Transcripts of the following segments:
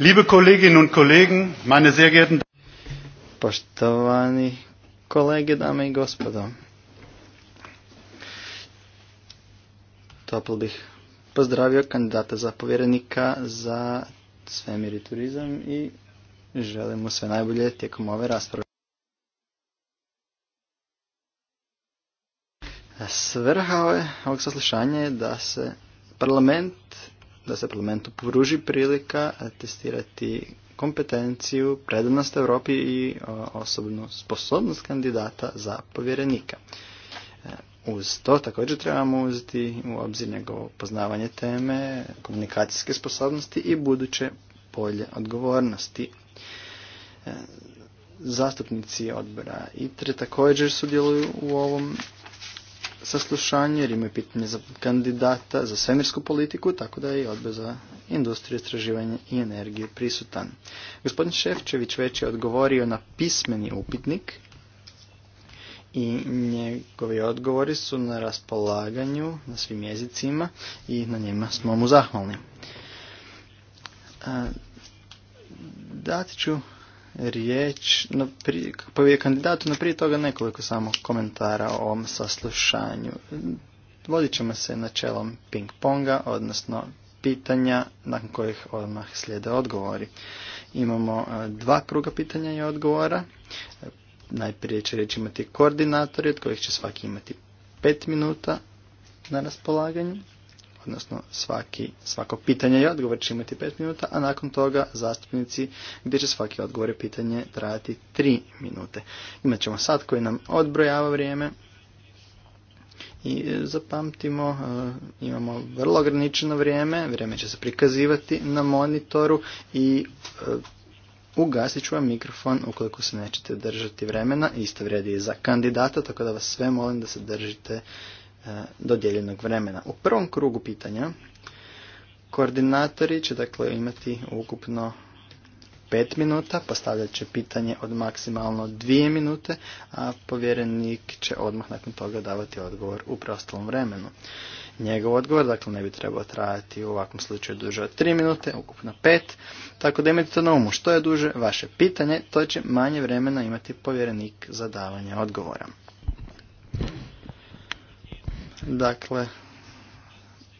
Liebe Kolleginnen und Kollegen, meine sehr geehrten Poštovani kolege, dame i gospodo. Toplo bih pozdravio kandidata za povjerenika za svemir i turizam i želim mu sve najbolje tijekom ove rasprave. Svrha ovog saslušanja je da se parlament da se parlamentu pruži prilika e, testirati kompetenciju, predanost Europi i e, osobnu sposobnost kandidata za povjerenika. E, uz to također trebamo uzeti u obzir njegovo poznavanje teme, komunikacijske sposobnosti i buduće polje odgovornosti. Zastupnici odbora ITRE također sudjeluju u ovom saslušanje jer imaju pitanje za kandidata za svemirsku politiku, tako da je i odbor za industriju, istraživanje i energiju prisutan. Gospodin Šefčević već je odgovorio na pismeni upitnik i njegovi odgovori su na raspolaganju na svim jezicima i na njima smo mu zahvalni. Dati ću riječ na je kandidatu, no prije toga nekoliko samo komentara o ovom saslušanju. Vodit ćemo se načelom ping-ponga, odnosno pitanja nakon kojih odmah slijede odgovori. Imamo e, dva kruga pitanja i odgovora. Najprije će reći imati koordinatori, od kojih će svaki imati pet minuta na raspolaganju odnosno svaki, svako pitanje i odgovor će imati 5 minuta, a nakon toga zastupnici gdje će svaki odgovor i pitanje trajati 3 minute. Imat ćemo sat koji nam odbrojava vrijeme i e, zapamtimo, e, imamo vrlo ograničeno vrijeme, vrijeme će se prikazivati na monitoru i e, ugasit ću vam mikrofon ukoliko se nećete držati vremena. Isto vrijedi i za kandidata, tako da vas sve molim da se držite E, dodijeljenog vremena. U prvom krugu pitanja koordinatori će dakle imati ukupno 5 minuta, postavljat će pitanje od maksimalno 2 minute, a povjerenik će odmah nakon toga davati odgovor u preostalom vremenu. Njegov odgovor, dakle, ne bi trebao trajati u ovakvom slučaju duže od 3 minute, ukupno 5, tako da imate to na umu. Što je duže vaše pitanje, to će manje vremena imati povjerenik za davanje odgovora. Dakle,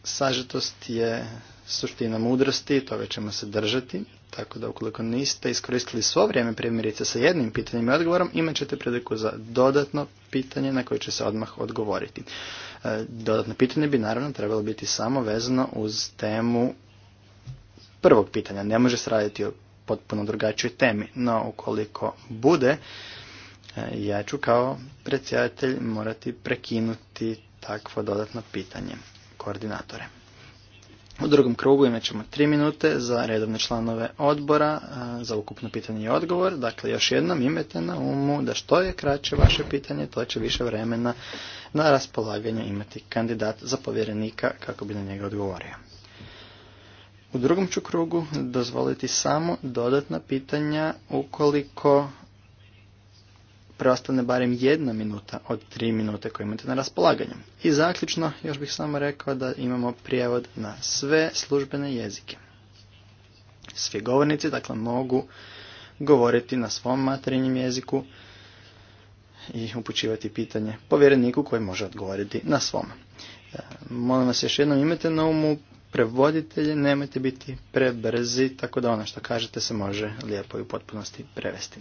sažetost je suština mudrosti tove toga ćemo se držati. Tako da ukoliko niste iskoristili svo vrijeme primjerice sa jednim pitanjem i odgovorom, imat ćete priliku za dodatno pitanje na koje će se odmah odgovoriti. E, dodatno pitanje bi naravno trebalo biti samo vezano uz temu prvog pitanja. Ne može se raditi o potpuno drugačijoj temi, no ukoliko bude, e, ja ću kao predsjedatelj morati prekinuti takvo dodatno pitanje koordinatore. U drugom krugu imat ćemo tri minute za redovne članove odbora e, za ukupno pitanje i odgovor. Dakle, još jednom imajte na umu da što je kraće vaše pitanje, to će više vremena na raspolaganju imati kandidat za povjerenika kako bi na njega odgovorio. U drugom ću krugu dozvoliti samo dodatna pitanja ukoliko preostane barem jedna minuta od tri minute koje imate na raspolaganju. I zaključno još bih samo rekao da imamo prijevod na sve službene jezike. Svi govornici dakle mogu govoriti na svom materinjem jeziku i upućivati pitanje povjereniku koji može odgovoriti na svom. E, molim vas još jednom imate na umu prevoditelje, nemojte biti prebrzi, tako da ono što kažete se može lijepo i u potpunosti prevesti.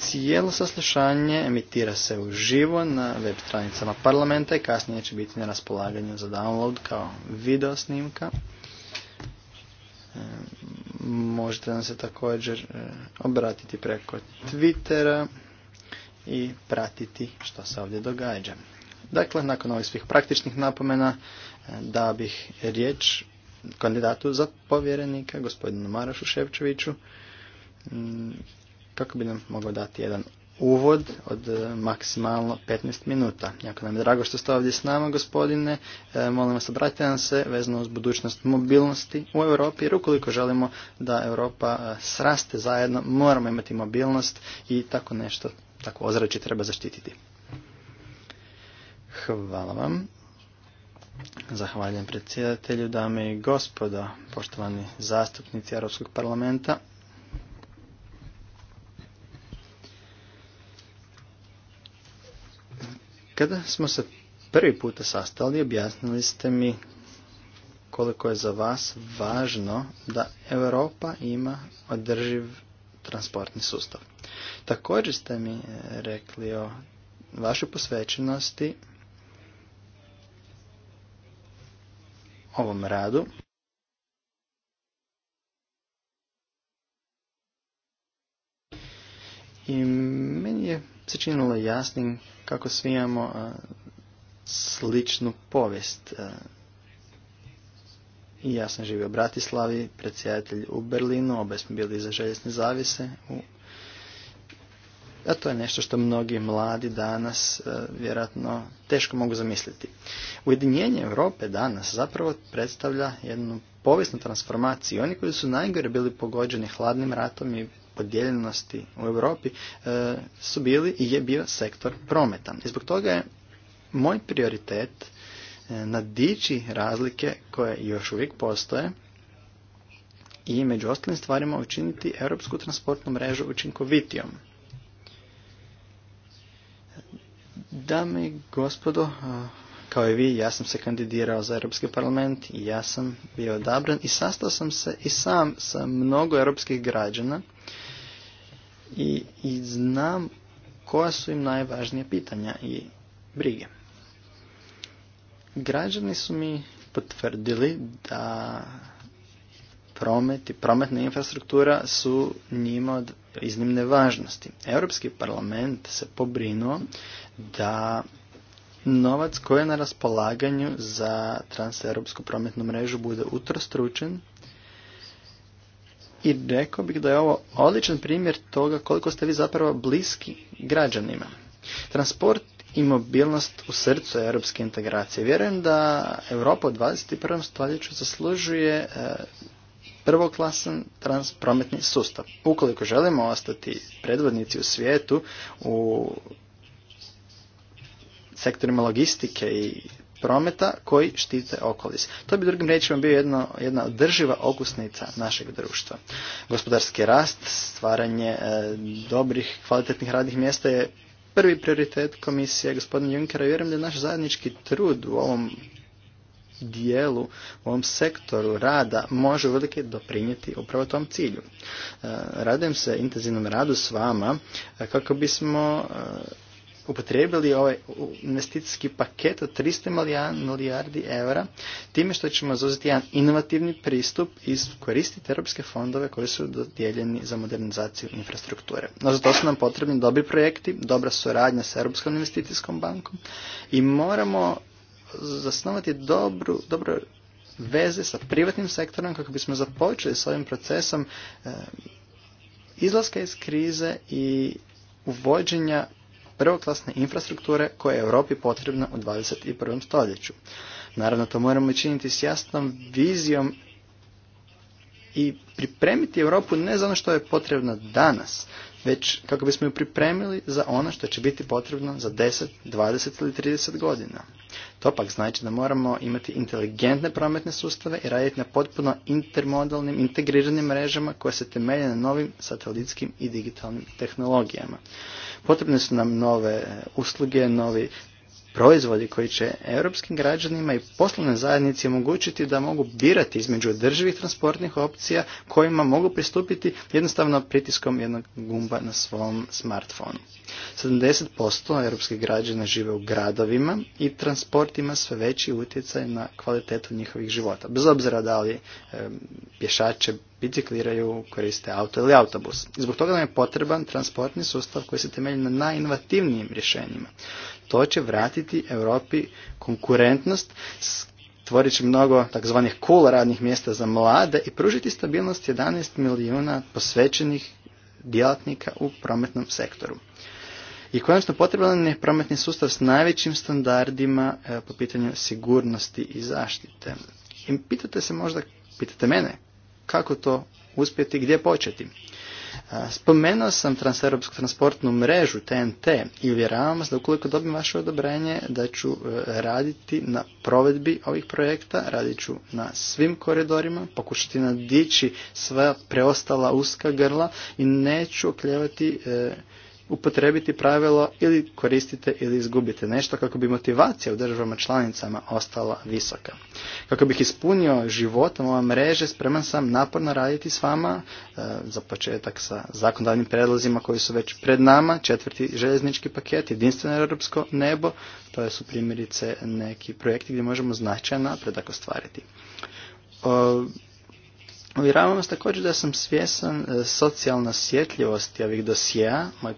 Cijelo saslušanje emitira se uživo na web stranicama parlamenta i kasnije će biti na raspolaganju za download kao video snimka. E, možete nam se također e, obratiti preko Twittera i pratiti što se ovdje događa. Dakle, nakon ovih svih praktičnih napomena e, da bih riječ kandidatu za povjerenika, gospodinu Marašu Ševčeviću, kako bi nam mogao dati jedan uvod od e, maksimalno 15 minuta. Jako nam je drago što ste ovdje s nama, gospodine. E, molim vas, obratite nam se vezano uz budućnost mobilnosti u Europi, jer ukoliko želimo da Europa e, sraste zajedno, moramo imati mobilnost i tako nešto, tako ozračje treba zaštititi. Hvala vam. Zahvaljujem predsjedatelju, dame i gospodo, poštovani zastupnici Europskog parlamenta. Kada smo se prvi puta sastali, objasnili ste mi koliko je za vas važno da Europa ima održiv transportni sustav. Također ste mi rekli o vašoj posvećenosti ovom radu. I meni je se činilo jasnim kako svi imamo sličnu povijest. I ja sam živio u Bratislavi, predsjedatelj u Berlinu, obe smo bili za željezne zavise. U... A to je nešto što mnogi mladi danas vjerojatno teško mogu zamisliti. Ujedinjenje Europe danas zapravo predstavlja jednu povijesnu transformaciju. Oni koji su najgore bili pogođeni hladnim ratom i podijeljenosti u Europi e, su bili i je bio sektor prometa. I zbog toga je moj prioritet e, nadići razlike koje još uvijek postoje i među ostalim stvarima učiniti europsku transportnu mrežu učinkovitijom. Dame i gospodo, e, kao i vi, ja sam se kandidirao za Europski parlament i ja sam bio odabran i sastao sam se i sam sa mnogo europskih građana i, i znam koja su im najvažnija pitanja i brige. Građani su mi potvrdili da promet i prometna infrastruktura su njima od iznimne važnosti. Europski parlament se pobrinuo da novac koji je na raspolaganju za transeuropsku prometnu mrežu bude utrostručen i rekao bih da je ovo odličan primjer toga koliko ste vi zapravo bliski građanima. Transport i mobilnost u srcu europske integracije. Vjerujem da Europa u 21. stoljeću zaslužuje e, prvoklasan transprometni sustav. Ukoliko želimo ostati predvodnici u svijetu u sektorima logistike i prometa koji štite okolis. To bi drugim riječima bio jedna, jedna održiva okusnica našeg društva. Gospodarski rast, stvaranje e, dobrih, kvalitetnih radnih mjesta je prvi prioritet komisije gospodina Junkera. Vjerujem da je naš zajednički trud u ovom dijelu, u ovom sektoru rada može uvelike doprinijeti upravo tom cilju. E, radujem se intenzivnom radu s vama e, kako bismo upotrijebili ovaj investicijski paket od 300 milijardi eura time što ćemo zauzeti jedan inovativni pristup i koristiti europske fondove koji su dodijeljeni za modernizaciju infrastrukture. No za to su nam potrebni dobri projekti, dobra suradnja sa Europskom investicijskom bankom i moramo zasnovati dobru, dobro veze sa privatnim sektorom kako bismo započeli s ovim procesom eh, izlaska iz krize i uvođenja prvoklasne infrastrukture koja je Europi potrebna u 21. stoljeću. Naravno, to moramo činiti s jasnom vizijom i pripremiti Europu ne za ono što je potrebno danas, već kako bismo ju pripremili za ono što će biti potrebno za 10, 20 ili 30 godina. To pak znači da moramo imati inteligentne prometne sustave i raditi na potpuno intermodalnim, integriranim mrežama koje se temelje na novim satelitskim i digitalnim tehnologijama. Potrebne su nam nove usluge, novi proizvodi koji će europskim građanima i poslovne zajednici omogućiti da mogu birati između održivih transportnih opcija kojima mogu pristupiti jednostavno pritiskom jednog gumba na svom smartfonu. 70% europskih građana žive u gradovima i transport ima sve veći utjecaj na kvalitetu njihovih života. Bez obzira da li pješače bicikliraju, koriste auto ili autobus. Zbog toga nam je potreban transportni sustav koji se temelji na najinovativnijim rješenjima. To će vratiti Europi konkurentnost, stvorit će mnogo takzvanih cool radnih mjesta za mlade i pružiti stabilnost 11 milijuna posvećenih djelatnika u prometnom sektoru. I konačno potreban je prometni sustav s najvećim standardima e, po pitanju sigurnosti i zaštite. I pitate se možda, pitate mene, kako to uspjeti, gdje početi? Spomenuo sam transeuropsku transportnu mrežu TNT i uvjeravam vas da ukoliko dobim vaše odobrenje da ću e, raditi na provedbi ovih projekta, radit ću na svim koridorima, pokušati nadići sva preostala uska grla i neću okljevati e, upotrebiti pravilo ili koristite ili izgubite nešto kako bi motivacija u državama članicama ostala visoka. Kako bih ispunio životom ova mreže, spreman sam naporno raditi s vama, e, za početak sa zakonodavnim predlozima koji su već pred nama, četvrti željeznički paket, jedinstveno europsko nebo, to su primjerice neki projekti gdje možemo značajan napredak ostvariti. Uvjeravam vas također da sam svjesan e, socijalna osjetljivosti ovih dosjea. Moj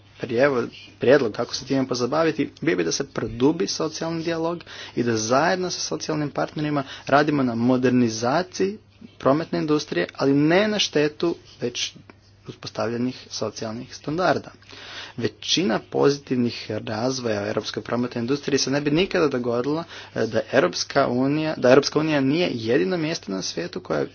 prijedlog kako se time pozabaviti bio bi da se produbi socijalni dijalog i da zajedno sa socijalnim partnerima radimo na modernizaciji prometne industrije, ali ne na štetu već uspostavljenih socijalnih standarda. Većina pozitivnih razvoja u europskoj industrije se ne bi nikada dogodila e, da Europska unija, da Europska unija nije jedino mjesto na svijetu koje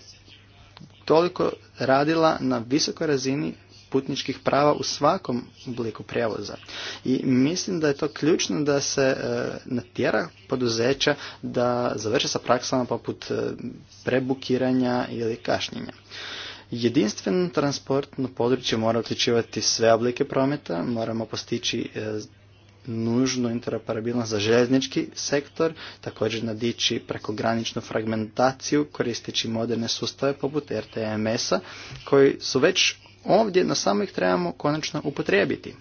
toliko radila na visokoj razini putničkih prava u svakom obliku prijevoza. I mislim da je to ključno da se e, natjera poduzeća da završe sa praksama poput e, prebukiranja ili kašnjenja. Jedinstveno transportno područje mora uključivati sve oblike prometa, moramo postići e, nužnu interoperabilnost za željeznički sektor, također nadići prekograničnu fragmentaciju koristeći moderne sustave poput RTMS-a koji su već ovdje, na samo ih trebamo konačno upotrijebiti.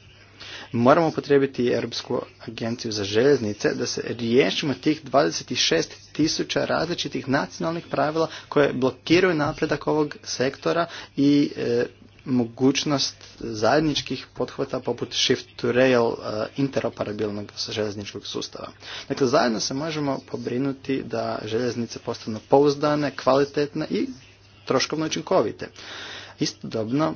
Moramo upotrijebiti Europsku agenciju za željeznice da se riješimo tih 26 tisuća različitih nacionalnih pravila koje blokiraju napredak ovog sektora i e, mogućnost zajedničkih pothvata poput shift to rail e, interoperabilnog željezničkog sustava. Dakle, zajedno se možemo pobrinuti da željeznice postanu pouzdane, kvalitetne i troškovno učinkovite. Istodobno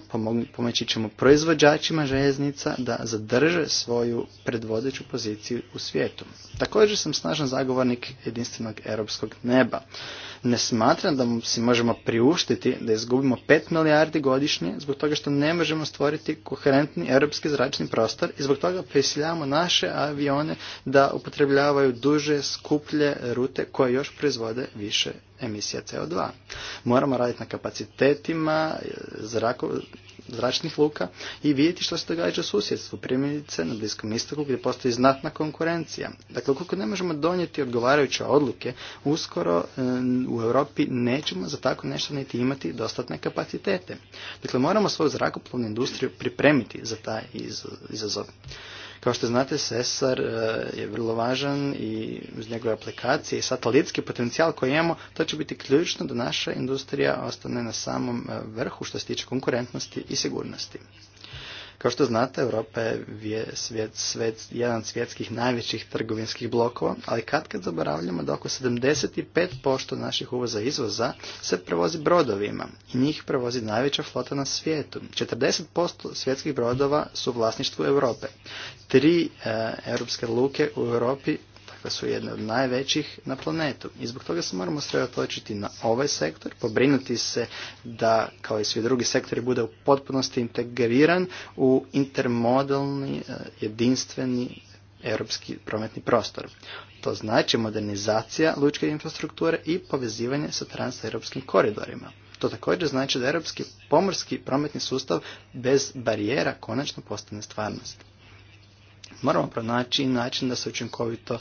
pomoći ćemo proizvođačima željeznica da zadrže svoju predvodeću poziciju u svijetu. Također sam snažan zagovornik jedinstvenog europskog neba. Ne smatram da si možemo priuštiti da izgubimo 5 milijardi godišnje zbog toga što ne možemo stvoriti koherentni europski zračni prostor i zbog toga prisiljavamo naše avione da upotrebljavaju duže, skuplje rute koje još proizvode više emisija CO2. Moramo raditi na kapacitetima zrako, zračnih luka i vidjeti što se događa u susjedstvu, primjerice na Bliskom istoku gdje postoji znatna konkurencija. Dakle, ukoliko ne možemo donijeti odgovarajuće odluke, uskoro e, u Europi nećemo za tako nešto niti imati dostatne kapacitete. Dakle, moramo svoju zrakoplovnu industriju pripremiti za taj izazov. Kao što znate, SESAR e, je vrlo važan i uz njegove aplikacije i satelitski potencijal koji imamo, to će biti ključno da naša industrija ostane na samom e, vrhu što se tiče konkurentnosti i sigurnosti. Kao što znate, Europa je svijet, svijet, jedan od svjetskih najvećih trgovinskih blokova, ali kad kad zaboravljamo da oko 75% naših uvoza i izvoza se prevozi brodovima i njih prevozi najveća flota na svijetu. 40% svjetskih brodova su u vlasništvu Europe. Tri e, europske luke u Europi koja su jedne od najvećih na planetu. I zbog toga se moramo sredotočiti na ovaj sektor, pobrinuti se da, kao i svi drugi sektori, bude u potpunosti integriran u intermodalni, e, jedinstveni europski prometni prostor. To znači modernizacija lučke infrastrukture i povezivanje sa transeuropskim koridorima. To također znači da europski pomorski prometni sustav bez barijera konačno postane stvarnost. Moramo pronaći način da se učinkovito e,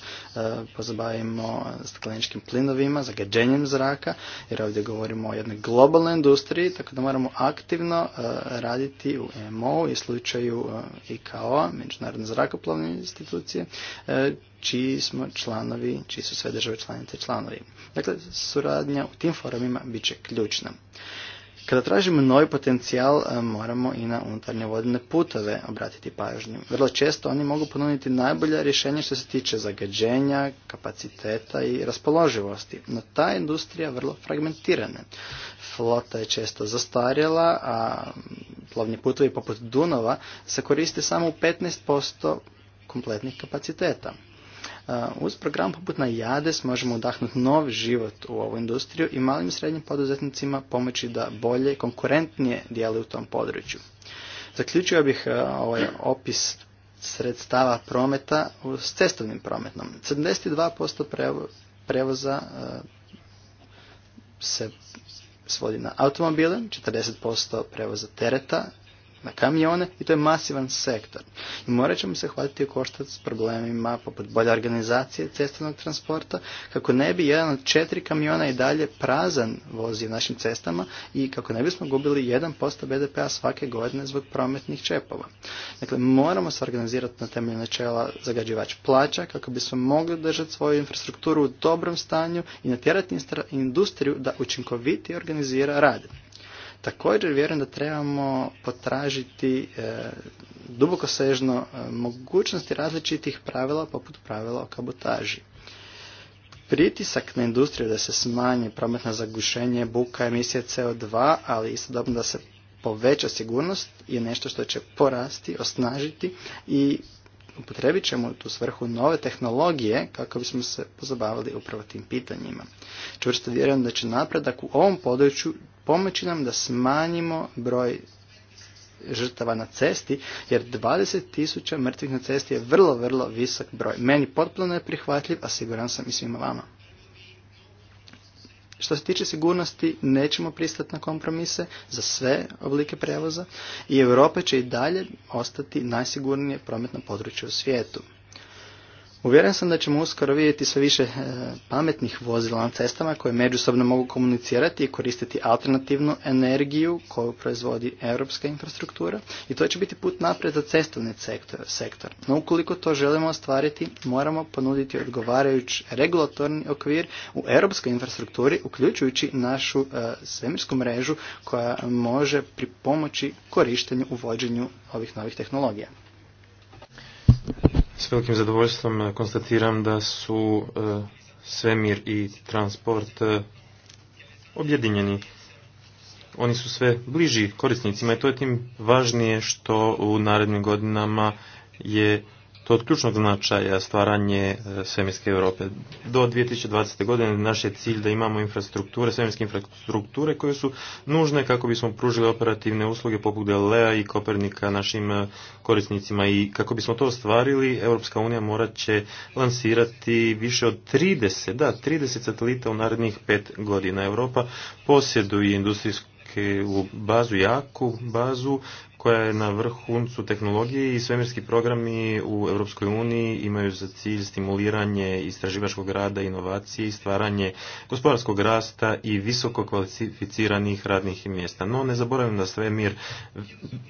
pozabavimo stakleničkim plinovima, zagađenjem zraka, jer ovdje govorimo o jednoj globalnoj industriji, tako da moramo aktivno e, raditi u EMO e, i slučaju iko Međunarodne zrakoplovne institucije, čiji smo članovi, čiji su sve države članice članovi. Dakle, suradnja u tim forumima bit će ključna. Kada tražimo novi potencijal, e, moramo i na unutarnje vodne putove obratiti pažnju. Vrlo često oni mogu ponuditi najbolja rješenja što se tiče zagađenja, kapaciteta i raspoloživosti, no ta industrija je vrlo fragmentirana. Flota je često zastarjela, a plovni putovi poput Dunova se koriste samo u 15% kompletnih kapaciteta. Uz program poput JADES možemo udahnuti nov život u ovu industriju i malim i srednjim poduzetnicima pomoći da bolje i konkurentnije dijeli u tom području. Zaključio bih ovaj opis sredstava prometa s cestovnim prometnom. 72% prevoza se svodi na automobile, 40% prevoza tereta na kamione i to je masivan sektor. I morat ćemo se hvatiti u koštac s problemima poput bolje organizacije cestovnog transporta kako ne bi jedan od četiri kamiona i dalje prazan vozi našim cestama i kako ne bismo gubili 1% BDP-a svake godine zbog prometnih čepova. Dakle, moramo se organizirati na temelju načela zagađivač plaća kako bismo mogli držati svoju infrastrukturu u dobrom stanju i natjerati industriju da učinkovitije organizira rad. Također vjerujem da trebamo potražiti e, duboko sežno e, mogućnosti različitih pravila poput pravila o kabotaži. Pritisak na industriju da se smanji prometna zagušenje, buka, emisije CO2, ali istodobno da se poveća sigurnost je nešto što će porasti, osnažiti i upotrebit ćemo u tu svrhu nove tehnologije kako bismo se pozabavili upravo tim pitanjima. Čvrsto vjerujem da će napredak u ovom području pomoći nam da smanjimo broj žrtava na cesti, jer 20.000 mrtvih na cesti je vrlo, vrlo visok broj. Meni potpuno je prihvatljiv, a siguran sam i svima vama. Što se tiče sigurnosti, nećemo pristati na kompromise za sve oblike prevoza i Europa će i dalje ostati najsigurnije prometno područje u svijetu. Uvjeren sam da ćemo uskoro vidjeti sve više e, pametnih vozila na cestama koje međusobno mogu komunicirati i koristiti alternativnu energiju koju proizvodi europska infrastruktura i to će biti put naprijed za cestovni sektor. No ukoliko to želimo ostvariti, moramo ponuditi odgovarajući regulatorni okvir u europskoj infrastrukturi, uključujući našu e, svemirsku mrežu koja može pripomoći korištenju vođenju ovih novih tehnologija. S velikim zadovoljstvom e, konstatiram da su e, svemir i transport e, objedinjeni. Oni su sve bliži korisnicima i to je tim važnije što u narednim godinama je to od ključnog značaja stvaranje e, svemirske Europe. Do 2020. godine naš je cilj da imamo infrastrukture, svemirske infrastrukture koje su nužne kako bismo pružili operativne usluge poput Galilea i Kopernika našim e, korisnicima i kako bismo to ostvarili Europska unija morat će lansirati više od 30, da 30 satelita u narednih pet godina. Europa posjeduje industrijsku u bazu, jaku bazu koja je na vrhuncu tehnologije i svemirski programi u Europskoj uniji imaju za cilj stimuliranje istraživačkog rada, inovacije i stvaranje gospodarskog rasta i visoko kvalificiranih radnih mjesta. No ne zaboravim da svemir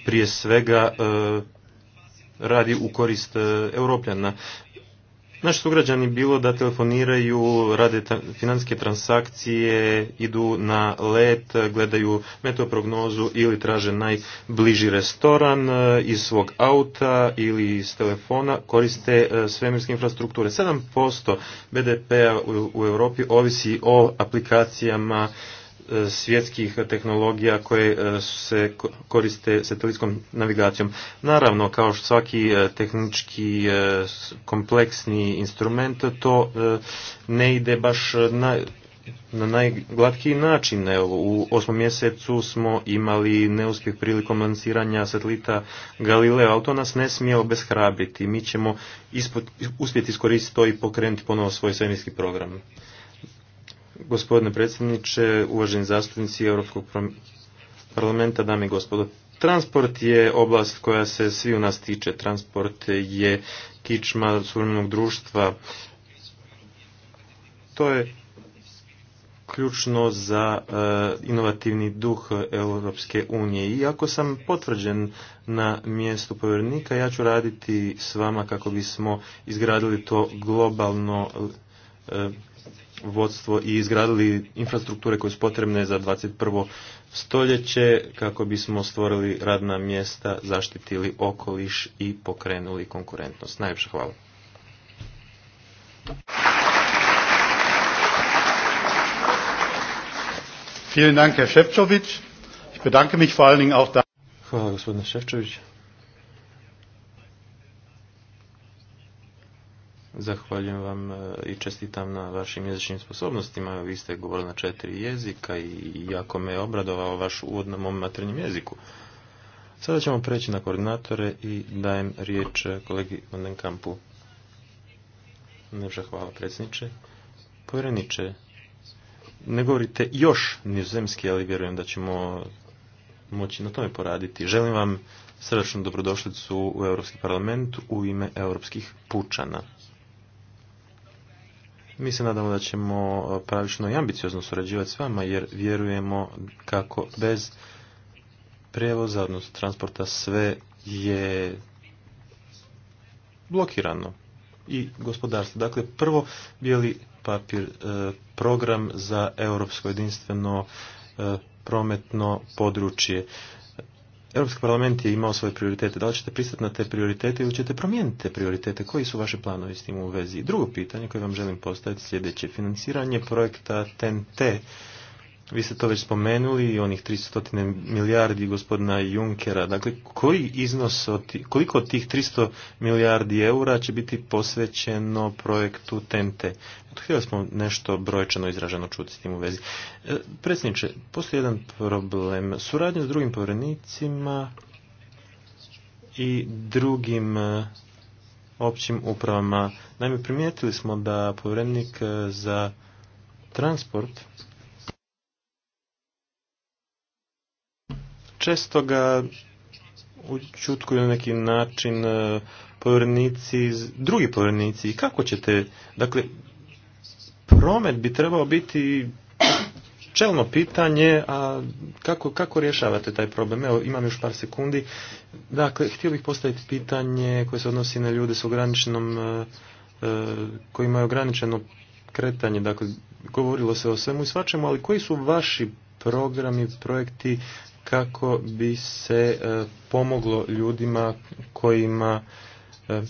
prije svega e, radi u korist e, europljana naši sugrađani bilo da telefoniraju, rade financijske transakcije, idu na let, gledaju meteoprognozu ili traže najbliži restoran eh, iz svog auta ili iz telefona, koriste eh, svemirske infrastrukture. 7% BDP-a u, u Europi ovisi o aplikacijama svjetskih tehnologija koje e, se koriste satelitskom navigacijom. Naravno, kao što svaki e, tehnički e, kompleksni instrument, to ne ide baš na na najglatkiji način. Evo, u osmom mjesecu smo imali neuspjeh prilikom lansiranja satelita Galileo, ali to nas ne smije obeshrabriti. Mi ćemo uspjeti iskoristiti to i pokrenuti ponovo svoj svemirski program. Gospodine predsjedniče, uvaženi zastupnici Europskog parlamenta, dame i gospodo, transport je oblast koja se svi u nas tiče. Transport je kičma suvremenog društva. To je ključno za eh, inovativni duh Europske unije. I ako sam potvrđen na mjestu povjernika, ja ću raditi s vama kako bismo izgradili to globalno eh, vodstvo i izgradili infrastrukture koje su potrebne za 21. stoljeće kako bismo stvorili radna mjesta, zaštitili okoliš i pokrenuli konkurentnost. Najljepša hvala. Vielen Dank, Herr Hvala, gospodine Zahvaljujem vam e, i čestitam na vašim jezičnim sposobnostima. Vi ste govorili na četiri jezika i jako me je obradovao vaš uvod na mom maternjem jeziku. Sada ćemo preći na koordinatore i dajem riječ e, kolegi Vandenkampu. Kampu. hvala predsjedniče. Povjereniče, ne govorite još nizozemski, ali vjerujem da ćemo moći na tome poraditi. Želim vam srdačnu dobrodošlicu u Europski parlament u ime europskih pučana. Mi se nadamo da ćemo e, pravično i ambiciozno surađivati s vama jer vjerujemo kako bez prevoza, odnosno transporta, sve je blokirano i gospodarstvo. Dakle, prvo bijeli papir, e, program za europsko jedinstveno e, prometno područje. Europski parlament je imao svoje prioritete. Da li ćete pristati na te prioritete ili ćete promijeniti te prioritete? Koji su vaše planovi s tim u vezi? Drugo pitanje koje vam želim postaviti sljedeće. Financiranje projekta TNT vi ste to već spomenuli, onih 300 milijardi gospodina Junkera. Dakle, koji iznos od, koliko od tih 300 milijardi eura će biti posvećeno projektu Tente? Htjeli smo nešto brojčano izraženo čuti s tim u vezi. E, predsjedniče, postoji jedan problem. Suradnju s drugim povjerenicima i drugim e, općim upravama. Naime, primijetili smo da povjerenik e, za transport često ga učutkuju na neki način e, povjerenici, drugi povjerenici. Kako ćete, dakle, promet bi trebao biti čelno pitanje, a kako, kako rješavate taj problem? Evo, imam još par sekundi. Dakle, htio bih postaviti pitanje koje se odnosi na ljude s ograničenom, e, e, koji imaju ograničeno kretanje. Dakle, govorilo se o svemu i svačemu, ali koji su vaši programi, projekti kako bi se e, pomoglo ljudima kojima e,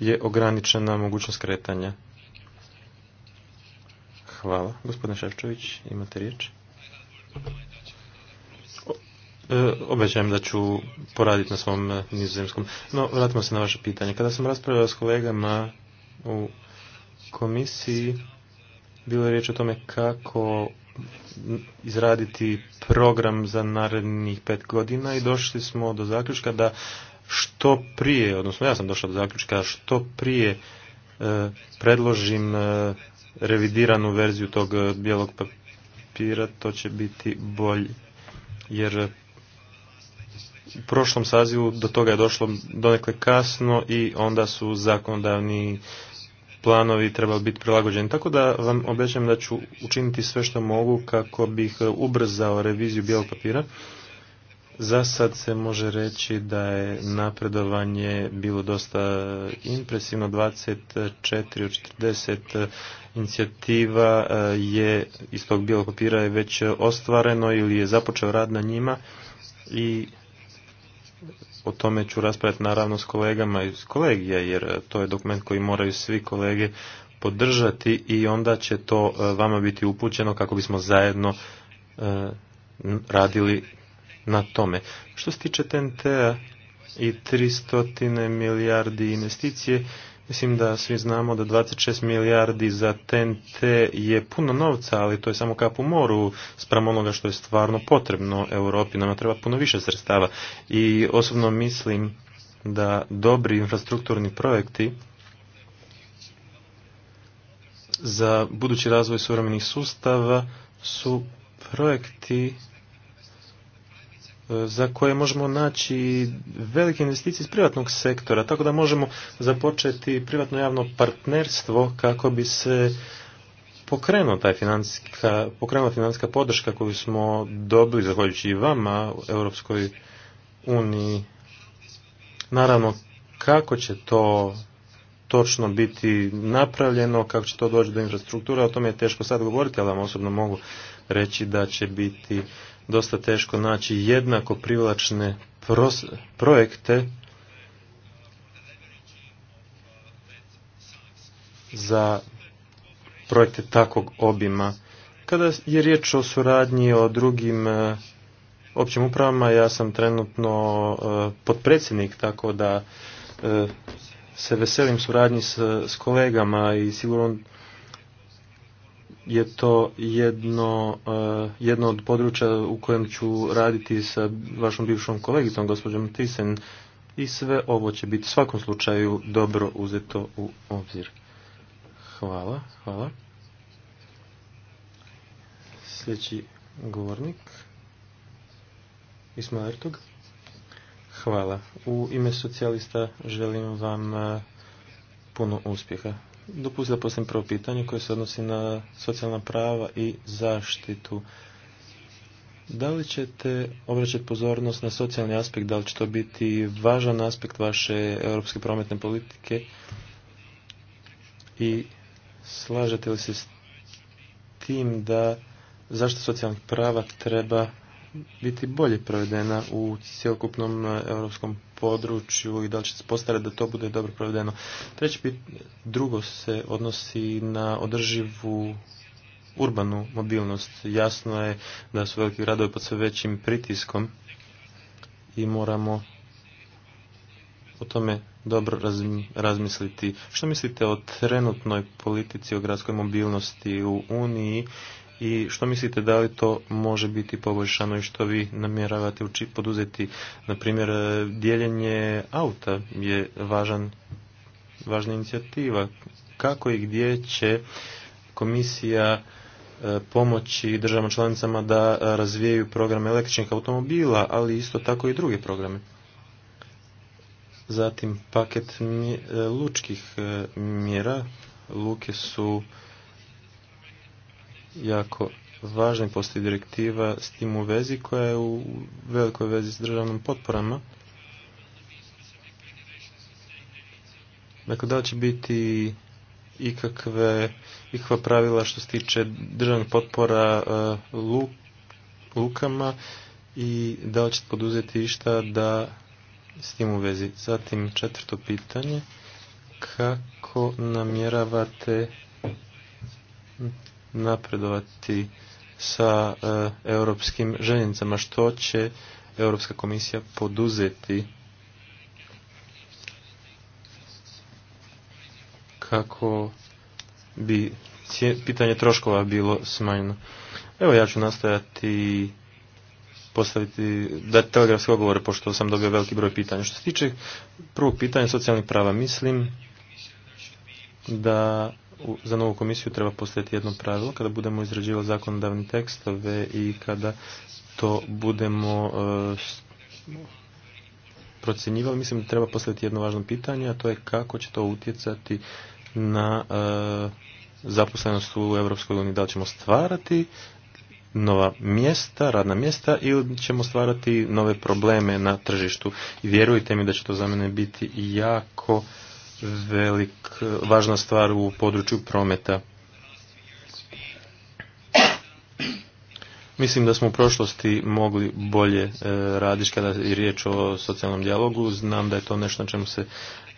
je ograničena mogućnost kretanja. Hvala. Gospodine Ševčović, imate riječ? E, obećajem da ću poraditi na svom nizozemskom. No, vratimo se na vaše pitanje. Kada sam raspravljao s kolegama u komisiji, bilo je riječ o tome kako izraditi program za narednih pet godina i došli smo do zaključka da što prije, odnosno ja sam došao do zaključka, što prije e, predložim e, revidiranu verziju tog bijelog papira, to će biti bolje. Jer u prošlom sazivu do toga je došlo donekle kasno i onda su zakonodavni planovi trebali biti prilagođeni. Tako da vam obećam da ću učiniti sve što mogu kako bih e, ubrzao reviziju bijelog papira. Za sad se može reći da je napredovanje bilo dosta e, impresivno, 24 od 40 e, inicijativa je iz tog bijelog papira je već ostvareno ili je započeo rad na njima i o tome ću raspraviti naravno s kolegama iz kolegija, jer e, to je dokument koji moraju svi kolege podržati i onda će to e, vama biti upućeno kako bismo zajedno e, radili na tome. Što se tiče TNT-a i 300 milijardi investicije, Mislim da svi znamo da 26 milijardi za TNT je puno novca, ali to je samo kap u moru spram onoga što je stvarno potrebno Europi. Nama treba puno više sredstava. I osobno mislim da dobri infrastrukturni projekti za budući razvoj suvremenih sustava su projekti za koje možemo naći velike investicije iz privatnog sektora, tako da možemo započeti privatno-javno partnerstvo kako bi se pokrenuo taj financijska, pokrenula financijska podrška koju smo dobili zahvaljujući i vama u Europskoj uniji. Naravno, kako će to točno biti napravljeno, kako će to doći do infrastrukture, o tome je teško sad govoriti, ali vam osobno mogu reći da će biti dosta teško naći jednako privlačne projekte za projekte takvog obima. Kada je riječ o suradnji o drugim e, općim upravama, ja sam trenutno e, potpredsjednik, tako da e, se veselim suradnji s, s kolegama i sigurno je to jedno, eh, jedno od područja u kojem ću raditi sa vašom bivšom kolegicom, gospođom Tisen, i sve ovo će biti svakom slučaju dobro uzeto u obzir. Hvala, hvala. Sljedeći govornik, Isma Ertug. Hvala. U ime socijalista želim vam eh, puno uspjeha. Dopustite da postavim prvo pitanje koje se odnosi na socijalna prava i zaštitu. Da li ćete obraćati pozornost na socijalni aspekt, da li će to biti važan aspekt vaše europske prometne politike i slažete li se s tim da zašto socijalnih prava treba biti bolje provedena u cjelokupnom eh, europskom području i da li će se postarati da to bude dobro provedeno. Treći pit, drugo se odnosi na održivu urbanu mobilnost. Jasno je da su veliki gradovi pod sve većim pritiskom i moramo o tome dobro razmisliti. Što mislite o trenutnoj politici o gradskoj mobilnosti u Uniji i što mislite da li to može biti poboljšano i što vi namjeravate poduzeti? Na primjer, e, dijeljenje auta je važan, važna inicijativa. Kako i gdje će komisija e, pomoći državama članicama da e, razvijaju programe električnih automobila, ali isto tako i druge programe. Zatim paket lučkih mjera. Luke su jako važna postoji direktiva s tim u vezi koja je u velikoj vezi s državnim potporama. Dakle, da li će biti ikakve, ikakva pravila što se tiče državnih potpora e, lukama i da li ćete poduzeti išta da s tim u vezi. Zatim četvrto pitanje, kako namjeravate napredovati sa e, europskim željeznicama što će Europska komisija poduzeti kako bi pitanje troškova bilo smanjeno. Evo ja ću nastojati postaviti da telegrafske ogovore pošto sam dobio veliki broj pitanja. Što se tiče prvog pitanja socijalnih prava, mislim da za novu komisiju treba postaviti jedno pravilo kada budemo izrađivali zakonodavni tekstove i kada to budemo e, procjenjivali, mislim da treba postaviti jedno važno pitanje, a to je kako će to utjecati na e, zaposlenost u EU. uniji. Da li ćemo stvarati nova mjesta, radna mjesta ili ćemo stvarati nove probleme na tržištu. I vjerujte mi da će to za mene biti jako velik, važna stvar u području prometa. Mislim da smo u prošlosti mogli bolje e, raditi kada je riječ o socijalnom dijalogu. Znam da je to nešto na čemu se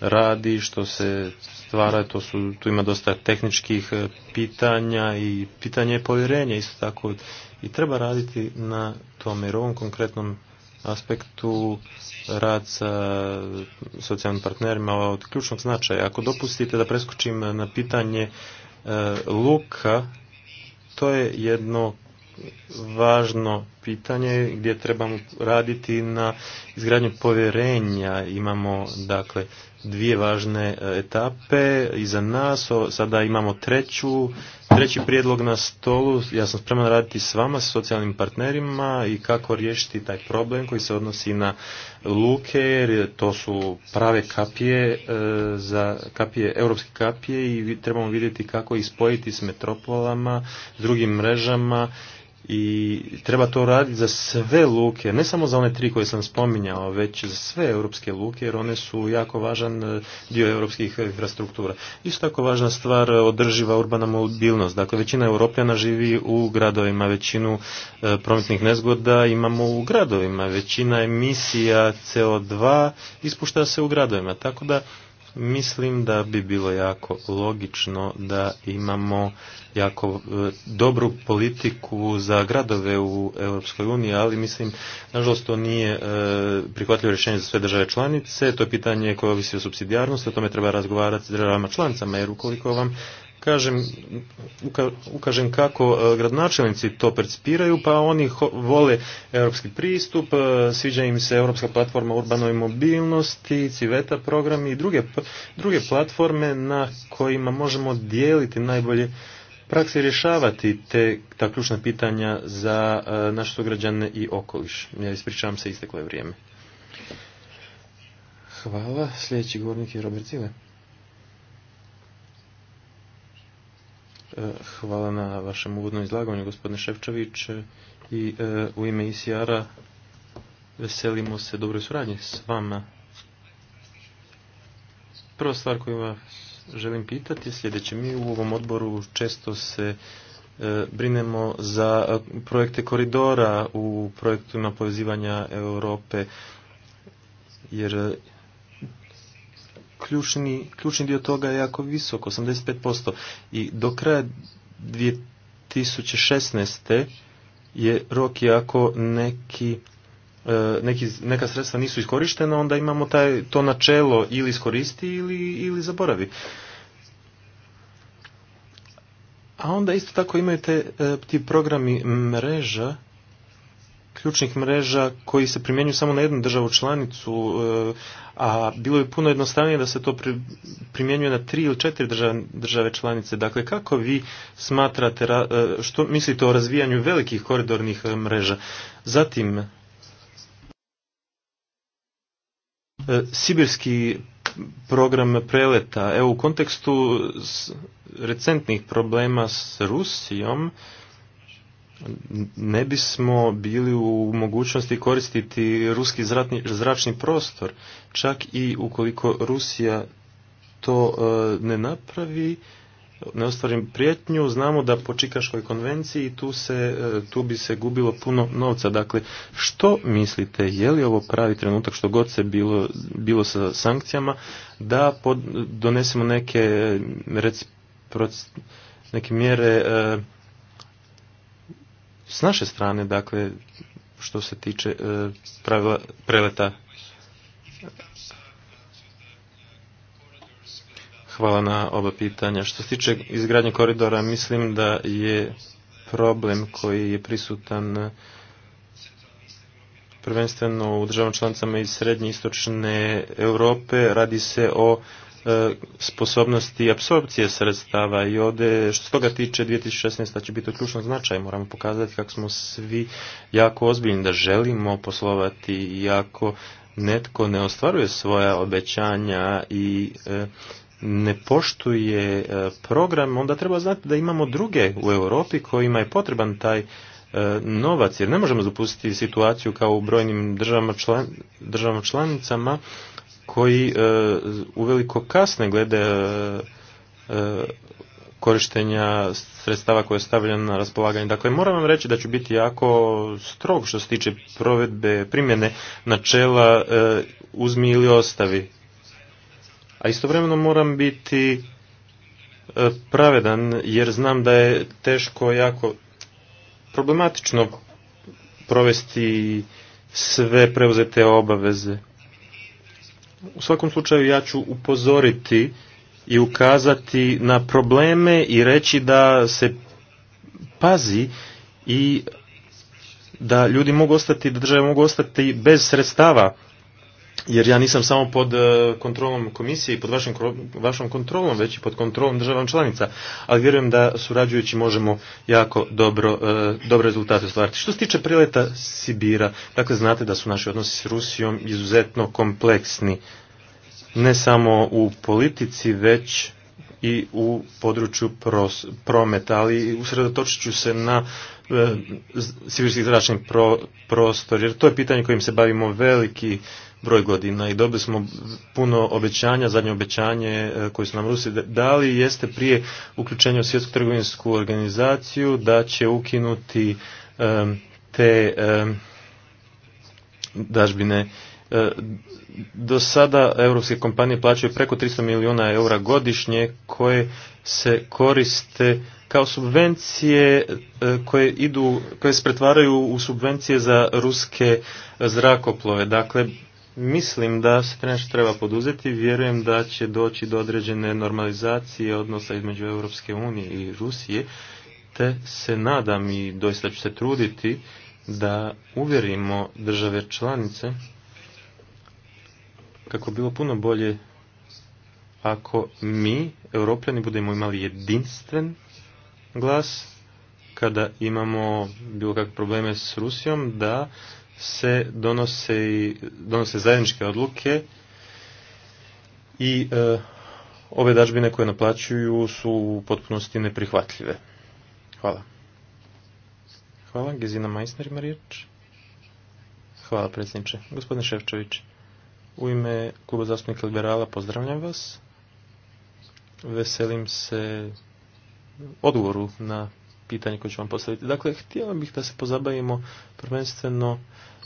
radi, što se stvara, to su, tu ima dosta tehničkih e, pitanja i pitanje povjerenja isto tako. I treba raditi na tome jer u ovom konkretnom aspektu rad sa socijalnim partnerima od ključnog značaja. Ako dopustite da preskočim na pitanje e, luka, to je jedno važno pitanje gdje trebamo raditi na izgradnju povjerenja. Imamo dakle dvije važne etape iza nas, sada imamo treću treći prijedlog na stolu, ja sam spreman raditi s vama, s socijalnim partnerima i kako riješiti taj problem koji se odnosi na luke, jer to su prave kapije, e, za kapije, europske kapije i trebamo vidjeti kako ih spojiti s metropolama, s drugim mrežama i treba to raditi za sve luke, ne samo za one tri koje sam spominjao, već za sve europske luke, jer one su jako važan e, dio europskih infrastruktura. Isto tako važna stvar e, održiva urbana mobilnost. Dakle, većina europljana živi u gradovima, većinu e, prometnih nezgoda imamo u gradovima, većina emisija CO2 ispušta se u gradovima, tako da mislim da bi bilo jako logično da imamo jako e, dobru politiku za gradove u Europskoj uniji, ali mislim, nažalost, to nije e, prihvatljivo rješenje za sve države članice, to je pitanje koje ovisi o subsidijarnosti, o tome treba razgovarati s državama članicama, jer ukoliko vam kažem, ukažem kako e, gradonačelnici to percipiraju, pa oni vole europski pristup, e, sviđa im se Europska platforma urbanoj mobilnosti, Civeta program i druge, druge platforme na kojima možemo dijeliti najbolje prakse rješavati te ta ključna pitanja za e, naše sugrađane i okoliš. Ja ispričavam se, isteklo je vrijeme. Hvala. Sljedeći govornik je Robert Zile. E, hvala na vašem uvodnom izlaganju, gospodine Ševčević. E, I e, u ime ICR-a veselimo se dobroj suradnji s vama. Prva stvar koju vas želim pitati je sljedeće. Mi u ovom odboru često se brinemo za projekte koridora u projektima povezivanja Europe, jer ključni, ključni dio toga je jako visok, 85%. I do kraja 2016. je rok i ako neki, e, neki, neka sredstva nisu iskorištena, onda imamo taj, to načelo ili iskoristi ili, ili zaboravi. A onda isto tako imate e, ti programi mreža ključnih mreža koji se primjenjuju samo na jednu državu članicu, e, a bilo bi puno jednostavnije da se to primjenjuje na tri ili četiri države članice. Dakle, kako vi smatrate, e, što mislite o razvijanju velikih koridornih e, mreža? Zatim, sibirski program preleta. Evo, u kontekstu recentnih problema s Rusijom, ne bismo bili u mogućnosti koristiti ruski zračni prostor. Čak i ukoliko Rusija to e, ne napravi, ne ostvarim prijetnju, znamo da po Čikaškoj konvenciji tu, se, e, tu bi se gubilo puno novca. Dakle, što mislite, je li ovo pravi trenutak što god se bilo, bilo sa sankcijama, da donesemo neke, rec, neke mjere e, s naše strane, dakle, što se tiče e, pravila preleta. Hvala na oba pitanja. Što se tiče izgradnje koridora, mislim da je problem koji je prisutan e, prvenstveno u državama članicama iz srednje istočne Europe. Radi se o E, sposobnosti apsorpcije sredstava i ovdje što se toga tiče 2016. će biti od ključnog Moramo pokazati kako smo svi jako ozbiljni da želimo poslovati i ako netko ne ostvaruje svoja obećanja i e, ne poštuje e, program, onda treba znati da imamo druge u Europi kojima je potreban taj novac, jer ne možemo zapustiti situaciju kao u brojnim državama, član, državama članicama koji e, uveliko kasne glede e, e, korištenja sredstava koje je stavljeno na raspolaganje. Dakle, moram vam reći da ću biti jako strog što se tiče provedbe primjene načela uzmi ili ostavi. A istovremeno moram biti pravedan jer znam da je teško jako problematično provesti sve preuzete obaveze. U svakom slučaju ja ću upozoriti i ukazati na probleme i reći da se pazi i da ljudi mogu ostati, da države mogu ostati bez sredstava jer ja nisam samo pod e, kontrolom komisije i pod vašom kontrolom, već i pod kontrolom državom članica, ali vjerujem da surađujući možemo jako dobro, e, dobre rezultate ostvariti. Što se tiče prileta Sibira, dakle znate da su naši odnosi s Rusijom izuzetno kompleksni, ne samo u politici, već i u području pros, prometa, ali usredotočit ću se na e, sibirski zračni prostor, jer to je pitanje kojim se bavimo veliki broj godina i dobili smo puno obećanja, zadnje obećanje e, koje su nam Rusi dali jeste prije uključenja u svjetsku trgovinsku organizaciju da će ukinuti te dažbine e, do sada europske kompanije plaćaju preko 300 milijuna eura godišnje koje se koriste kao subvencije e, koje idu, koje se pretvaraju u subvencije za ruske zrakoplove. Dakle, Mislim da se nešto treba poduzeti, vjerujem da će doći do određene normalizacije odnosa između Europske unije i Rusije, te se nadam i doista ću se truditi da uvjerimo države članice kako bilo puno bolje ako mi, europljani, budemo imali jedinstven glas kada imamo bilo kakve probleme s Rusijom, da se donose, donose zajedničke odluke i e, ove dažbine koje naplaćuju su u potpunosti neprihvatljive. Hvala. Hvala. Gezina Majsner ima riječ. Hvala predsjedniče. Gospodine Ševčević, u ime Kluba zastupnika liberala pozdravljam vas. Veselim se odgovoru na pitanje koje ću vam postaviti. Dakle, htjela bih da se pozabavimo prvenstveno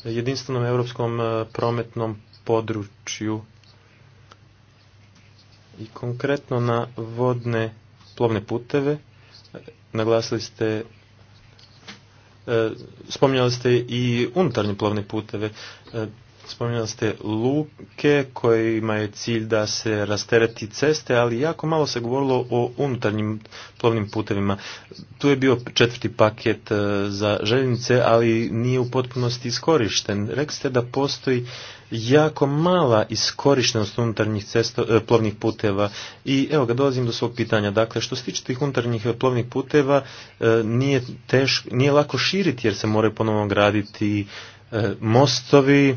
jedinstvenom europskom e, prometnom području i konkretno na vodne plovne puteve. Naglasili ste e, spominjali ste i unutarnje plovne puteve. E, Spominjali ste luke kojima je cilj da se rastereti ceste, ali jako malo se govorilo o unutarnjim plovnim putevima. Tu je bio četvrti paket e, za željeznice, ali nije u potpunosti iskorišten. Rekli ste da postoji jako mala iskorištenost unutarnjih e, plovnih puteva i evo ga dolazim do svog pitanja. Dakle, što se tiče tih unutarnjih e, plovnih puteva nije, nije lako širiti jer se moraju ponovno graditi mostovi,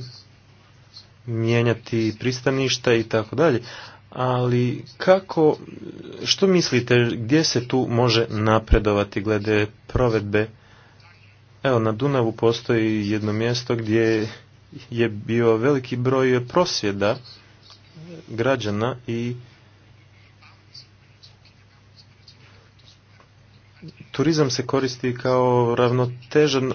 mijenjati pristaništa i tako dalje. Ali kako, što mislite, gdje se tu može napredovati glede provedbe? Evo, na Dunavu postoji jedno mjesto gdje je bio veliki broj prosvjeda građana i turizam se koristi kao ravnotežan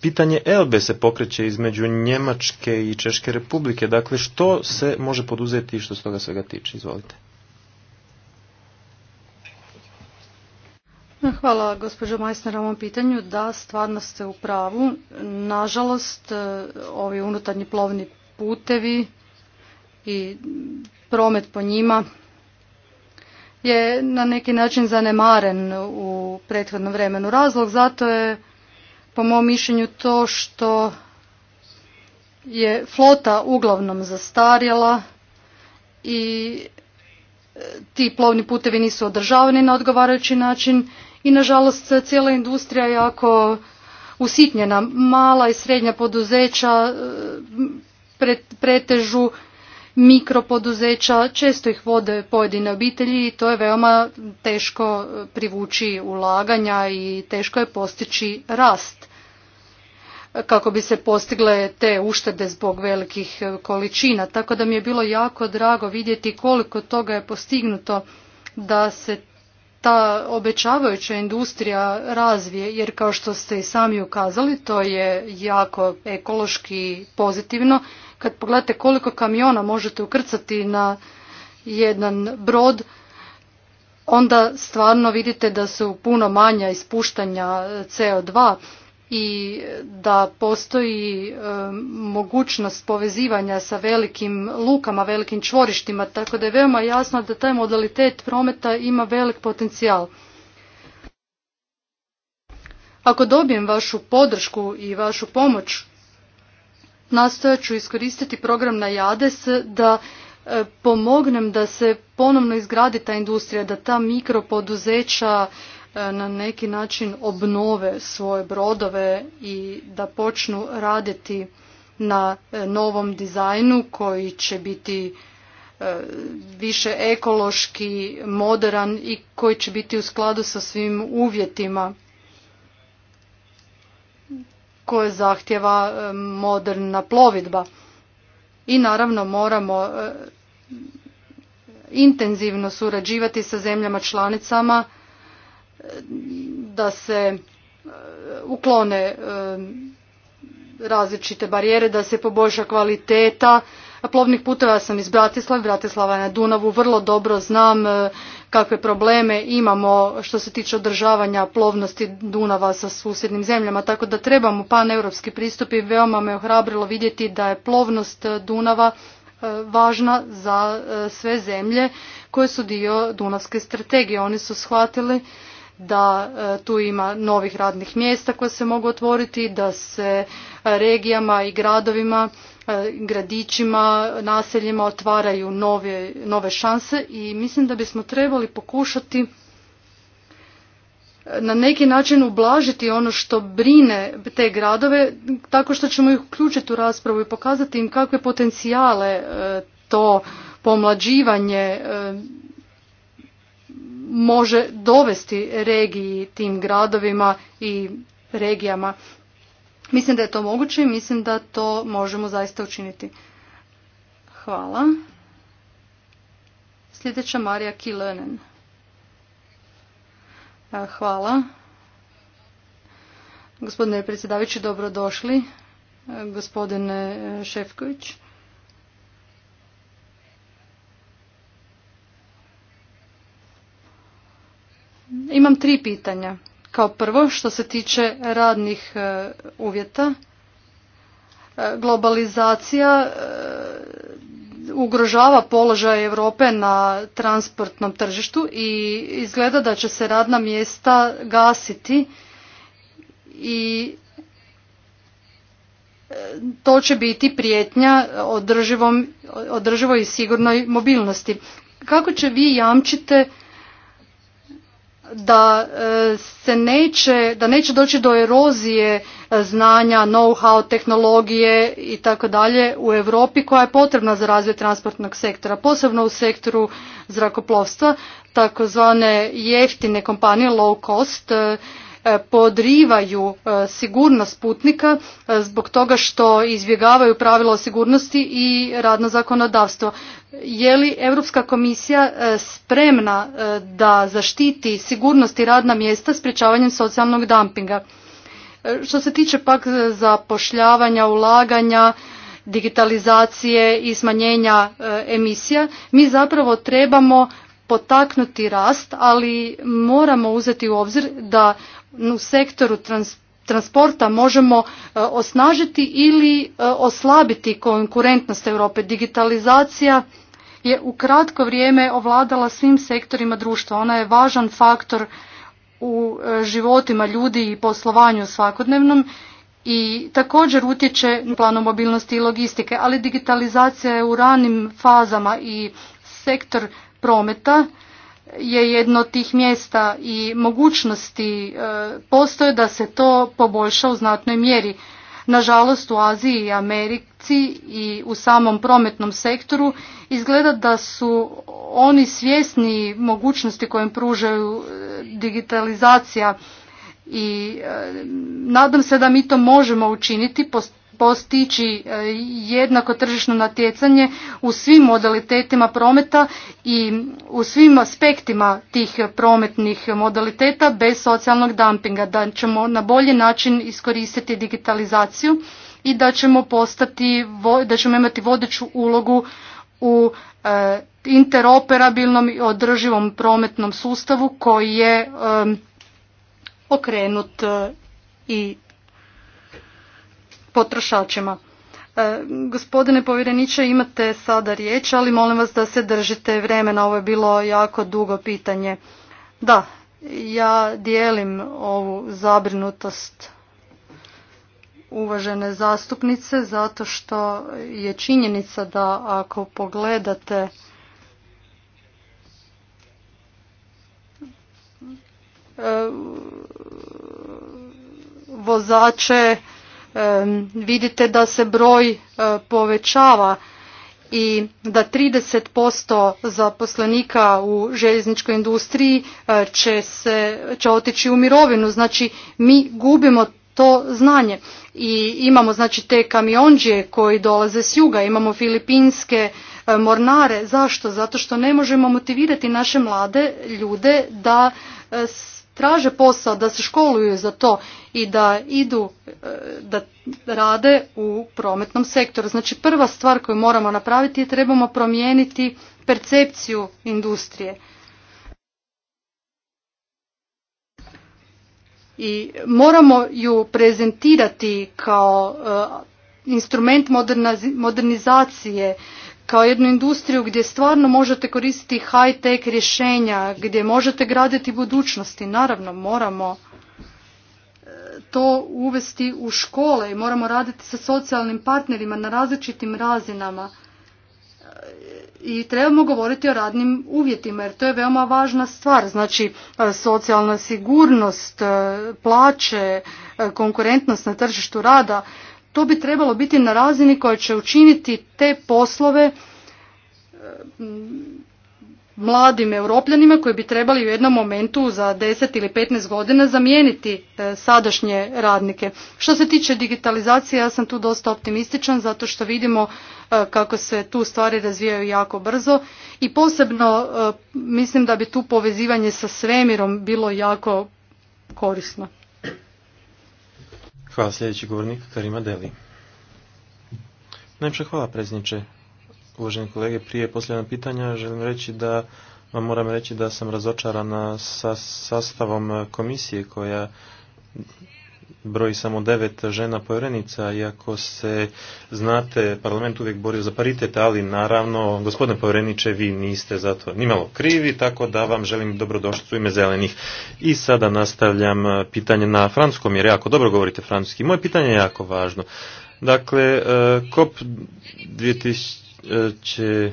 pitanje Elbe se pokreće između Njemačke i Češke republike. Dakle, što se može poduzeti što se toga svega tiče? Izvolite. Hvala gospođo Majsner na ovom pitanju. Da, stvarno ste u pravu. Nažalost, e, ovi unutarnji plovni putevi i promet po njima je na neki način zanemaren u prethodnom vremenu. Razlog zato je po mom mišljenju to što je flota uglavnom zastarjela i e, ti plovni putevi nisu održavani na odgovarajući način i nažalost cijela industrija je jako usitnjena. Mala i srednja poduzeća e, pretežu mikropoduzeća, često ih vode pojedine obitelji i to je veoma teško privući ulaganja i teško je postići rast kako bi se postigle te uštede zbog velikih e, količina. Tako da mi je bilo jako drago vidjeti koliko toga je postignuto da se ta obećavajuća industrija razvije, jer kao što ste i sami ukazali, to je jako ekološki pozitivno. Kad pogledate koliko kamiona možete ukrcati na jedan brod, onda stvarno vidite da su puno manja ispuštanja e, CO2 i da postoji e, mogućnost povezivanja sa velikim lukama, velikim čvorištima, tako da je veoma jasno da taj modalitet prometa ima velik potencijal. Ako dobijem vašu podršku i vašu pomoć, nastojat ću iskoristiti program na JADES da e, pomognem da se ponovno izgradi ta industrija, da ta mikropoduzeća E, na neki način obnove svoje brodove i da počnu raditi na e, novom dizajnu koji će biti e, više ekološki, modern i koji će biti u skladu sa svim uvjetima koje zahtjeva moderna plovidba. I naravno moramo intenzivno surađivati sa zemljama članicama da se e, uklone e, različite barijere, da se poboljša kvaliteta. Plovnih puteva sam iz Bratislava, Bratislava je na Dunavu, vrlo dobro znam e, kakve probleme imamo što se tiče održavanja plovnosti Dunava sa susjednim zemljama, tako da trebamo paneuropski pristup i veoma me ohrabrilo vidjeti da je plovnost Dunava važna za sve zemlje koje su dio Dunavske strategije. Oni su shvatili da e, tu ima novih radnih mjesta koje se mogu otvoriti, da se e, regijama i gradovima, e, gradićima, naseljima otvaraju nove, nove šanse i mislim da bismo trebali pokušati na neki način ublažiti ono što brine te gradove tako što ćemo ih uključiti u raspravu i pokazati im kakve potencijale to pomlađivanje može dovesti regiji, tim gradovima i regijama. Mislim da je to moguće i mislim da to možemo zaista učiniti. Hvala. Sljedeća Marija Kilenen. E, hvala. Gospodine predsjedavajući, dobrodošli. E, gospodine Šefković. Imam tri pitanja. Kao prvo, što se tiče radnih e, uvjeta, e, globalizacija e, ugrožava položaj Europe na transportnom tržištu i izgleda da će se radna mjesta gasiti i to će biti prijetnja održivoj i sigurnoj mobilnosti. Kako će vi jamčite da e, se neće, da neće doći do erozije e, znanja, know-how, tehnologije i tako dalje u Europi koja je potrebna za razvoj transportnog sektora, posebno u sektoru zrakoplovstva, takozvane jeftine kompanije low cost e, E, podrivaju e, sigurnost putnika e, zbog toga što izbjegavaju pravila o sigurnosti i radno zakonodavstvo. Je li Europska komisija spremna da zaštiti sigurnost i radna mjesta sprječavanjem socijalnog dumpinga? Što se tiče pak zapošljavanja, ulaganja, digitalizacije i smanjenja emisija, mi zapravo trebamo potaknuti rast, ali moramo uzeti u obzir da u sektoru transporta možemo e, osnažiti ili e, oslabiti konkurentnost Europe. Digitalizacija je u kratko vrijeme ovladala svim sektorima društva. Ona je važan faktor u e, životima ljudi i poslovanju svakodnevnom i također utječe na planu mobilnosti i logistike, ali digitalizacija je u ranim fazama i sektor prometa je jedno od tih mjesta i mogućnosti e, postoje da se to poboljša u znatnoj mjeri. Nažalost u Aziji i Americi i u samom prometnom sektoru izgleda da su oni svjesni mogućnosti koje im pružaju e, digitalizacija i e, nadam se da mi to možemo učiniti postići e, jednako tržišno natjecanje u svim modalitetima prometa i u svim aspektima tih prometnih modaliteta bez socijalnog dumpinga, da ćemo na bolji način iskoristiti digitalizaciju i da ćemo postati, da ćemo imati vodeću ulogu u e, interoperabilnom i održivom prometnom sustavu koji je e, okrenut i potrošačima. E, gospodine povjereniče, imate sada riječ, ali molim vas da se držite vremena. Ovo je bilo jako dugo pitanje. Da, ja dijelim ovu zabrinutost uvažene zastupnice zato što je činjenica da ako pogledate e, vozače vidite da se broj e, povećava i da 30% zaposlenika u željezničkoj industriji e, će, se, će otići u mirovinu. Znači mi gubimo to znanje i imamo znači te kamionđije koji dolaze s juga, imamo filipinske e, mornare. Zašto? Zato što ne možemo motivirati naše mlade ljude da traže posao, da se školuju za to i da idu, e, da rade u prometnom sektoru. Znači prva stvar koju moramo napraviti je trebamo promijeniti percepciju industrije. I moramo ju prezentirati kao e, instrument modernizacije kao jednu industriju gdje stvarno možete koristiti high-tech rješenja, gdje možete graditi budućnosti. Naravno, moramo e, to uvesti u škole i moramo raditi sa socijalnim partnerima na različitim razinama e, i trebamo govoriti o radnim uvjetima jer to je veoma važna stvar znači e, socijalna sigurnost plaće konkurentnost na tržištu rada to bi trebalo biti na razini koja će učiniti te poslove e, mladim europljanima koji bi trebali u jednom momentu za 10 ili 15 godina zamijeniti e, sadašnje radnike. Što se tiče digitalizacije, ja sam tu dosta optimističan zato što vidimo e, kako se tu stvari razvijaju jako brzo i posebno mislim da bi tu povezivanje sa svemirom bilo jako korisno. Hvala sljedeći govornik Karima Deli. Najpša hvala predsjedniče. Uvaženi kolege, prije posljednog pitanja želim reći da vam moram reći da sam razočarana sa sastavom komisije koja broji samo devet žena povjerenica, iako se znate, parlament uvijek borio za paritet, ali naravno, gospodine povjereniče, vi niste za to nimalo krivi, tako da vam želim dobrodošlicu ime zelenih. I sada nastavljam eh, pitanje na francuskom, jer jako dobro govorite francuski. Moje pitanje je jako važno. Dakle, eh, COP 2000 eh, će...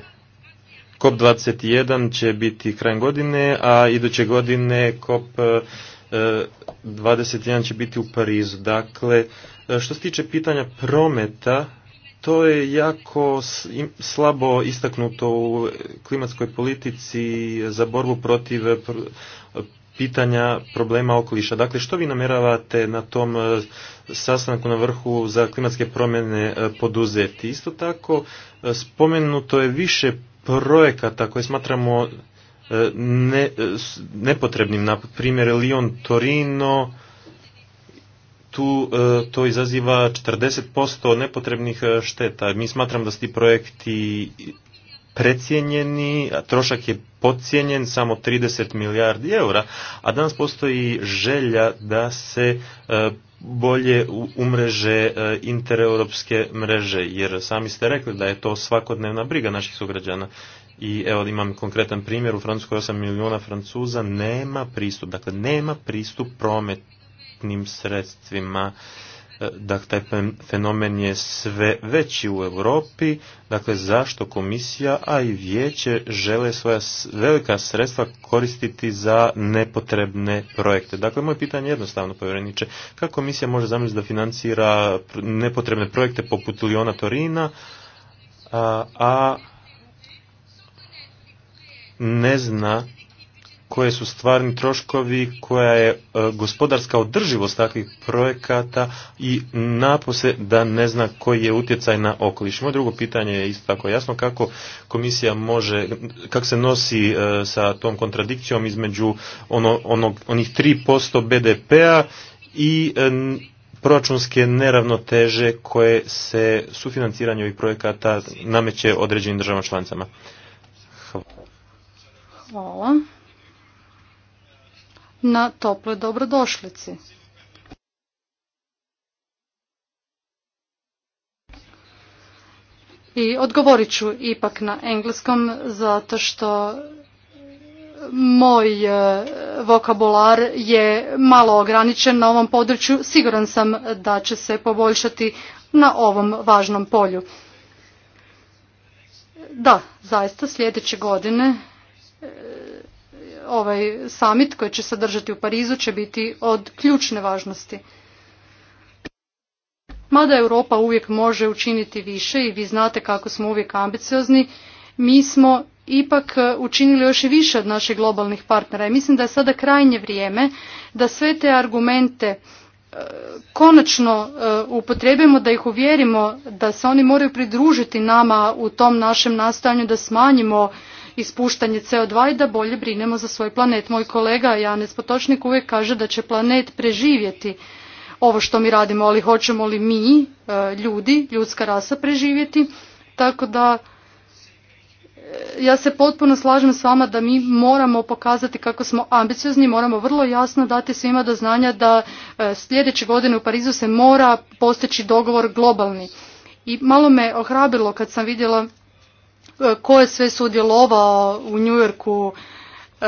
COP21 će biti krajem godine, a iduće godine COP 21 će biti u Parizu. Dakle, što se tiče pitanja prometa, to je jako slabo istaknuto u klimatskoj politici za borbu protiv pitanja problema okoliša. Dakle, što vi namjeravate na tom e, sastanku na vrhu za klimatske promjene e, poduzeti? Isto tako, e, spomenuto je više projekata koje smatramo E, e, nepotrebnim. Na primjer, Lyon Torino, tu e, to izaziva 40% nepotrebnih šteta. Mi smatram da su ti projekti precijenjeni, a trošak je podcijenjen samo 30 milijardi eura, a danas postoji želja da se bolje umreže intereuropske mreže, jer sami ste rekli da je to svakodnevna briga naših sugrađana i evo imam konkretan primjer, u Francuskoj 8 milijuna Francuza nema pristup, dakle nema pristup prometnim sredstvima, e, dakle taj fenomen je sve veći u Europi, dakle zašto komisija, a i vijeće žele svoja velika sredstva koristiti za nepotrebne projekte. Dakle, moje pitanje je jednostavno, povjereniče, kako komisija može zamisliti da financira nepotrebne projekte poput Liona Torina, a ne zna koje su stvarni troškovi, koja je e, gospodarska održivost takvih projekata i napose da ne zna koji je utjecaj na okoliš. Moje drugo pitanje je isto tako jasno kako komisija može, kako se nosi e, sa tom kontradikcijom između onog, ono, onih 3% BDP-a i e, proračunske neravnoteže koje se sufinanciranje ovih projekata nameće određenim državama članicama. Hvala na tople dobrodošlici. I odgovorit ću ipak na engleskom zato što moj e, vokabular je malo ograničen na ovom području. Siguran sam da će se poboljšati na ovom važnom polju. Da, zaista sljedeće godine ovaj summit koji će se držati u Parizu će biti od ključne važnosti. Mada Europa uvijek može učiniti više i vi znate kako smo uvijek ambiciozni, mi smo ipak e, učinili još i više od naših globalnih partnera i mislim da je sada krajnje vrijeme da sve te argumente e, konačno e, upotrijebimo da ih uvjerimo da se oni moraju pridružiti nama u tom našem nastojanju da smanjimo ispuštanje CO2 i da bolje brinemo za svoj planet. Moj kolega Janez Potočnik uvijek kaže da će planet preživjeti ovo što mi radimo, ali hoćemo li mi, e, ljudi, ljudska rasa preživjeti, tako da e, ja se potpuno slažem s vama da mi moramo pokazati kako smo ambiciozni, moramo vrlo jasno dati svima do znanja da e, sljedeće godine u Parizu se mora postići dogovor globalni. I malo me ohrabilo kad sam vidjela E, ko je sve sudjelovao u Njujorku e,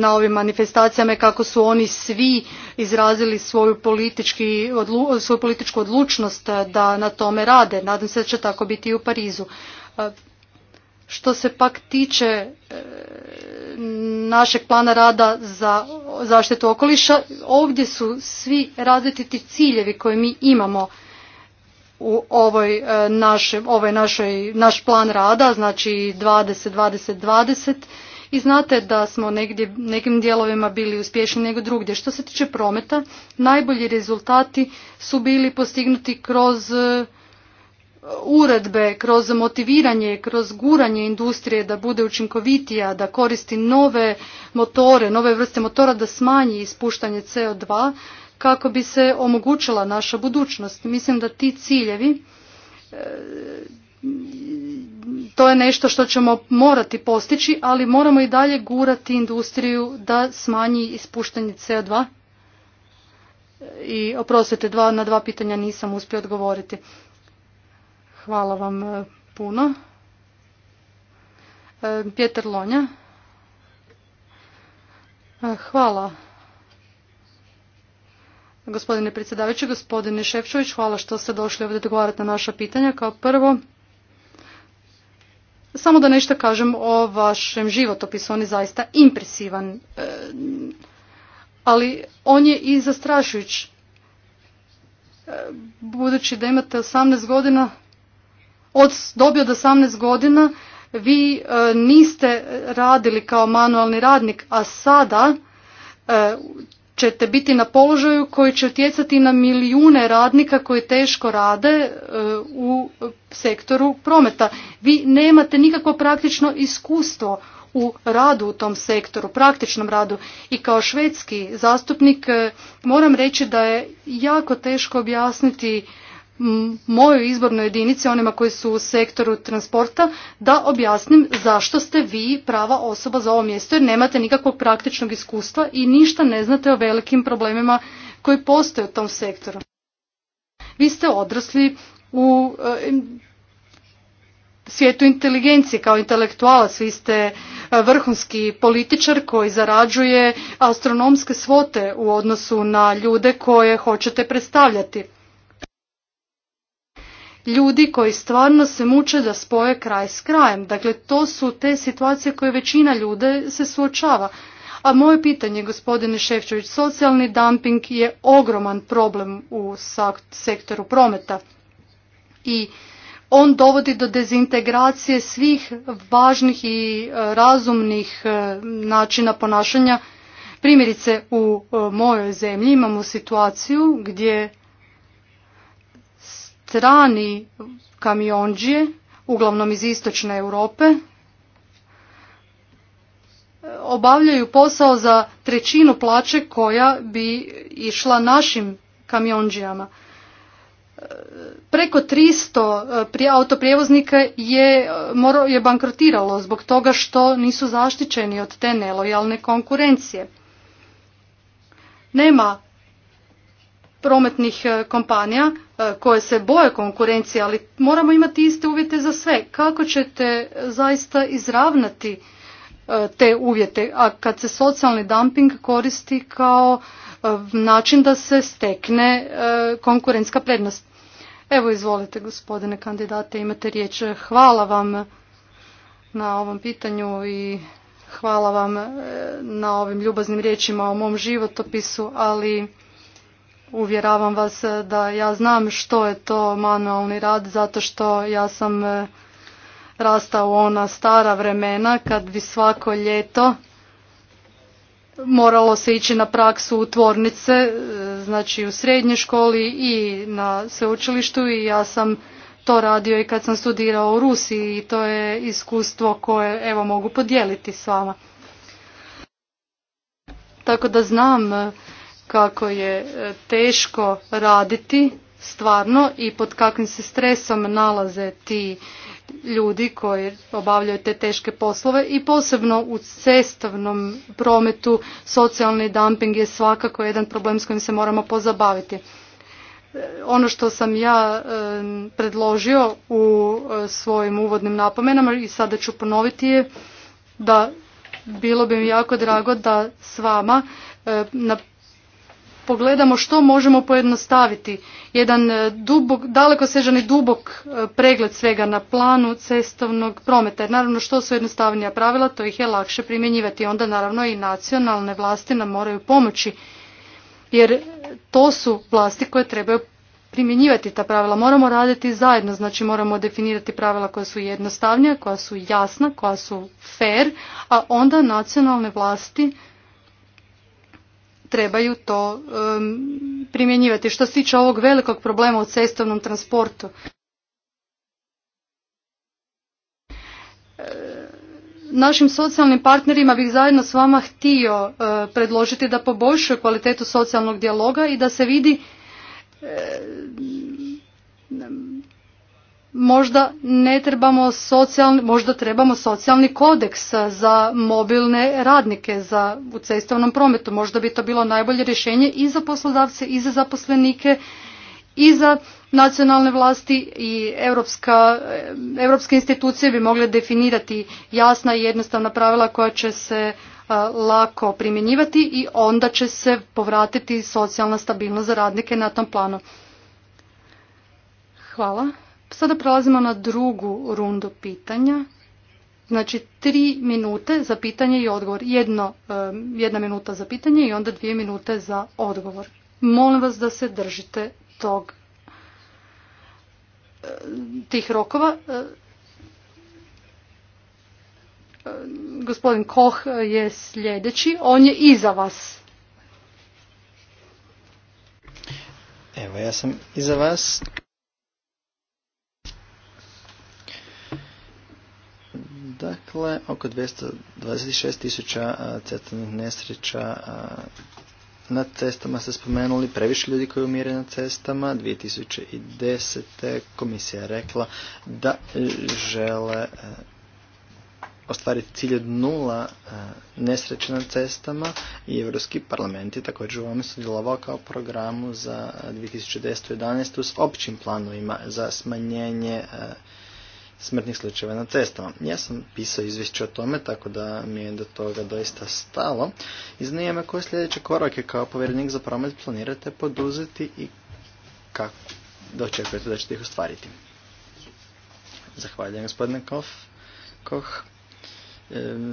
na ovim manifestacijama i kako su oni svi izrazili svoju, politički, svoju političku odlučnost e, da na tome rade. Nadam se da će tako biti i u Parizu. Što se pak tiče našeg plana rada za zaštitu okoliša, ovdje su svi različiti ciljevi koje mi imamo u ovoj e, našem, ovaj našoj, naš plan rada, znači 20, 20, 20 i znate da smo negdje, nekim dijelovima bili uspješni nego drugdje. Što se tiče prometa, najbolji rezultati su bili postignuti kroz e, uredbe, kroz motiviranje, kroz guranje industrije da bude učinkovitija, da koristi nove motore, nove vrste motora, da smanji ispuštanje CO2 kako bi se omogućila naša budućnost. Mislim da ti ciljevi e, to je nešto što ćemo morati postići, ali moramo i dalje gurati industriju da smanji ispuštanje CO2. E, I oprostite, dva, na dva pitanja nisam uspio odgovoriti. Hvala vam e, puno. Pjetar Lonja. Hvala Gospodine predsjedavajući, gospodine Šefčović, hvala što ste došli ovdje odgovarati na naša pitanja. Kao prvo, samo da nešto kažem o vašem životopisu, on je zaista impresivan, e, ali on je i zastrašujuć. E, budući da imate 18 godina, od dobio od 18 godina, vi e, niste radili kao manualni radnik, a sada ćete biti na položaju koji će utjecati na milijune radnika koji teško rade e, u sektoru prometa. Vi nemate nikakvo praktično iskustvo u radu u tom sektoru, praktičnom radu. I kao švedski zastupnik e, moram reći da je jako teško objasniti mojoj izbornoj jedinici, onima koji su u sektoru transporta, da objasnim zašto ste vi prava osoba za ovo mjesto jer nemate nikakvog praktičnog iskustva i ništa ne znate o velikim problemima koji postoje u tom sektoru. Vi ste odrasli u e, svijetu inteligencije kao intelektualac, vi ste e, vrhunski političar koji zarađuje astronomske svote u odnosu na ljude koje hoćete predstavljati ljudi koji stvarno se muče da spoje kraj s krajem. Dakle, to su te situacije koje većina ljude se suočava. A moje pitanje, gospodine Ševčević, socijalni dumping je ogroman problem u sektoru prometa i on dovodi do dezintegracije svih važnih i e, razumnih e, načina ponašanja. Primjerice, u e, mojoj zemlji imamo situaciju gdje strani kamionđije, uglavnom iz istočne Europe, obavljaju posao za trećinu plaće koja bi išla našim kamionđijama. Preko 300 eh, autoprijevoznika eh, je bankrotiralo zbog toga što nisu zaštićeni od te nelojalne konkurencije. Nema prometnih e, kompanija e, koje se boje konkurencije, ali moramo imati iste uvjete za sve. Kako ćete zaista izravnati e, te uvjete, a kad se socijalni dumping koristi kao način da se stekne konkurentska prednost. Evo izvolite gospodine kandidate, imate riječ. Hvala vam na ovom pitanju i hvala vam na ovim ljubaznim riječima o mom životopisu, ali Uvjeravam vas da ja znam što je to manualni rad zato što ja sam e, rastao u ona stara vremena kad bi svako ljeto moralo se ići na praksu u tvornice, e, znači u srednjoj školi i na sveučilištu i ja sam to radio i kad sam studirao u Rusiji i to je iskustvo koje evo mogu podijeliti s vama. Tako da znam e, kako je e, teško raditi stvarno i pod kakvim se stresom nalaze ti ljudi koji obavljaju te teške poslove i posebno u cestovnom prometu socijalni dumping je svakako jedan problem s kojim se moramo pozabaviti. E, ono što sam ja e, predložio u svojim uvodnim napomenama i sada ću ponoviti je da bilo bi mi jako drago da s vama na pogledamo što možemo pojednostaviti. Jedan e, dubok, sežani dubok e, pregled svega na planu cestovnog prometa. Jer naravno što su jednostavnija pravila, to ih je lakše primjenjivati. Onda naravno i nacionalne vlasti nam moraju pomoći. Jer to su vlasti koje trebaju primjenjivati ta pravila. Moramo raditi zajedno, znači moramo definirati pravila koja su jednostavnija, koja su jasna, koja su fair, a onda nacionalne vlasti trebaju to primjenjivati. Što se tiče ovog velikog problema u cestovnom transportu, našim socijalnim partnerima bih zajedno s vama htio e, predložiti da poboljšaju kvalitetu socijalnog dijaloga i da se vidi e, možda ne trebamo socijalni, možda trebamo socijalni kodeks za mobilne radnike za, u cestovnom prometu. Možda bi to bilo najbolje rješenje i za poslodavce i za zaposlenike i za nacionalne vlasti i europske institucije bi mogle definirati jasna i jednostavna pravila koja će se lako primjenjivati i onda će se povratiti socijalna stabilnost za radnike na tom planu. Hvala. Sada prelazimo na drugu rundu pitanja. Znači, tri minute za pitanje i odgovor. jedna minuta za pitanje i onda dvije minute za odgovor. Molim vas da se držite tog tih rokova. Gospodin Koh je sljedeći. On je iza vas. Evo, ja sam iza vas. Dakle, oko 226 tisuća cestovnih nesreća na cestama se spomenuli, previše ljudi koji umire na cestama. 2010. komisija je rekla da žele e, ostvariti cilj nula e, nesreće na cestama i Europski parlament je također u ovome sudjelovao kao programu za 2010. 2011. s općim planovima za smanjenje e, smrtnih slučajeva na cestama. Ja sam pisao izvješće o tome, tako da mi je do toga doista stalo. I zanima me koje sljedeće korake kao povjerenik za promet planirate poduzeti i kako da očekujete da ćete ih ostvariti. Zahvaljujem gospodine Kof. Koh.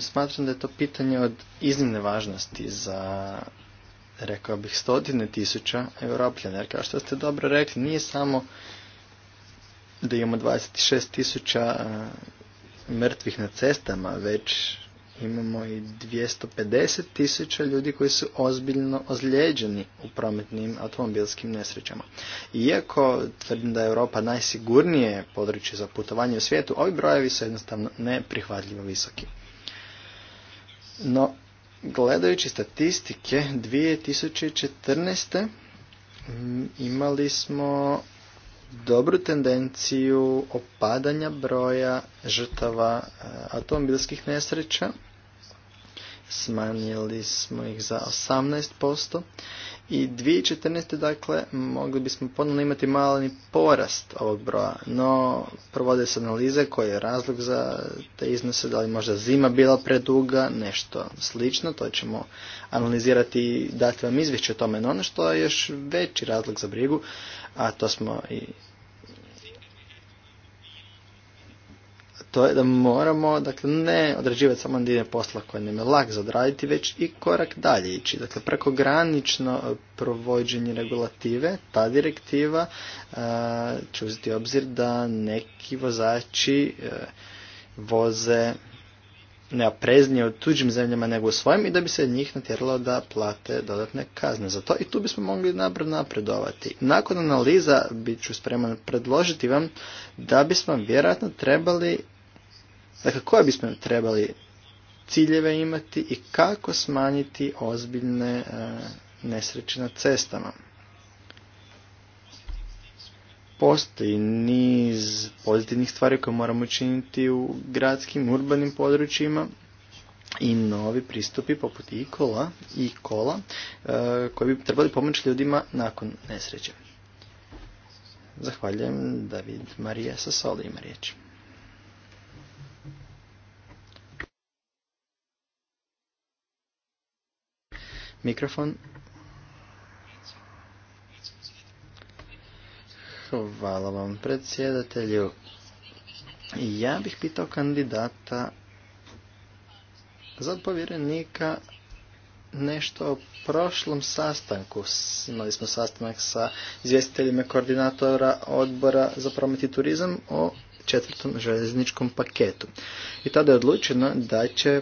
smatram da je to pitanje od iznimne važnosti za rekao bih stotine tisuća europljana, jer kao što ste dobro rekli, nije samo da imamo 26 tisuća mrtvih na cestama, već imamo i 250 tisuća ljudi koji su ozbiljno ozlijeđeni u prometnim automobilskim nesrećama. Iako tvrdim da je Europa najsigurnije područje za putovanje u svijetu, ovi brojevi su jednostavno neprihvatljivo visoki. No, gledajući statistike, 2014. imali smo dobru tendenciju opadanja broja žrtava e, automobilskih nesreća smanjili smo ih za 18% i 2014. dakle mogli bismo ponovno imati mali porast ovog broja, no provode se analize koji je razlog za te iznose, da li možda zima bila preduga, nešto slično, to ćemo analizirati i dati vam izvješće o tome. No ono što je još veći razlog za brigu, a to smo i to je da moramo dakle, ne određivati samo dine posla koje nam je lak zadraditi, već i korak dalje ići. Dakle, prekogranično e, provođenje regulative, ta direktiva e, će uzeti obzir da neki vozači e, voze neopreznije u tuđim zemljama nego u svojim i da bi se njih natjeralo da plate dodatne kazne za to i tu bismo mogli napredovati. Nakon analiza bit ću spreman predložiti vam da bismo vjerojatno trebali Dakle, koje bismo trebali ciljeve imati i kako smanjiti ozbiljne e, nesreće na cestama. Postoji niz pozitivnih stvari koje moramo činiti u gradskim, urbanim područjima i novi pristupi poput i kola, i kola e, koji bi trebali pomoći ljudima nakon nesreće. Zahvaljujem, David Marija Sasoli ima riječ. Mikrofon. Hvala vam predsjedatelju. Ja bih pitao kandidata za povjerenika nešto o prošlom sastanku. Imali smo sastanak sa izvjestiteljima koordinatora odbora za promet i turizam o četvrtom željezničkom paketu. I tada je odlučeno da će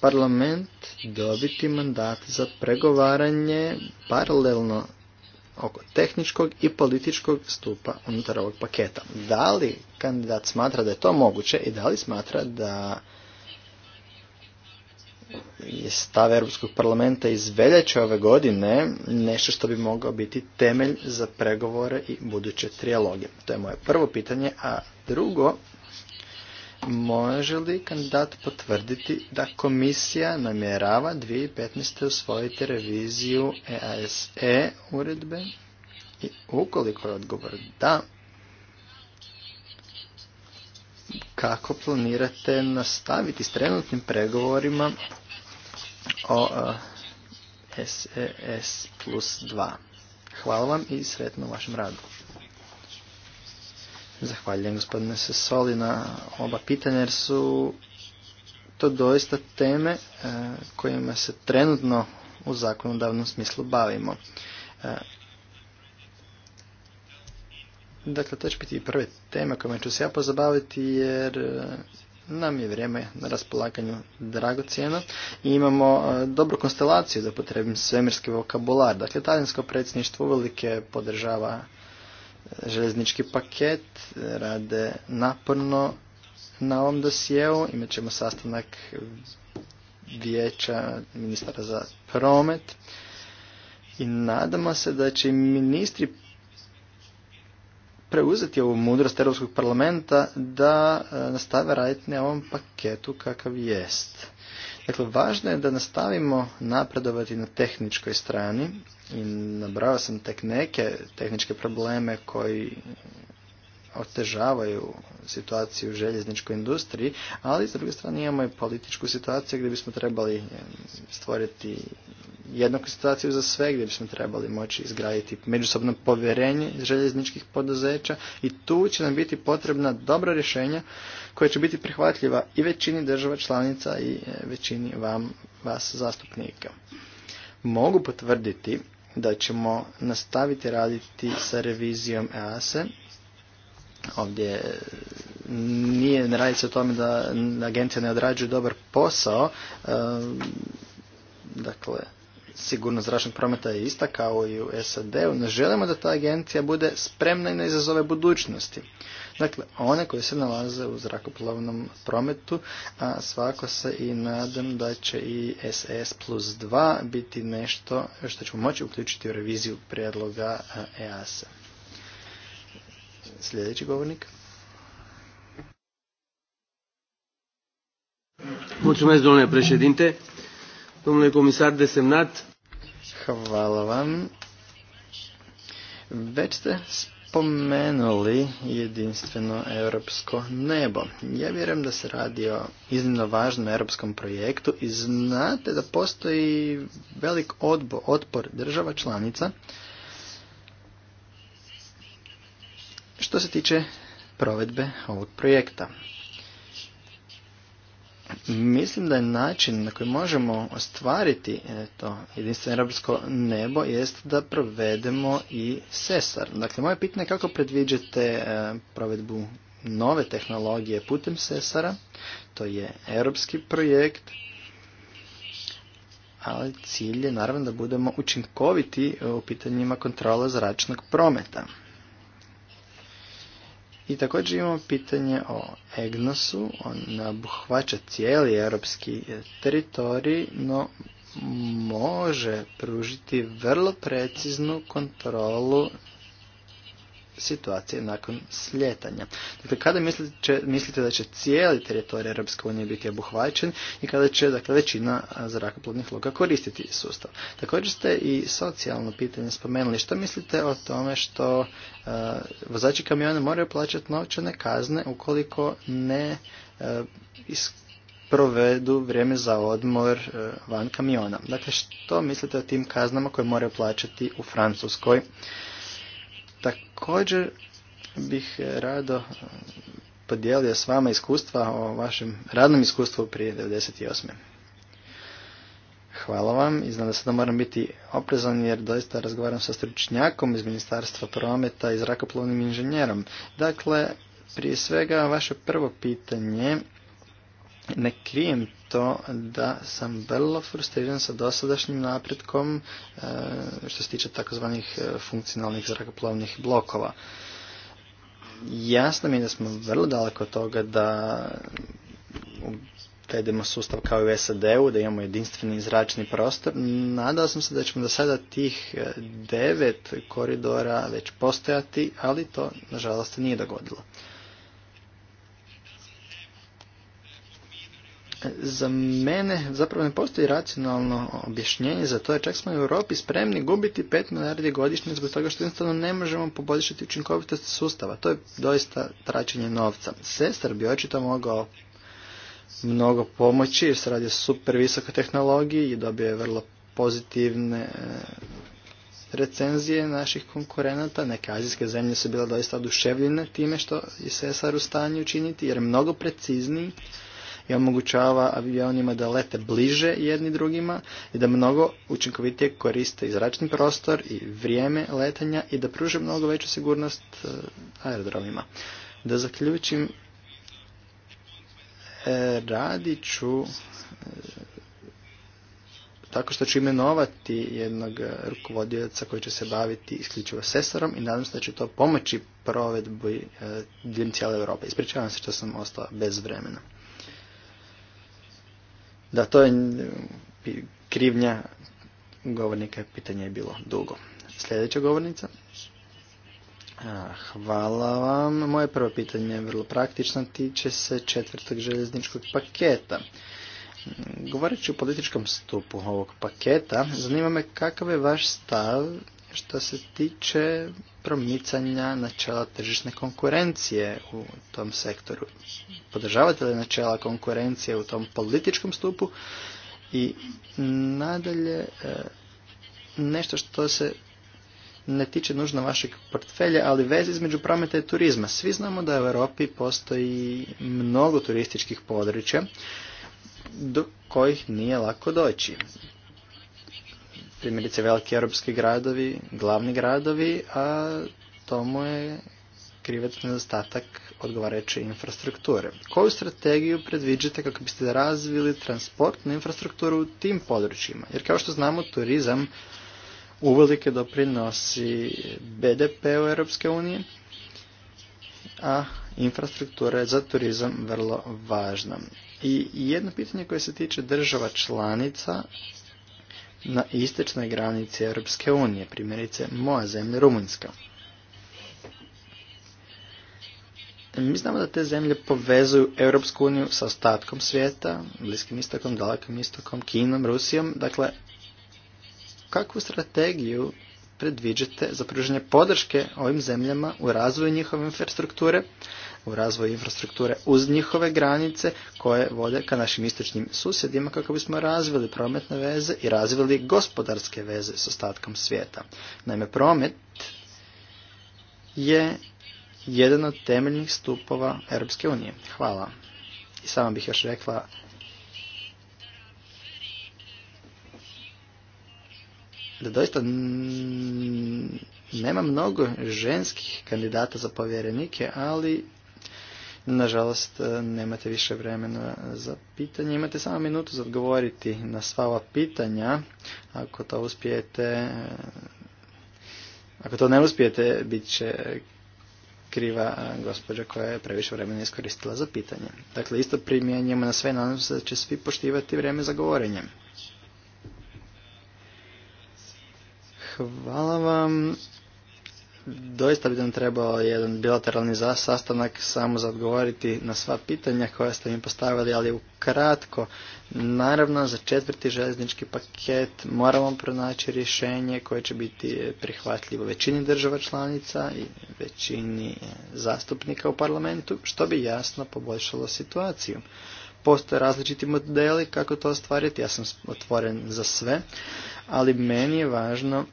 parlament dobiti mandat za pregovaranje paralelno oko tehničkog i političkog stupa unutar ovog paketa. Da li kandidat smatra da je to moguće i da li smatra da je stav Europskog parlamenta iz veljače ove godine nešto što bi mogao biti temelj za pregovore i buduće trijaloge? To je moje prvo pitanje, a drugo Može li kandidat potvrditi da komisija namjerava 2015. usvojiti reviziju EASE e uredbe? I ukoliko je odgovor da, kako planirate nastaviti s trenutnim pregovorima o SES e plus 2? Hvala vam i sretno u vašem radu. Zahvaljujem gospodine Sesoli na oba pitanja jer su to doista teme e, kojima se trenutno u zakonodavnom smislu bavimo. E, dakle, to će biti prve teme kojima ću se ja pozabaviti jer e, nam je vrijeme na raspolaganju dragocjeno i imamo dobru konstelaciju da potrebim svemirski vokabular. Dakle, talijansko predsjedništvo uvelike podržava železnički paket, rade naporno na ovom dosjeu. Imat ćemo sastanak vijeća ministara za promet i nadamo se da će ministri preuzeti ovu mudrost Europskog parlamenta da e, nastave raditi na ovom paketu kakav jest. Dakle, važno je da nastavimo napredovati na tehničkoj strani i nabrao sam tek neke tehničke probleme koji otežavaju situaciju u željezničkoj industriji, ali s druge strane imamo i političku situaciju gdje bismo trebali stvoriti jednaku situaciju za sve gdje bismo trebali moći izgraditi međusobno povjerenje željezničkih poduzeća i tu će nam biti potrebna dobra rješenja koja će biti prihvatljiva i većini država članica i e, većini vam, vas zastupnika. Mogu potvrditi da ćemo nastaviti raditi sa revizijom EASE. Ovdje e, nije, ne radi se o tome da agencija ne odrađuje dobar posao. E, dakle, sigurnost zračnog prometa je ista kao i u SAD-u, ne želimo da ta agencija bude spremna i na izazove budućnosti. Dakle, one koje se nalaze u zrakoplovnom prometu, a svako se i nadam da će i SS plus 2 biti nešto što ćemo moći uključiti u reviziju prijedloga EASA. Sljedeći govornik. Mulțumesc, domnule președinte. Domnule comisar desemnat, Hvala vam. Već ste spomenuli jedinstveno europsko nebo. Ja vjerujem da se radi o iznimno važnom europskom projektu i znate da postoji velik odbo, otpor država članica što se tiče provedbe ovog projekta. Mislim da je način na koji možemo ostvariti e, to jedinstveno europsko nebo jest da provedemo i sesar. Dakle, moje pitanje je kako predviđate e, provedbu nove tehnologije putem sesara. To je europski projekt, ali cilj je naravno da budemo učinkoviti u pitanjima kontrola zračnog prometa. I također imamo pitanje o Egnosu, on obuhvaća cijeli europski teritorij, no može pružiti vrlo preciznu kontrolu situacije nakon sljetanja. Dakle, kada mislite, da će cijeli teritorij Europske unije biti obuhvaćen i kada će dakle, većina zrakoplovnih luka koristiti sustav. Također ste i socijalno pitanje spomenuli. Što mislite o tome što vozači kamiona moraju plaćati novčane kazne ukoliko ne provedu vrijeme za odmor van kamiona. Dakle, što mislite o tim kaznama koje moraju plaćati u Francuskoj Također bih rado podijelio s vama iskustva o vašem radnom iskustvu prije 98. Hvala vam i znam da sada moram biti oprezan jer doista razgovaram sa stručnjakom iz Ministarstva prometa i zrakoplovnim inženjerom. Dakle, prije svega vaše prvo pitanje ne krijem to da sam vrlo frustriran sa dosadašnjim napretkom e, što se tiče takozvanih e, funkcionalnih zrakoplovnih blokova. Jasno mi je da smo vrlo daleko od toga da uvedemo sustav kao i u SAD-u, da imamo jedinstveni zračni prostor. Nadao sam se da ćemo do sada tih e, devet koridora već postojati, ali to nažalost nije dogodilo. Za mene zapravo ne postoji racionalno objašnjenje za to, jer čak smo u Europi spremni gubiti 5 milijardi godišnje zbog toga što jednostavno ne možemo poboljšati učinkovitost sustava. To je doista tračenje novca. Sestar bi očito mogao mnogo pomoći jer se radi o super visokoj tehnologiji i dobio je vrlo pozitivne e, recenzije naših konkurenata. Neke azijske zemlje su bila doista oduševljene time što je Sesar u stanju učiniti jer je mnogo precizniji i omogućava avionima da lete bliže jedni drugima i da mnogo učinkovitije koriste i zračni prostor i vrijeme letanja i da pruže mnogo veću sigurnost eh, aerodromima. Da zaključim, eh, radit ću eh, tako što ću imenovati jednog rukovodioca koji će se baviti isključivo sesarom i nadam se da će to pomoći provedbi diljem cijele Europe. Ispričavam se što sam ostao bez vremena. Da, to je krivnja govornika, pitanje je bilo dugo. Sljedeća govornica. Hvala vam. Moje prvo pitanje je vrlo praktično, tiče se četvrtog željezničkog paketa. Govoreći o političkom stupu ovog paketa, zanima me kakav je vaš stav što se tiče promicanja načela tržišne konkurencije u tom sektoru. Podržavate li načela konkurencije u tom političkom stupu i nadalje e, nešto što se ne tiče nužno vašeg portfelja, ali veze između prometa i turizma. Svi znamo da u Europi postoji mnogo turističkih područja do kojih nije lako doći primjerice veliki europski gradovi, glavni gradovi, a tomu je krivac nedostatak odgovarajuće infrastrukture. Koju strategiju predviđate kako biste razvili transportnu infrastrukturu u tim područjima? Jer kao što znamo, turizam uvelike doprinosi BDP u Europske unije, a infrastruktura je za turizam vrlo važna. I jedno pitanje koje se tiče država članica na istočnoj granici Europske unije, primjerice moja zemlja Rumunjska. Mi znamo da te zemlje povezuju Europsku uniju sa ostatkom svijeta, Bliskim istokom, Dalekom istokom, Kinom, Rusijom. Dakle, kakvu strategiju predviđate za pružanje podrške ovim zemljama u razvoju njihove infrastrukture, u razvoju infrastrukture uz njihove granice koje vode ka našim istočnim susjedima kako bismo razvili prometne veze i razvili gospodarske veze s ostatkom svijeta. Naime, promet je jedan od temeljnih stupova Europske unije. Hvala. I sama bih još rekla da doista nema mnogo ženskih kandidata za povjerenike, ali Nažalost, e, nemate više vremena za pitanje. Imate samo minutu za odgovoriti na sva ova pitanja. Ako to uspijete, e, ako to ne uspijete, bit će kriva e, gospođa koja je previše vremena iskoristila za pitanje. Dakle, isto primjenjujemo na sve, nadam se da će svi poštivati vrijeme za govorenje. Hvala vam doista bi nam trebao jedan bilateralni sastanak samo za odgovoriti na sva pitanja koja ste mi postavili, ali ukratko, naravno za četvrti željeznički paket moramo pronaći rješenje koje će biti prihvatljivo većini država članica i većini e, zastupnika u parlamentu, što bi jasno poboljšalo situaciju. Postoje različiti modeli kako to ostvariti, ja sam otvoren za sve, ali meni je važno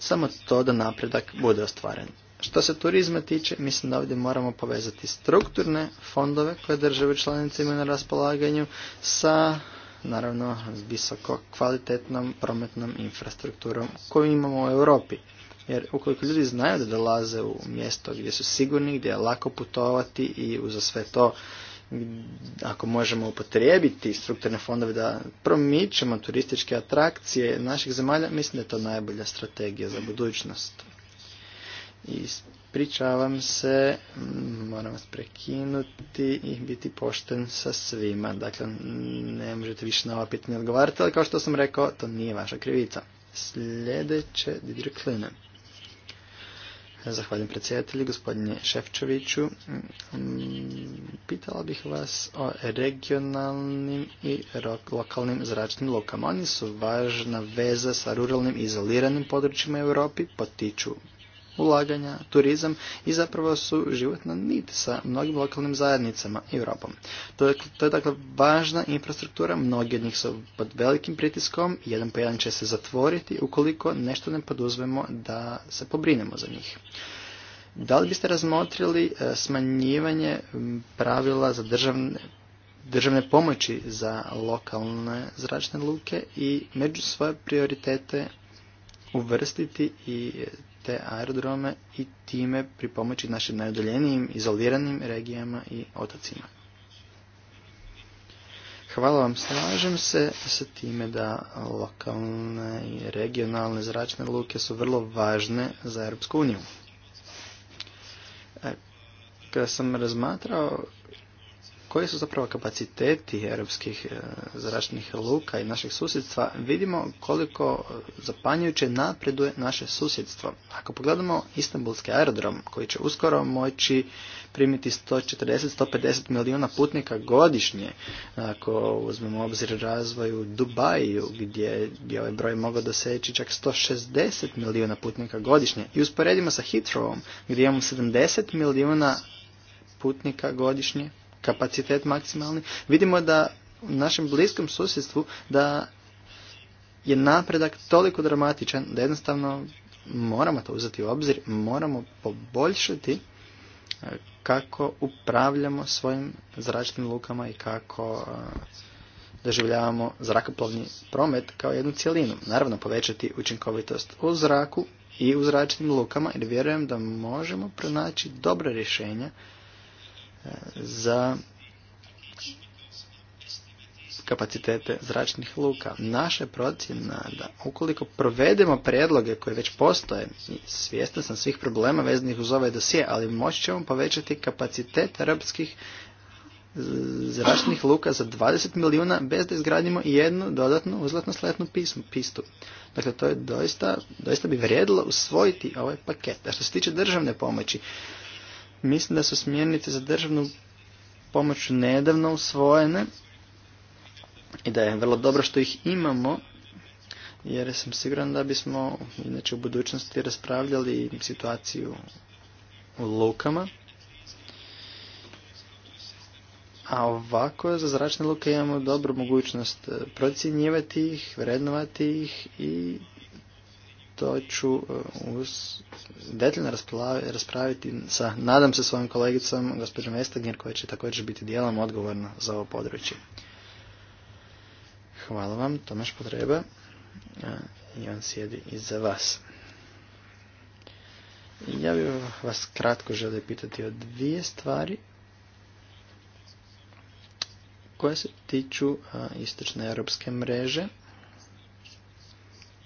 samo to da napredak bude ostvaren. Što se turizma tiče, mislim da ovdje moramo povezati strukturne fondove koje države članice imaju na raspolaganju sa naravno visoko kvalitetnom prometnom infrastrukturom koju imamo u Europi. Jer ukoliko ljudi znaju da dolaze u mjesto gdje su sigurni, gdje je lako putovati i uza sve to ako možemo upotrijebiti strukturne fondove da promičemo turističke atrakcije naših zemalja, mislim da je to najbolja strategija za budućnost. I pričavam se, moram vas prekinuti i biti pošten sa svima. Dakle, ne možete više na ova pitanja odgovarati, ali kao što sam rekao, to nije vaša krivica. Sljedeće, Didrik Klinem. Zahvaljujem predsjedatelji, gospodine Šefčeviću. Mm, Pitala bih vas o regionalnim i lokalnim zračnim lukama. Oni su važna veza sa ruralnim izoliranim područjima Europi, potiču ulaganja, turizam i zapravo su životna nit sa mnogim lokalnim zajednicama i Europom. To je, to je dakle važna infrastruktura, mnogi od njih su pod velikim pritiskom, jedan po jedan će se zatvoriti ukoliko nešto ne poduzmemo da se pobrinemo za njih. Da li biste razmotrili e, smanjivanje pravila za državne, državne pomoći za lokalne zračne luke i među svoje prioritete uvrstiti i te aerodrome i time pripomoći našim najudaljenijim, izoliranim regijama i otacima. Hvala vam, slažem se sa time da lokalne i regionalne zračne luke su vrlo važne za Europsku uniju. E, kada sam razmatrao koji su zapravo kapaciteti europskih e, zračnih luka i našeg susjedstva, vidimo koliko e, zapanjujuće napreduje naše susjedstvo. Ako pogledamo Istanbulski aerodrom, koji će uskoro moći primiti 140-150 milijuna putnika godišnje, ako uzmemo obzir razvoju Dubaju, gdje je ovaj broj mogao doseći čak 160 milijuna putnika godišnje, i usporedimo sa Heathrowom, gdje imamo 70 milijuna putnika godišnje, kapacitet maksimalni, vidimo da u našem bliskom susjedstvu da je napredak toliko dramatičan da jednostavno moramo to uzeti u obzir, moramo poboljšati e, kako upravljamo svojim zračnim lukama i kako e, doživljavamo zrakoplovni promet kao jednu cjelinu. Naravno povećati učinkovitost u zraku i u zračnim lukama jer vjerujem da možemo pronaći dobra rješenja za kapacitete zračnih luka. Naša procjena da ukoliko provedemo predloge koje već postoje, svjestan sam svih problema vezanih uz ovaj dosije, ali moći ćemo povećati kapacitet arapskih zračnih luka za 20 milijuna bez da izgradimo jednu dodatnu uzlatno sletnu pismu, pistu. Dakle, to je doista, doista bi vrijedilo usvojiti ovaj paket. A što se tiče državne pomoći, Mislim da su smjernice za državnu pomoć nedavno usvojene i da je vrlo dobro što ih imamo, jer sam siguran da bismo inače u budućnosti raspravljali situaciju u lukama. A ovako za zračne luke imamo dobru mogućnost procjenjivati ih, vrednovati ih i to ću e, uz detaljno raspraviti sa, nadam se, svojim kolegicom, gospođom Vestagnjer, koja će također biti dijelom odgovorna za ovo područje. Hvala vam, Tomaš Potreba. E, I on sjedi iza vas. Ja bih vas kratko želio pitati o dvije stvari koje se tiču e, istočne europske mreže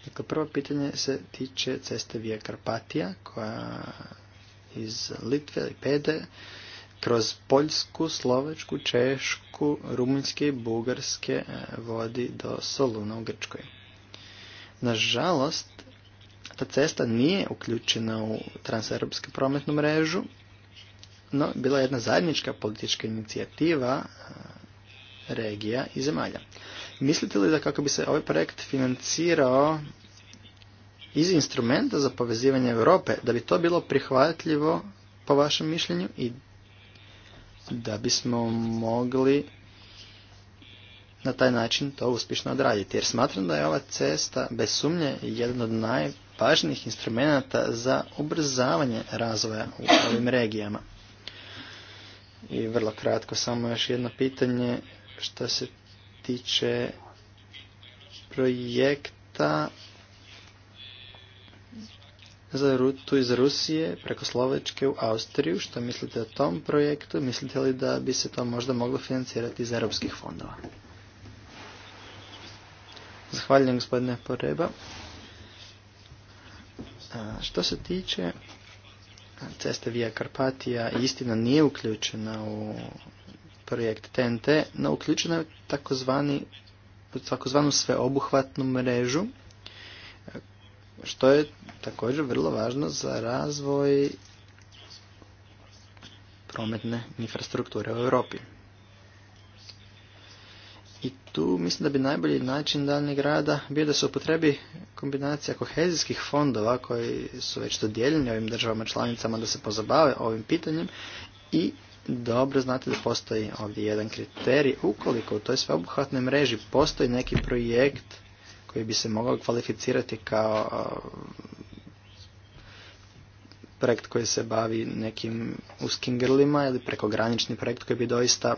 Dakle, prvo pitanje se tiče ceste Via Karpatija, koja iz Litve ili Pede, kroz Poljsku, Slovačku, Češku, Rumunjske i Bugarske e, vodi do Soluna u Grčkoj. Nažalost, ta cesta nije uključena u transeuropsku prometnu mrežu, no bila je jedna zajednička politička inicijativa e, regija i zemalja. Mislite li da kako bi se ovaj projekt financirao iz instrumenta za povezivanje Europe, da bi to bilo prihvatljivo po vašem mišljenju i da bismo mogli na taj način to uspješno odraditi. Jer smatram da je ova cesta bez sumnje jedan od najvažnijih instrumenta za ubrzavanje razvoja u ovim regijama. I vrlo kratko samo još jedno pitanje što se tiče projekta za rutu iz Rusije preko Slovačke u Austriju. Što mislite o tom projektu? Mislite li da bi se to možda moglo financirati iz europskih fondova? Zahvaljujem gospodine Poreba. što se tiče ceste Via Karpatija, istina nije uključena u projekt TNT, no uključenu je takozvani takozvanu sveobuhvatnu mrežu, što je također vrlo važno za razvoj prometne infrastrukture u Europi. I tu mislim da bi najbolji način daljnjeg rada bio da se upotrebi kombinacija kohezijskih fondova koji su već dodijeljeni ovim državama članicama da se pozabave ovim pitanjem i dobro znate da postoji ovdje jedan kriterij. Ukoliko u toj sveobuhvatnoj mreži postoji neki projekt koji bi se mogao kvalificirati kao projekt koji se bavi nekim uskim grlima ili prekogranični projekt koji bi doista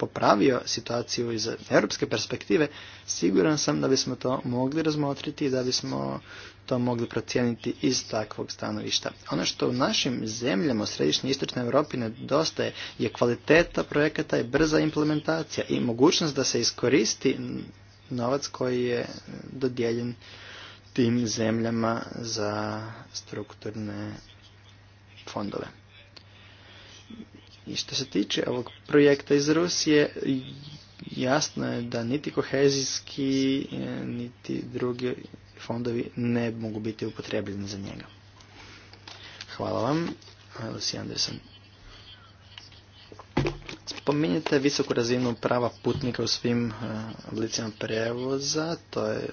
popravio situaciju iz europske perspektive, siguran sam da bismo to mogli razmotriti i da bismo to mogli procijeniti iz takvog stanovišta. Ono što u našim zemljama u središnjoj i istočnoj Europi nedostaje je kvaliteta projekata i brza implementacija i mogućnost da se iskoristi novac koji je dodijeljen tim zemljama za strukturne fondove. I što se tiče ovog projekta iz Rusije, jasno je da niti kohezijski, e, niti drugi fondovi ne mogu biti upotrebljeni za njega. Hvala vam, Lucy Anderson. Spominjete visoku razinu prava putnika u svim e, oblicima prevoza, to je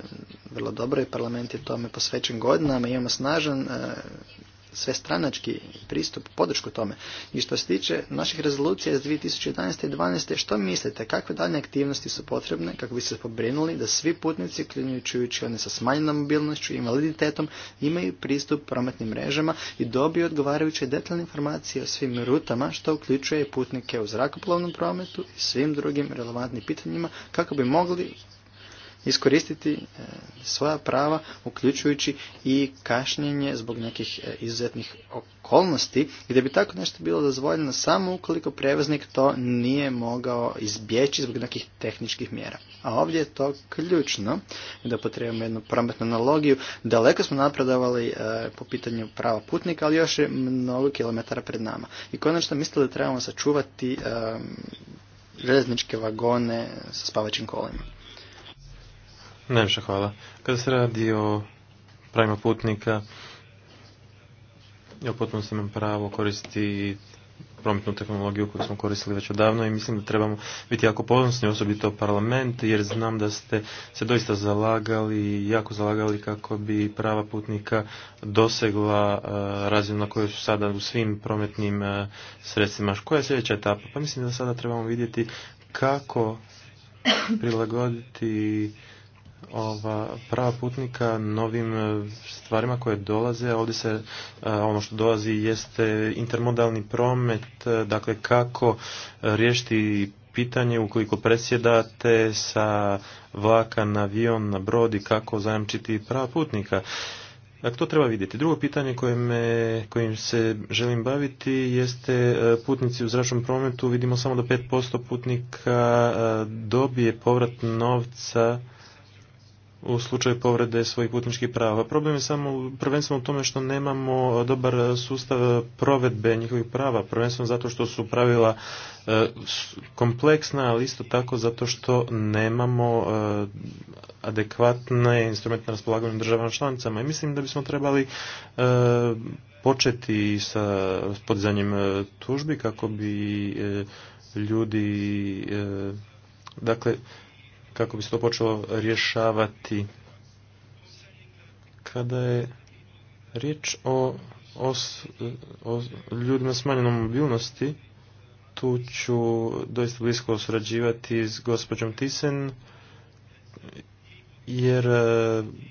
vrlo dobro i parlament je tome posvećen godinama. Imamo snažan e, sve stranački pristup, podršku tome. I što se tiče naših rezolucija iz 2011. i 2012. što mislite, kakve daljne aktivnosti su potrebne kako bi se pobrinuli da svi putnici, ključujući oni sa smanjenom mobilnošću i invaliditetom, imaju pristup prometnim mrežama i dobiju odgovarajuće detaljne informacije o svim rutama, što uključuje putnike u zrakoplovnom prometu i svim drugim relevantnim pitanjima kako bi mogli iskoristiti e, svoja prava, uključujući i kašnjenje zbog nekih e, izuzetnih okolnosti, gdje bi tako nešto bilo dozvoljeno samo ukoliko prevoznik to nije mogao izbjeći zbog nekih tehničkih mjera. A ovdje je to ključno, da potrebujemo jednu prometnu analogiju. Daleko smo napredovali e, po pitanju prava putnika, ali još je mnogo kilometara pred nama. I konačno mislili da trebamo sačuvati željezničke vagone sa spavačim kolima. Najviše hvala. Kada se radi o pravima putnika, ja potpuno sam imam pravo koristiti prometnu tehnologiju koju smo koristili već odavno i mislim da trebamo biti jako ponosni, osobito parlament, jer znam da ste se doista zalagali, jako zalagali kako bi prava putnika dosegla e, razinu na kojoj su sada u svim prometnim e, sredstvima. Koja je sljedeća etapa? Pa mislim da sada trebamo vidjeti kako prilagoditi ova prava putnika novim e, stvarima koje dolaze. Ovdje se e, ono što dolazi jeste intermodalni promet, e, dakle kako riješiti pitanje ukoliko presjedate sa vlaka na avion, na brod i kako zajamčiti prava putnika. Dakle, to treba vidjeti. Drugo pitanje koje kojim se želim baviti jeste putnici u zračnom prometu. Vidimo samo da 5% putnika dobije povrat novca u slučaju povrede svojih putničkih prava. Problem je samo prvenstveno u tome što nemamo dobar sustav provedbe njihovih prava, prvenstveno zato što su pravila e, kompleksna, ali isto tako zato što nemamo e, adekvatne instrumente na raspolaganju državama članicama. I mislim da bismo trebali e, početi sa podizanjem tužbi kako bi ljudi dakle kako bi se to počelo rješavati. Kada je riječ o, o, o ljudima s mobilnosti, tu ću doista blisko surađivati s gospođom Tisen, jer e,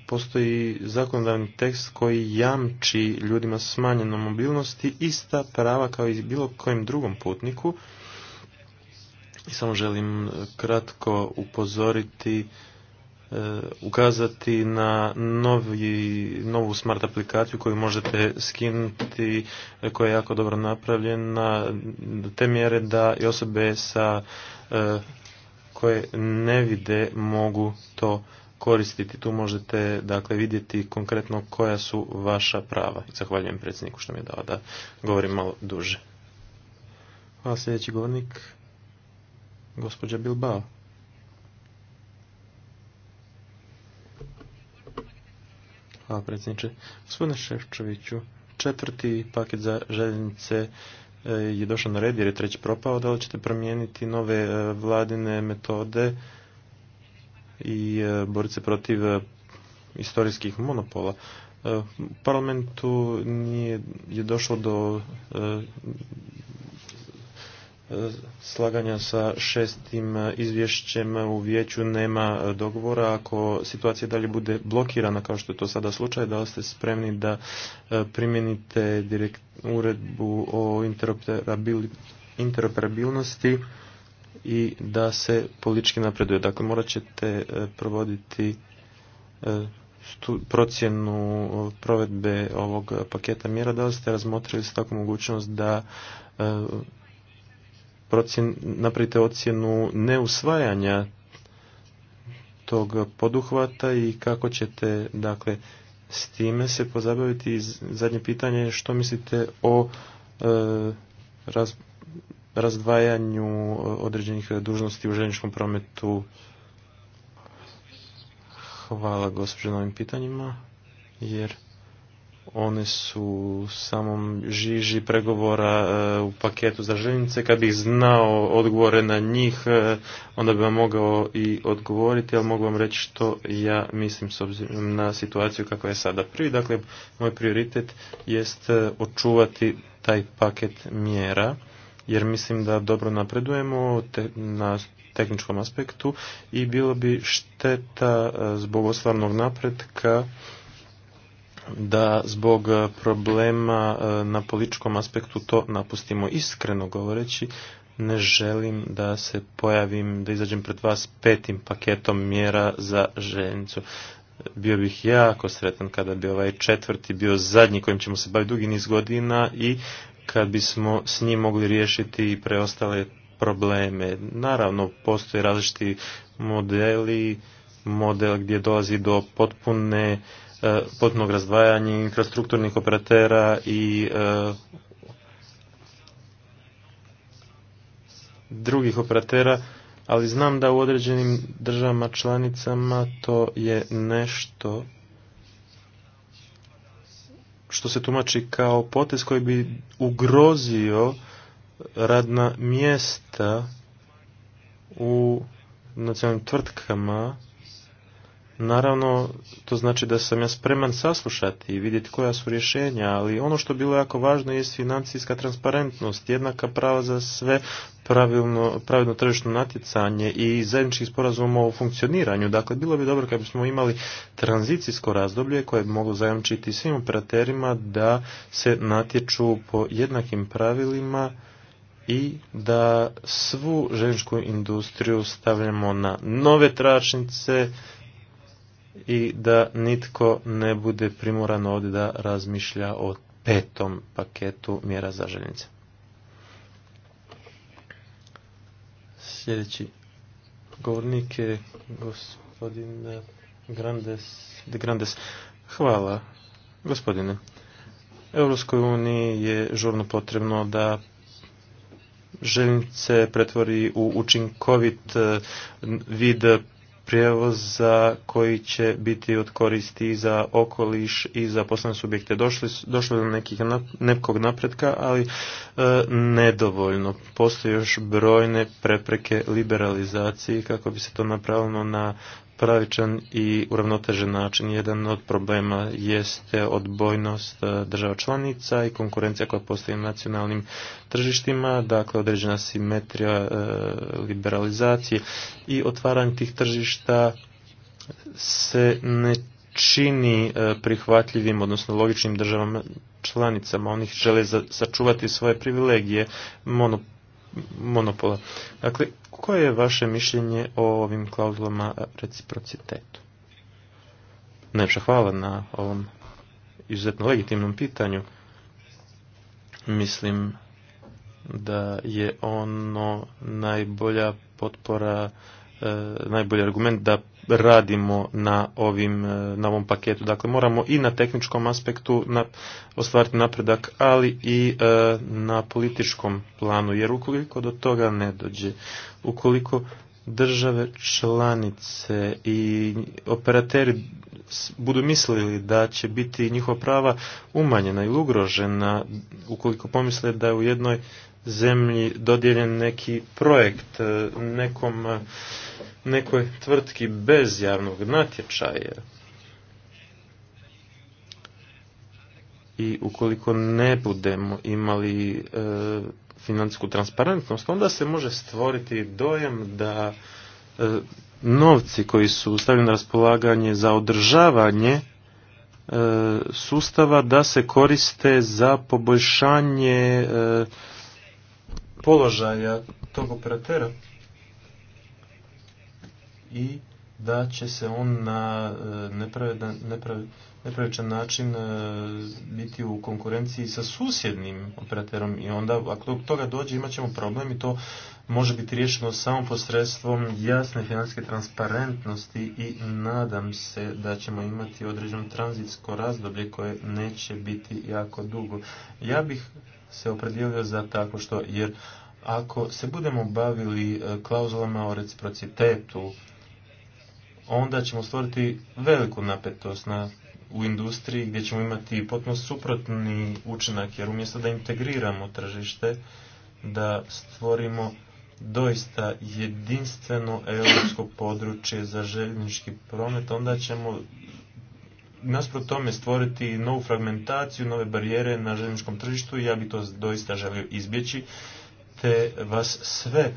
postoji zakonodavni tekst koji jamči ljudima smanjenom mobilnosti ista prava kao i bilo kojem drugom putniku i samo želim e, kratko upozoriti e, ukazati na novi, novu smart aplikaciju koju možete skinuti, e, koja je jako dobro napravljena, do te mjere da i osobe sa koje ne vide mogu to koristiti. Tu možete dakle vidjeti konkretno koja su vaša prava. Zahvaljujem predsjedniku što mi je dao da govorim malo duže. Hvala sljedeći govornik gospođa Bilbao. Hvala predsjedniče. Gospodine Ševčeviću, četvrti paket za željenice e, je došao na red jer je treći propao. Da li ćete promijeniti nove e, vladine metode i e, boriti se protiv istorijskih monopola? U parlamentu nije, je došlo do slaganja sa šestim izvješćem u vijeću nema dogovora. Ako situacija dalje bude blokirana, kao što je to sada slučaj, da li ste spremni da e, primijenite uredbu o interoperabilnosti i da se politički napreduje. Dakle, morat ćete e, provoditi e, procjenu provedbe ovog paketa mjera. Da li ste razmotrili s takvu mogućnost da procjen, napravite ocjenu neusvajanja tog poduhvata i kako ćete dakle s time se pozabaviti zadnje pitanje je što mislite o e, raz, razdvajanju određenih dužnosti u željezničkom prometu hvala gospođo na ovim pitanjima jer one su u samom žiži pregovora e, u paketu za željenice. Kad bih znao odgovore na njih, e, onda bi vam mogao i odgovoriti, ali mogu vam reći što ja mislim s obzirom na situaciju kakva je sada. Prvi, dakle, moj prioritet jest e, očuvati taj paket mjera, jer mislim da dobro napredujemo te, na tehničkom aspektu i bilo bi šteta zbog oslavnog napretka da zbog e, problema e, na političkom aspektu to napustimo iskreno govoreći ne želim da se pojavim, da izađem pred vas petim paketom mjera za željenicu. Bio bih jako sretan kada bi ovaj četvrti bio zadnji kojim ćemo se baviti dugi niz godina i kad bismo s njim mogli riješiti i preostale probleme. Naravno, postoje različiti modeli, model gdje dolazi do potpune e, potpunog razdvajanja infrastrukturnih operatera i e, drugih operatera, ali znam da u određenim državama članicama to je nešto što se tumači kao potes koji bi ugrozio radna mjesta u nacionalnim tvrtkama Naravno, to znači da sam ja spreman saslušati i vidjeti koja su rješenja, ali ono što je bilo jako važno je financijska transparentnost, jednaka prava za sve, pravilno, pravilno tržišno natjecanje i zajednički sporazum o funkcioniranju. Dakle, bilo bi dobro kad bismo imali tranzicijsko razdoblje koje bi moglo zajamčiti svim operaterima da se natječu po jednakim pravilima i da svu željezničku industriju stavljamo na nove tračnice, i da nitko ne bude primoran ovdje da razmišlja o petom paketu mjera za željenice. Sljedeći govornik je gospodin Grandes. De Grandes. Hvala, gospodine. Europskoj uniji je žurno potrebno da željnice pretvori u učinkovit eh, vid prijevoza koji će biti od koristi i za okoliš i za poslovne subjekte. Došli, došlo je do nekih nekog napretka, ali e, nedovoljno. Postoje još brojne prepreke liberalizaciji kako bi se to napravilo na pravičan i uravnotežen način. Jedan od problema jeste odbojnost e, država članica i konkurencija koja postoji na nacionalnim tržištima, dakle određena simetrija e, liberalizacije i otvaranje tih tržišta se ne čini e, prihvatljivim, odnosno logičnim državama članicama. Oni žele sačuvati svoje privilegije monopola. Dakle, koje je vaše mišljenje o ovim klauzulama reciprocitetu? Najpša hvala na ovom izuzetno legitimnom pitanju. Mislim da je ono najbolja potpora E, najbolji argument da radimo na ovim e, na ovom paketu. Dakle, moramo i na tehničkom aspektu na, ostvariti napredak, ali i e, na političkom planu, jer ukoliko do toga ne dođe, ukoliko države članice i operateri budu mislili da će biti njihova prava umanjena ili ugrožena, ukoliko pomisle da je u jednoj zemlji dodijeljen neki projekt e, nekom, e, nekoj tvrtki bez javnog natječaja. I ukoliko ne budemo imali e, financijsku transparentnost, onda se može stvoriti dojem da novci koji su stavljeni na raspolaganje za održavanje sustava da se koriste za poboljšanje položaja tog operatera i da će se on na e, nepravičan način e, biti u konkurenciji sa susjednim operaterom i onda ako do toga dođe imat ćemo problem i to može biti riješeno samo posredstvom jasne financijske transparentnosti i nadam se da ćemo imati određeno tranzitsko razdoblje koje neće biti jako dugo. Ja bih se opredijelio za tako što jer ako se budemo bavili e, klauzulama o reciprocitetu, onda ćemo stvoriti veliku napetost na u industriji gdje ćemo imati potpuno suprotni učinak, jer umjesto da integriramo tržište, da stvorimo doista jedinstveno europsko područje za željeznički promet, onda ćemo nasprot tome stvoriti novu fragmentaciju, nove barijere na željezničkom tržištu i ja bi to doista želio izbjeći te vas sve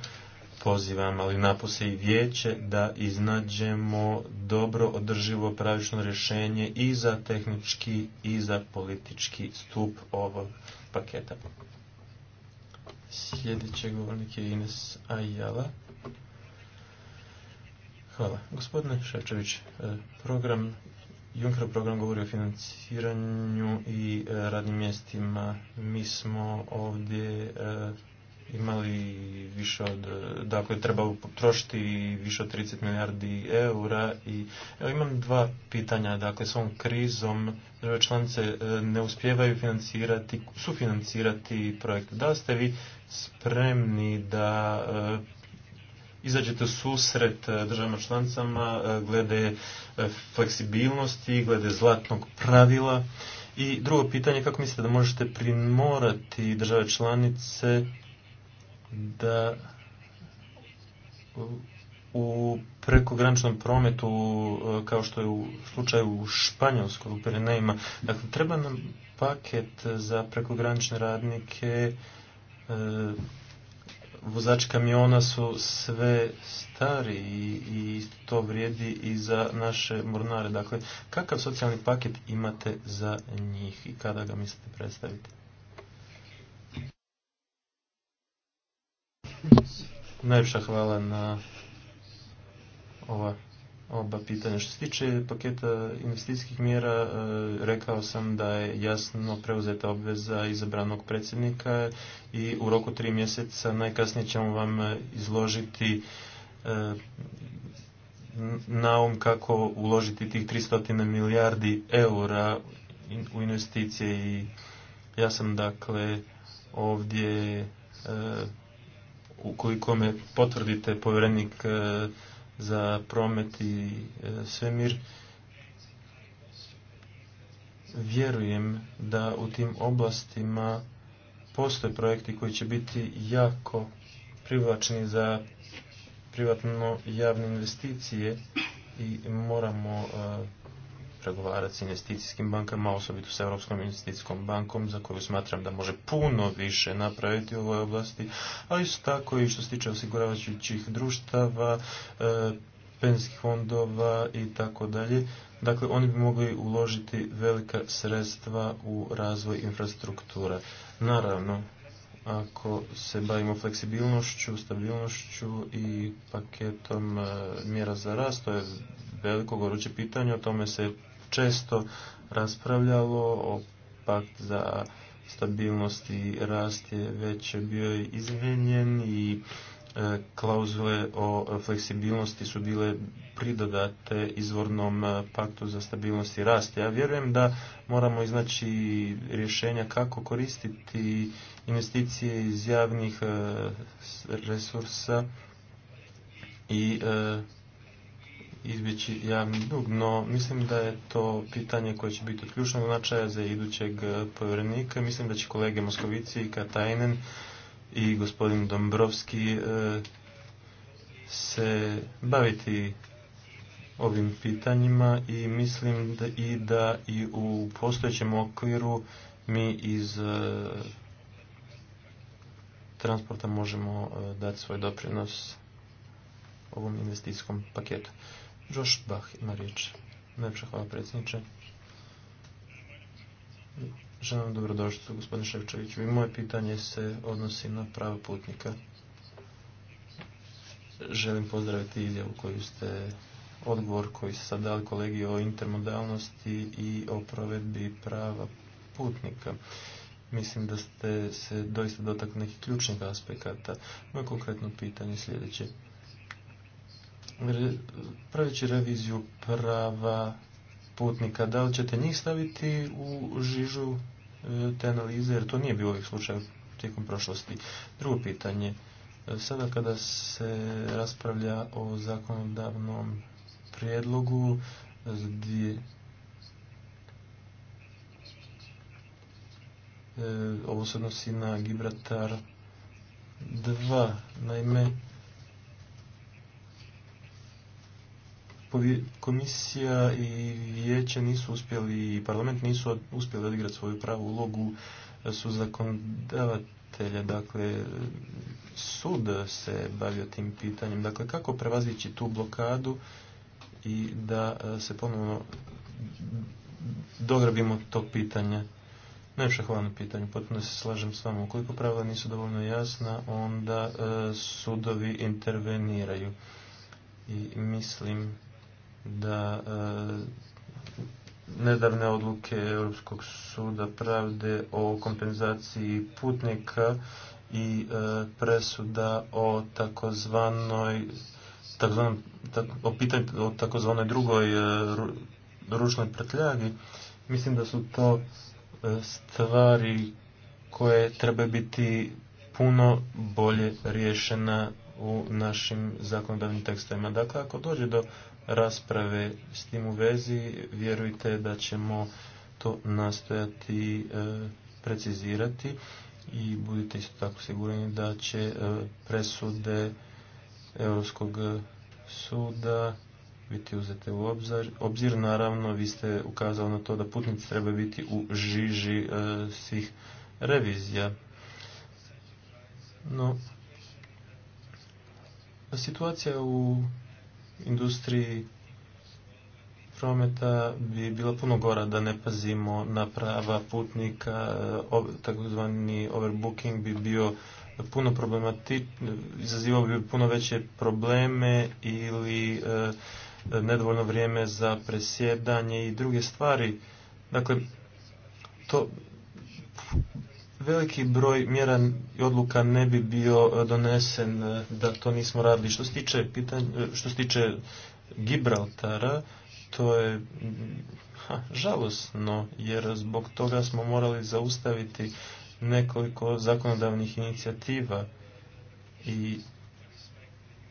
pozivam, ali napose i vijeće, da iznađemo dobro održivo pravično rješenje i za tehnički i za politički stup ovog paketa. Sljedeći govornik je Ines Ajala. Hvala. Gospodine Ševčević, e, program, Juncker program govori o financiranju i e, radnim mjestima. Mi smo ovdje e, imali više od, dakle treba potrošiti više od 30 milijardi eura i evo imam dva pitanja, dakle s ovom krizom države članice e, ne uspijevaju financirati, sufinancirati projekt. Da ste vi spremni da e, izađete susret e, državama članicama glede fleksibilnosti, glede zlatnog pravila i drugo pitanje, kako mislite da možete primorati države članice da u prekograničnom prometu, e, kao što je u slučaju u Španjolskoj, u dakle, treba nam paket za prekogranične radnike, e, vozači kamiona su sve stari i, i to vrijedi i za naše mornare. Dakle, kakav socijalni paket imate za njih i kada ga mislite predstaviti? najviše hvala na ova oba pitanja. Što se tiče paketa investicijskih mjera, e, rekao sam da je jasno preuzeta obveza izabranog predsjednika i u roku tri mjeseca najkasnije ćemo vam izložiti e, naum kako uložiti tih 300 milijardi eura u investicije i ja sam dakle ovdje e, ukoliko me potvrdite povjerenik e, za promet i e, svemir, vjerujem da u tim oblastima postoje projekti koji će biti jako privlačni za privatno javne investicije i moramo e, pregovarati s investicijskim bankama, osobito s Europskom investicijskom bankom, za koju smatram da može puno više napraviti u ovoj oblasti, ali isto tako i što se tiče osiguravajućih društava, e, penzijskih fondova i tako dalje. Dakle, oni bi mogli uložiti velika sredstva u razvoj infrastruktura. Naravno, ako se bavimo fleksibilnošću, stabilnošću i paketom e, mjera za rast, to je veliko goruće pitanje, o tome se često raspravljalo o pakt za stabilnost i rast je već bio izmijenjen i e, klauzule o fleksibilnosti su bile pridodate izvornom e, paktu za stabilnost i rast. Ja vjerujem da moramo iznaći rješenja kako koristiti investicije iz javnih e, resursa i izbjeći javni dug, no mislim da je to pitanje koje će biti od ključnog značaja za idućeg e, povjerenika. Mislim da će kolege Moskovici i Katajnen i gospodin Dombrovski e, se baviti ovim pitanjima i mislim da i da i u postojećem okviru mi iz e, transporta možemo dati svoj doprinos ovom investicijskom paketu. Još Bach ima riječ. Najpša hvala predsjedniče. Želim vam gospodine Ševčeviću. I moje pitanje se odnosi na prava putnika. Želim pozdraviti izjavu koju ste odgovor koji ste sad dali kolegi o intermodalnosti i o provedbi prava putnika. Mislim da ste se doista dotakli nekih ključnih aspekata. Moje konkretno pitanje je sljedeće praveći reviziju prava putnika, da li ćete njih staviti u žižu e, te analize, jer to nije bio uvijek slučaj tijekom prošlosti. Drugo pitanje, e, sada kada se raspravlja o zakonodavnom prijedlogu gdje e, ovo se odnosi na Gibratar 2, naime komisija i vijeće nisu uspjeli i parlament nisu uspjeli odigrati svoju pravu ulogu e, su zakonodavatelja, dakle sud se bavio tim pitanjem. Dakle, kako prevazići tu blokadu i da e, se ponovno dograbimo tog pitanja? Najviše hvala na pitanju, potpuno se slažem s vama. Ukoliko pravila nisu dovoljno jasna, onda e, sudovi interveniraju. I mislim da e, nedavne odluke Europskog suda pravde o kompenzaciji putnika i e, presuda o takozvanoj o pitanju o takozvanoj drugoj e, ručnoj prtljagi mislim da su to stvari koje treba biti puno bolje riješena u našim zakonodavnim tekstovima. Dakle, ako dođe do rasprave s tim u vezi. Vjerujte da ćemo to nastojati e, precizirati i budite isto tako sigurni da će e, presude Europskog suda biti uzete u obzir. obzir. Naravno, vi ste ukazali na to da putnici treba biti u žiži e, svih revizija. No, situacija u industriji prometa bi bila puno gora da ne pazimo na prava putnika, eh, takozvani overbooking bi bio puno problematič, izazivao bi puno veće probleme ili eh, nedovoljno vrijeme za presjedanje i druge stvari. Dakle, to veliki broj mjera i odluka ne bi bio e, donesen e, da to nismo radili. Što se tiče, pitanja, e, što se tiče Gibraltara, to je ha, žalosno, jer zbog toga smo morali zaustaviti nekoliko zakonodavnih inicijativa i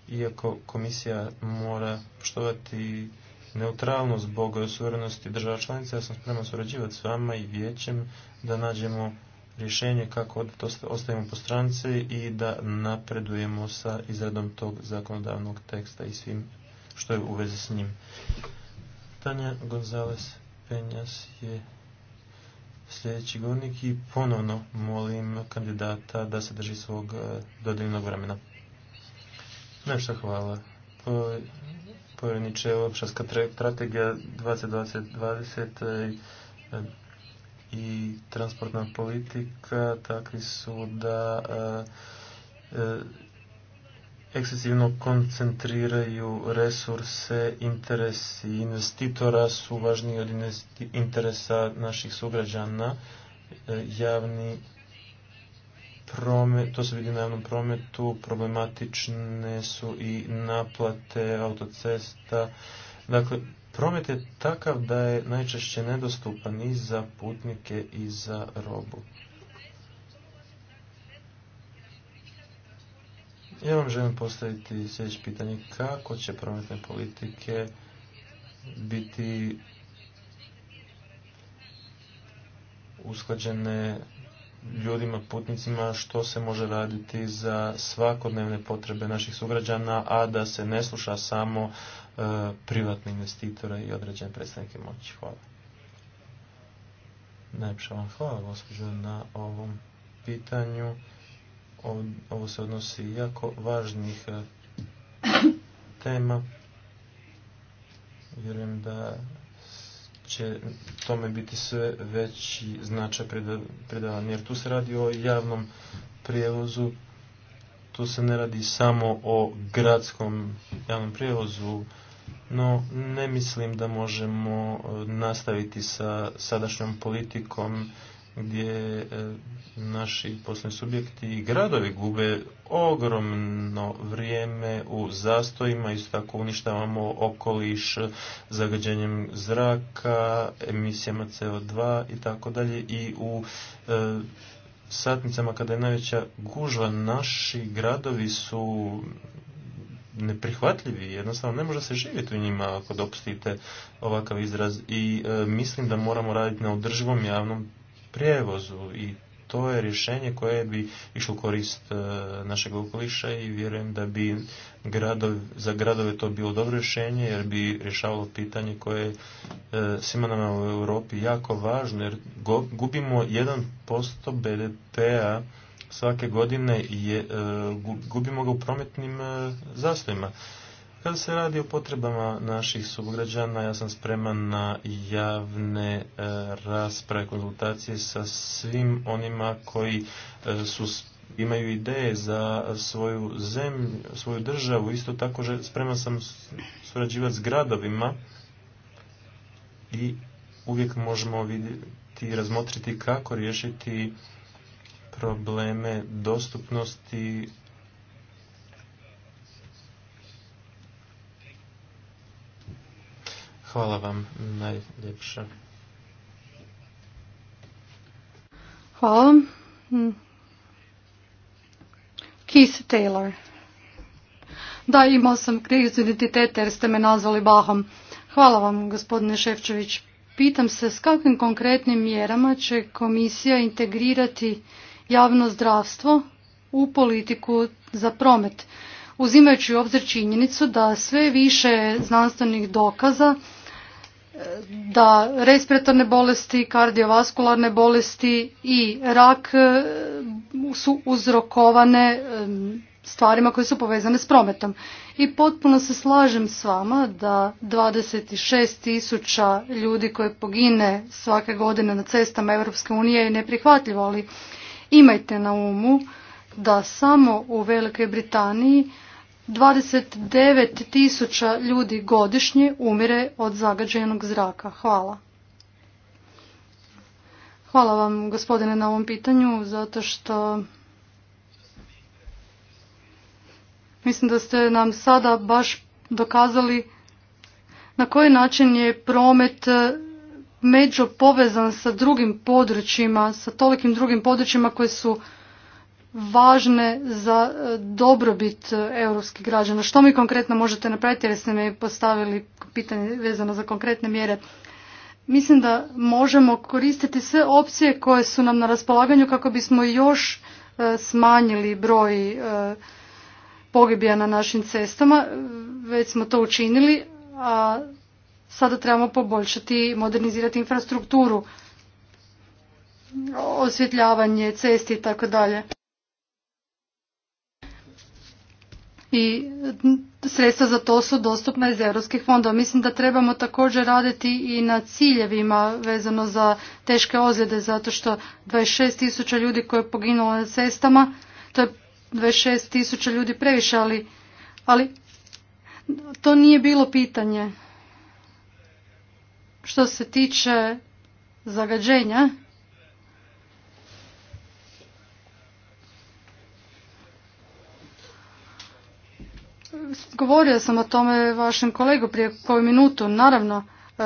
iako komisija mora poštovati neutralnost zbog suverenosti država članica, ja sam spreman surađivati s vama i vijećem da nađemo rješenje kako to ostavimo po stranci i da napredujemo sa izradom tog zakonodavnog teksta i svim što je u vezi s njim. Tanja Gonzales Penjas je sljedeći govornik i ponovno molim kandidata da se drži svog e, dodeljenog vremena. Nešto hvala. Po, povjerniče, opšarska strategija 2020-2020 i transportna politika takvi su da e, e, ekscesivno koncentriraju resurse, interesi investitora su važniji od interesa naših sugrađana. E, javni promet, to se vidi na javnom prometu, problematične su i naplate autocesta. Dakle, Promet je takav da je najčešće nedostupan i za putnike i za robu. Ja vam želim postaviti sljedeće pitanje kako će prometne politike biti usklađene ljudima, putnicima, što se može raditi za svakodnevne potrebe naših sugrađana, a da se ne sluša samo E, privatne investitore i određene predstavnike moći. Hvala. Najpša vam hvala, gospođo, na ovom pitanju. Ovo se odnosi jako važnih e, tema. Vjerujem da će tome biti sve veći značaj predavan, jer tu se radi o javnom prijevozu tu se ne radi samo o gradskom javnom prijevozu, no ne mislim da možemo e, nastaviti sa sadašnjom politikom gdje e, naši poslovni subjekti i gradovi gube ogromno vrijeme u zastojima, isto tako uništavamo okoliš zagađenjem zraka, emisijama CO2 i tako dalje i u e, satnicama kada je najveća gužva, naši gradovi su neprihvatljivi, jednostavno ne može se živjeti u njima ako dopustite ovakav izraz i e, mislim da moramo raditi na održivom javnom prijevozu i to je rješenje koje bi išlo korist e, našeg okoliša i vjerujem da bi za gradove to bilo dobro rješenje jer bi rješavalo pitanje koje je svima nama u Europi jako važno jer gubimo 1% BDP-a svake godine i e, gubimo ga u prometnim e, zastojima. Kada se radi o potrebama naših sugrađana, ja sam spreman na javne e, rasprave, konzultacije sa svim onima koji e, su imaju ideje za svoju zemlju, svoju državu. Isto tako spreman sam surađivati s gradovima i uvijek možemo vidjeti i razmotriti kako riješiti probleme dostupnosti Hvala vam najljepša. Hvala vam. Mm. Taylor. Da, imao sam krizu identiteta jer ste me nazvali Bahom. Hvala vam, gospodine Ševčević. Pitam se s kakvim konkretnim mjerama će komisija integrirati javno zdravstvo u politiku za promet, uzimajući u obzir činjenicu da sve više znanstvenih dokaza da respiratorne bolesti, kardiovaskularne bolesti i rak e, su uzrokovane e, stvarima koje su povezane s prometom. I potpuno se slažem s vama da 26 tisuća ljudi koje pogine svake godine na cestama Europske unije je neprihvatljivo, ali imajte na umu da samo u Velikoj Britaniji 29 tisuća ljudi godišnje umire od zagađenog zraka. Hvala. Hvala vam gospodine na ovom pitanju zato što mislim da ste nam sada baš dokazali na koji način je promet među povezan sa drugim područjima, sa tolikim drugim područjima koje su važne za e, dobrobit e, europskih građana. Što mi konkretno možete napraviti jer ste mi postavili pitanje vezano za konkretne mjere. Mislim da možemo koristiti sve opcije koje su nam na raspolaganju kako bismo još e, smanjili broj pogibija na našim cestama. Već smo to učinili, a sada trebamo poboljšati i modernizirati infrastrukturu, osvjetljavanje cesti i tako dalje. i sredstva za to su dostupna iz europskih fondova. Mislim da trebamo također raditi i na ciljevima vezano za teške ozljede, zato što 26 tisuća ljudi koje je poginulo na cestama, to je 26 tisuća ljudi previše, ali, ali to nije bilo pitanje. Što se tiče zagađenja, govorio sam o tome vašem kolegu prije koju minutu. Naravno, e,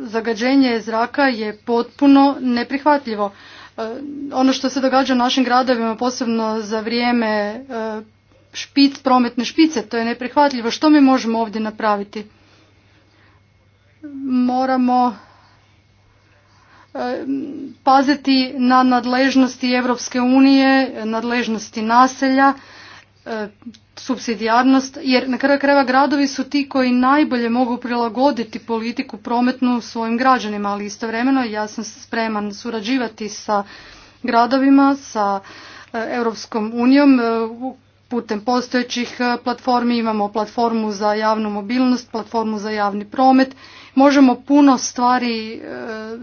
zagađenje zraka je potpuno neprihvatljivo. E, ono što se događa u našim gradovima, posebno za vrijeme e, špic, prometne špice, to je neprihvatljivo. Što mi možemo ovdje napraviti? Moramo paziti na nadležnosti Europske unije, nadležnosti naselja, E, subsidijarnost, jer na kraju krajeva gradovi su ti koji najbolje mogu prilagoditi politiku prometnu svojim građanima, ali istovremeno ja sam spreman surađivati sa gradovima, sa e, Europskom unijom, e, putem postojećih platformi, imamo platformu za javnu mobilnost, platformu za javni promet, možemo puno stvari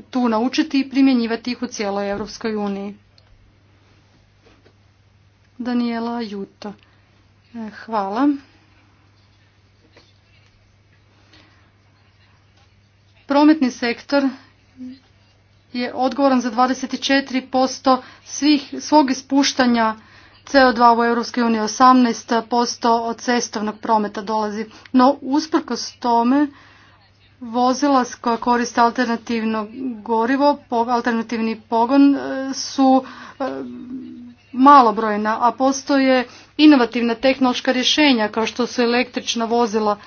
tu naučiti i primjenjivati ih u cijeloj Europskoj uniji. Daniela Juta. Hvala. Prometni sektor je odgovoran za 24% svih, svog ispuštanja CO2 u EU, 18% od cestovnog prometa dolazi. No, usprkos tome, vozila koja koriste alternativno gorivo, alternativni pogon e, su e, malobrojna, a postoje inovativna tehnološka rješenja kao što su električna vozila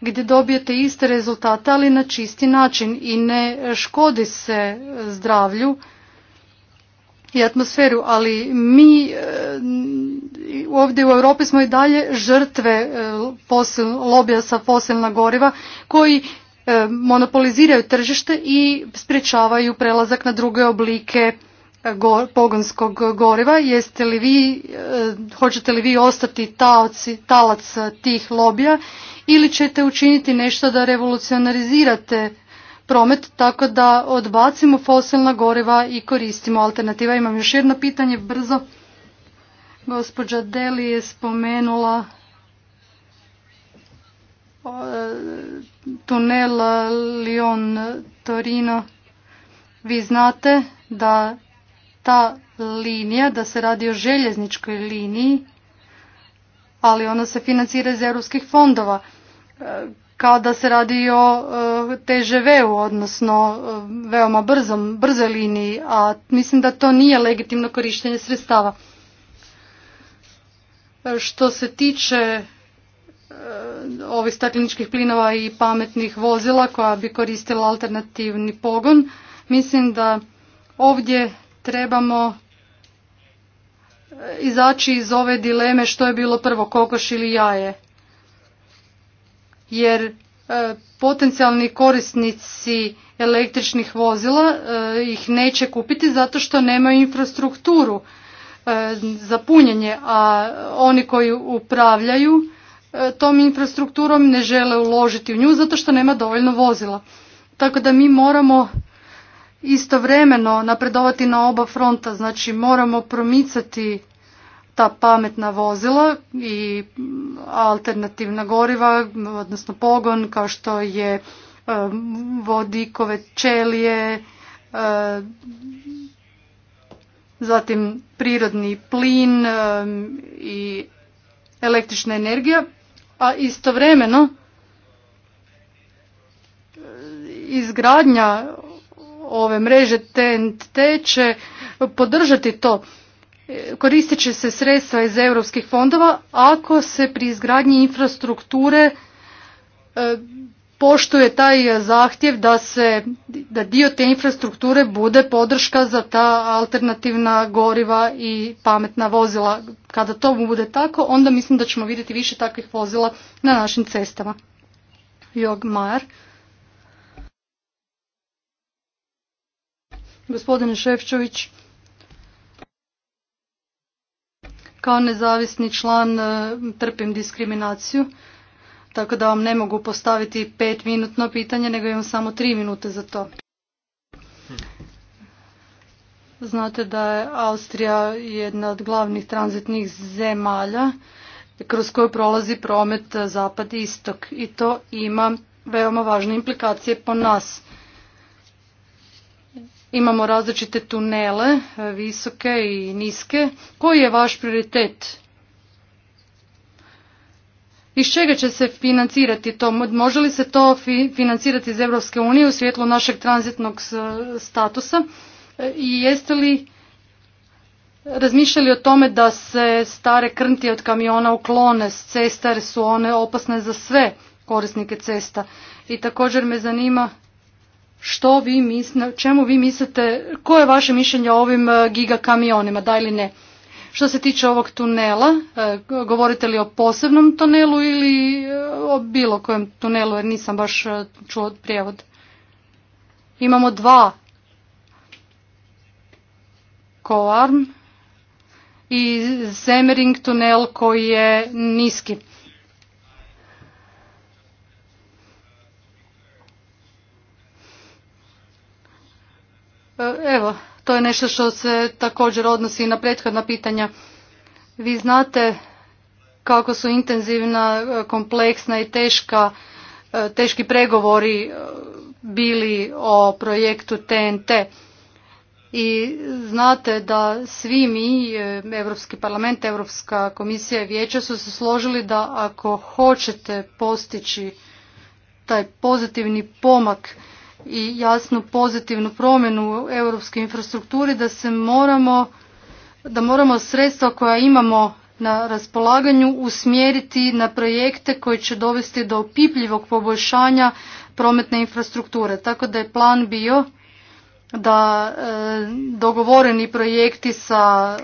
gdje dobijete iste rezultate ali na čisti način i ne škodi se zdravlju i atmosferu, ali mi e, ovdje u Europi smo i dalje žrtve e, lobija sa fosilna goriva koji e, monopoliziraju tržište i sprječavaju prelazak na druge oblike pogonskog goriva. Jeste li vi, eh, hoćete li vi ostati taoci, talac eh, tih lobija ili ćete učiniti nešto da revolucionarizirate promet tako da odbacimo fosilna goriva i koristimo alternativa. Imam još jedno pitanje, brzo. Gospođa Deli je spomenula eh, tunel Lyon Torino. Vi znate da ta linija, da se radi o željezničkoj liniji, ali ona se financira iz europskih fondova, e, kao da se radi o e, tgv u odnosno e, veoma brzom, brzoj liniji, a mislim da to nije legitimno korištenje sredstava. Što se tiče ovih stakleničkih plinova i pametnih vozila koja bi koristila alternativni pogon, mislim da ovdje trebamo izaći iz ove dileme što je bilo prvo kokoš ili jaje. Jer e, potencijalni korisnici električnih vozila e, ih neće kupiti zato što nemaju infrastrukturu e, za punjenje, a oni koji upravljaju tom infrastrukturom ne žele uložiti u nju zato što nema dovoljno vozila. Tako da mi moramo istovremeno napredovati na oba fronta, znači moramo promicati ta pametna vozila i alternativna goriva, odnosno pogon kao što je e, vodikove čelije, e, zatim prirodni plin e, i električna energija, a istovremeno izgradnja ove mreže TNT će podržati to. Koristit će se sredstva iz europskih fondova ako se pri izgradnji infrastrukture e, poštuje taj zahtjev da se da dio te infrastrukture bude podrška za ta alternativna goriva i pametna vozila. Kada to bude tako, onda mislim da ćemo vidjeti više takvih vozila na našim cestama. Jog Majer. Gospodine Ševčović, kao nezavisni član e, trpim diskriminaciju, tako da vam ne mogu postaviti pet minutno pitanje, nego imam samo tri minute za to. Znate da je Austrija jedna od glavnih tranzitnih zemalja kroz koju prolazi promet e, zapad-istok i to ima veoma važne implikacije po nas. Imamo različite tunele, e, visoke i niske. Koji je vaš prioritet? Iz čega će se financirati to? Može li se to financirati iz Europske unije u svjetlu našeg tranzitnog statusa? E, I jeste li razmišljali o tome da se stare krntije od kamiona uklone s cesta jer su one opasne za sve korisnike cesta? I također me zanima što vi mislite, čemu vi mislite, koje je vaše mišljenje o ovim e, giga kamionima, da ili ne? Što se tiče ovog tunela, e, govorite li o posebnom tunelu ili e, o bilo kojem tunelu, jer nisam baš čuo prijevod. Imamo dva Koarm i Zemering tunel koji je niski. E, evo, to je nešto što se također odnosi na prethodna pitanja. Vi znate kako su intenzivna, e, kompleksna i teška, e, teški pregovori bili o projektu TNT. I znate da svi mi, Europski parlament, Europska komisija i Vijeća su se složili da ako hoćete postići taj pozitivni pomak i jasnu pozitivnu promjenu u europskoj infrastrukturi da se moramo da moramo sredstva koja imamo na raspolaganju usmjeriti na projekte koji će dovesti do opipljivog poboljšanja prometne infrastrukture. Tako da je plan bio da e, dogovoreni projekti sa e,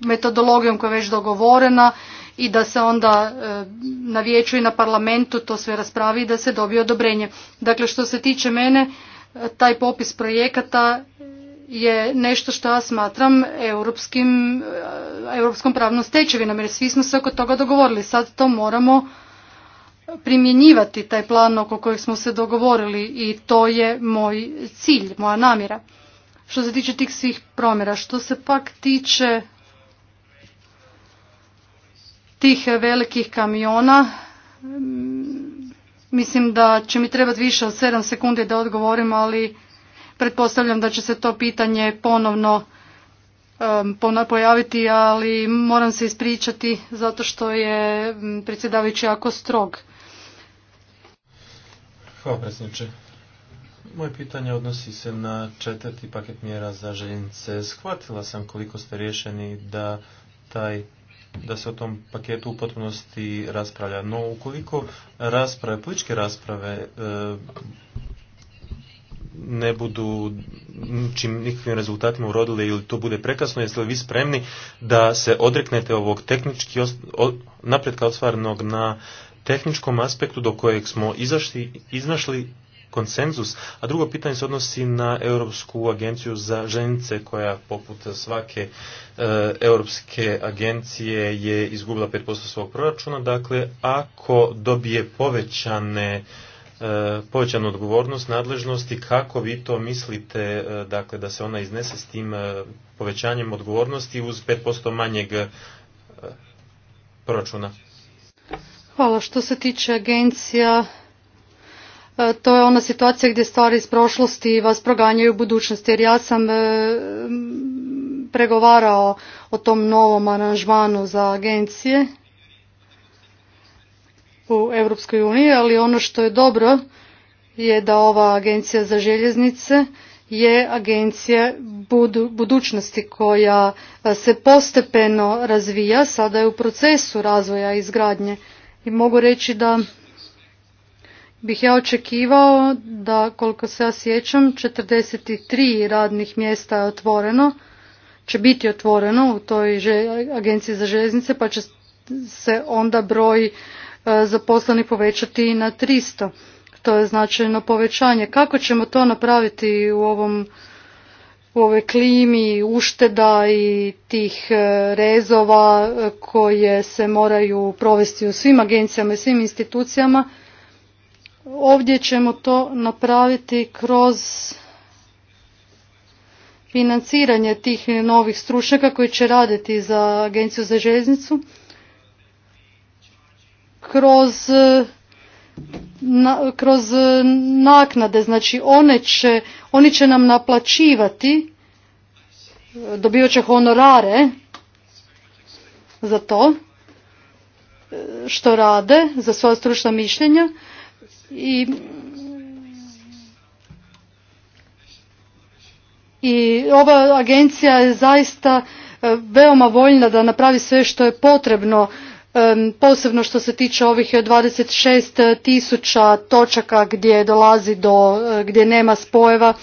metodologijom koja je već dogovorena i da se onda e, na vijeću i na parlamentu to sve raspravi i da se dobije odobrenje. Dakle, što se tiče mene, taj popis projekata je nešto što ja smatram e, europskom pravnom stečevinom, jer svi smo se oko toga dogovorili. Sad to moramo primjenjivati, taj plan oko kojeg smo se dogovorili i to je moj cilj, moja namjera. Što se tiče tih svih promjera, što se pak tiče tih velikih kamiona. Mm, mislim da će mi trebati više od 7 sekundi da odgovorim, ali pretpostavljam da će se to pitanje ponovno pojaviti, ali moram se ispričati zato što je mm, predsjedavajući jako strog. Hvala predsjedniče. Moje pitanje odnosi se na četvrti paket mjera za željenice. Shvatila sam koliko ste rješeni da taj da se o tom paketu u potpunosti raspravlja. No, ukoliko rasprave, političke rasprave e, ne budu čim nikakvim rezultatima urodile ili to bude prekasno, jeste li vi spremni da se odreknete ovog tehnički napretka ostvarenog na tehničkom aspektu do kojeg smo izašli, iznašli konsenzus. A drugo pitanje se odnosi na Europsku agenciju za ženice koja poput svake e, europske agencije je izgubila 5% svog proračuna. Dakle, ako dobije povećane e, povećanu odgovornost, nadležnosti, kako vi to mislite e, dakle, da se ona iznese s tim povećanjem odgovornosti uz 5% manjeg proračuna? Hvala. Što se tiče agencija E, to je ona situacija gdje stvari iz prošlosti vas proganjaju u budućnosti jer ja sam e, pregovarao o tom novom aranžmanu za agencije u Europskoj uniji, ali ono što je dobro je da ova agencija za željeznice je agencija budućnosti koja e, se postepeno razvija, sada je u procesu razvoja i izgradnje. I mogu reći da bih ja očekivao da, koliko se ja sjećam, 43 radnih mjesta je otvoreno, će biti otvoreno u toj agenciji za željeznice, pa će se onda broj e, zaposlenih povećati na 300. To je značajno povećanje. Kako ćemo to napraviti u ovom u ovoj klimi ušteda i tih e, rezova e, koje se moraju provesti u svim agencijama i svim institucijama Ovdje ćemo to napraviti kroz financiranje tih novih stručnjaka koji će raditi za Agenciju za željeznicu, kroz, kroz naknade, znači one će, oni će nam naplaćivati, dobivat će honorare za to što rade, za svoja stručna mišljenja, i i ova agencija je zaista e, veoma voljna da napravi sve što je potrebno e, posebno što se tiče ovih 26 tisuća točaka gdje dolazi do, e, gdje nema spojeva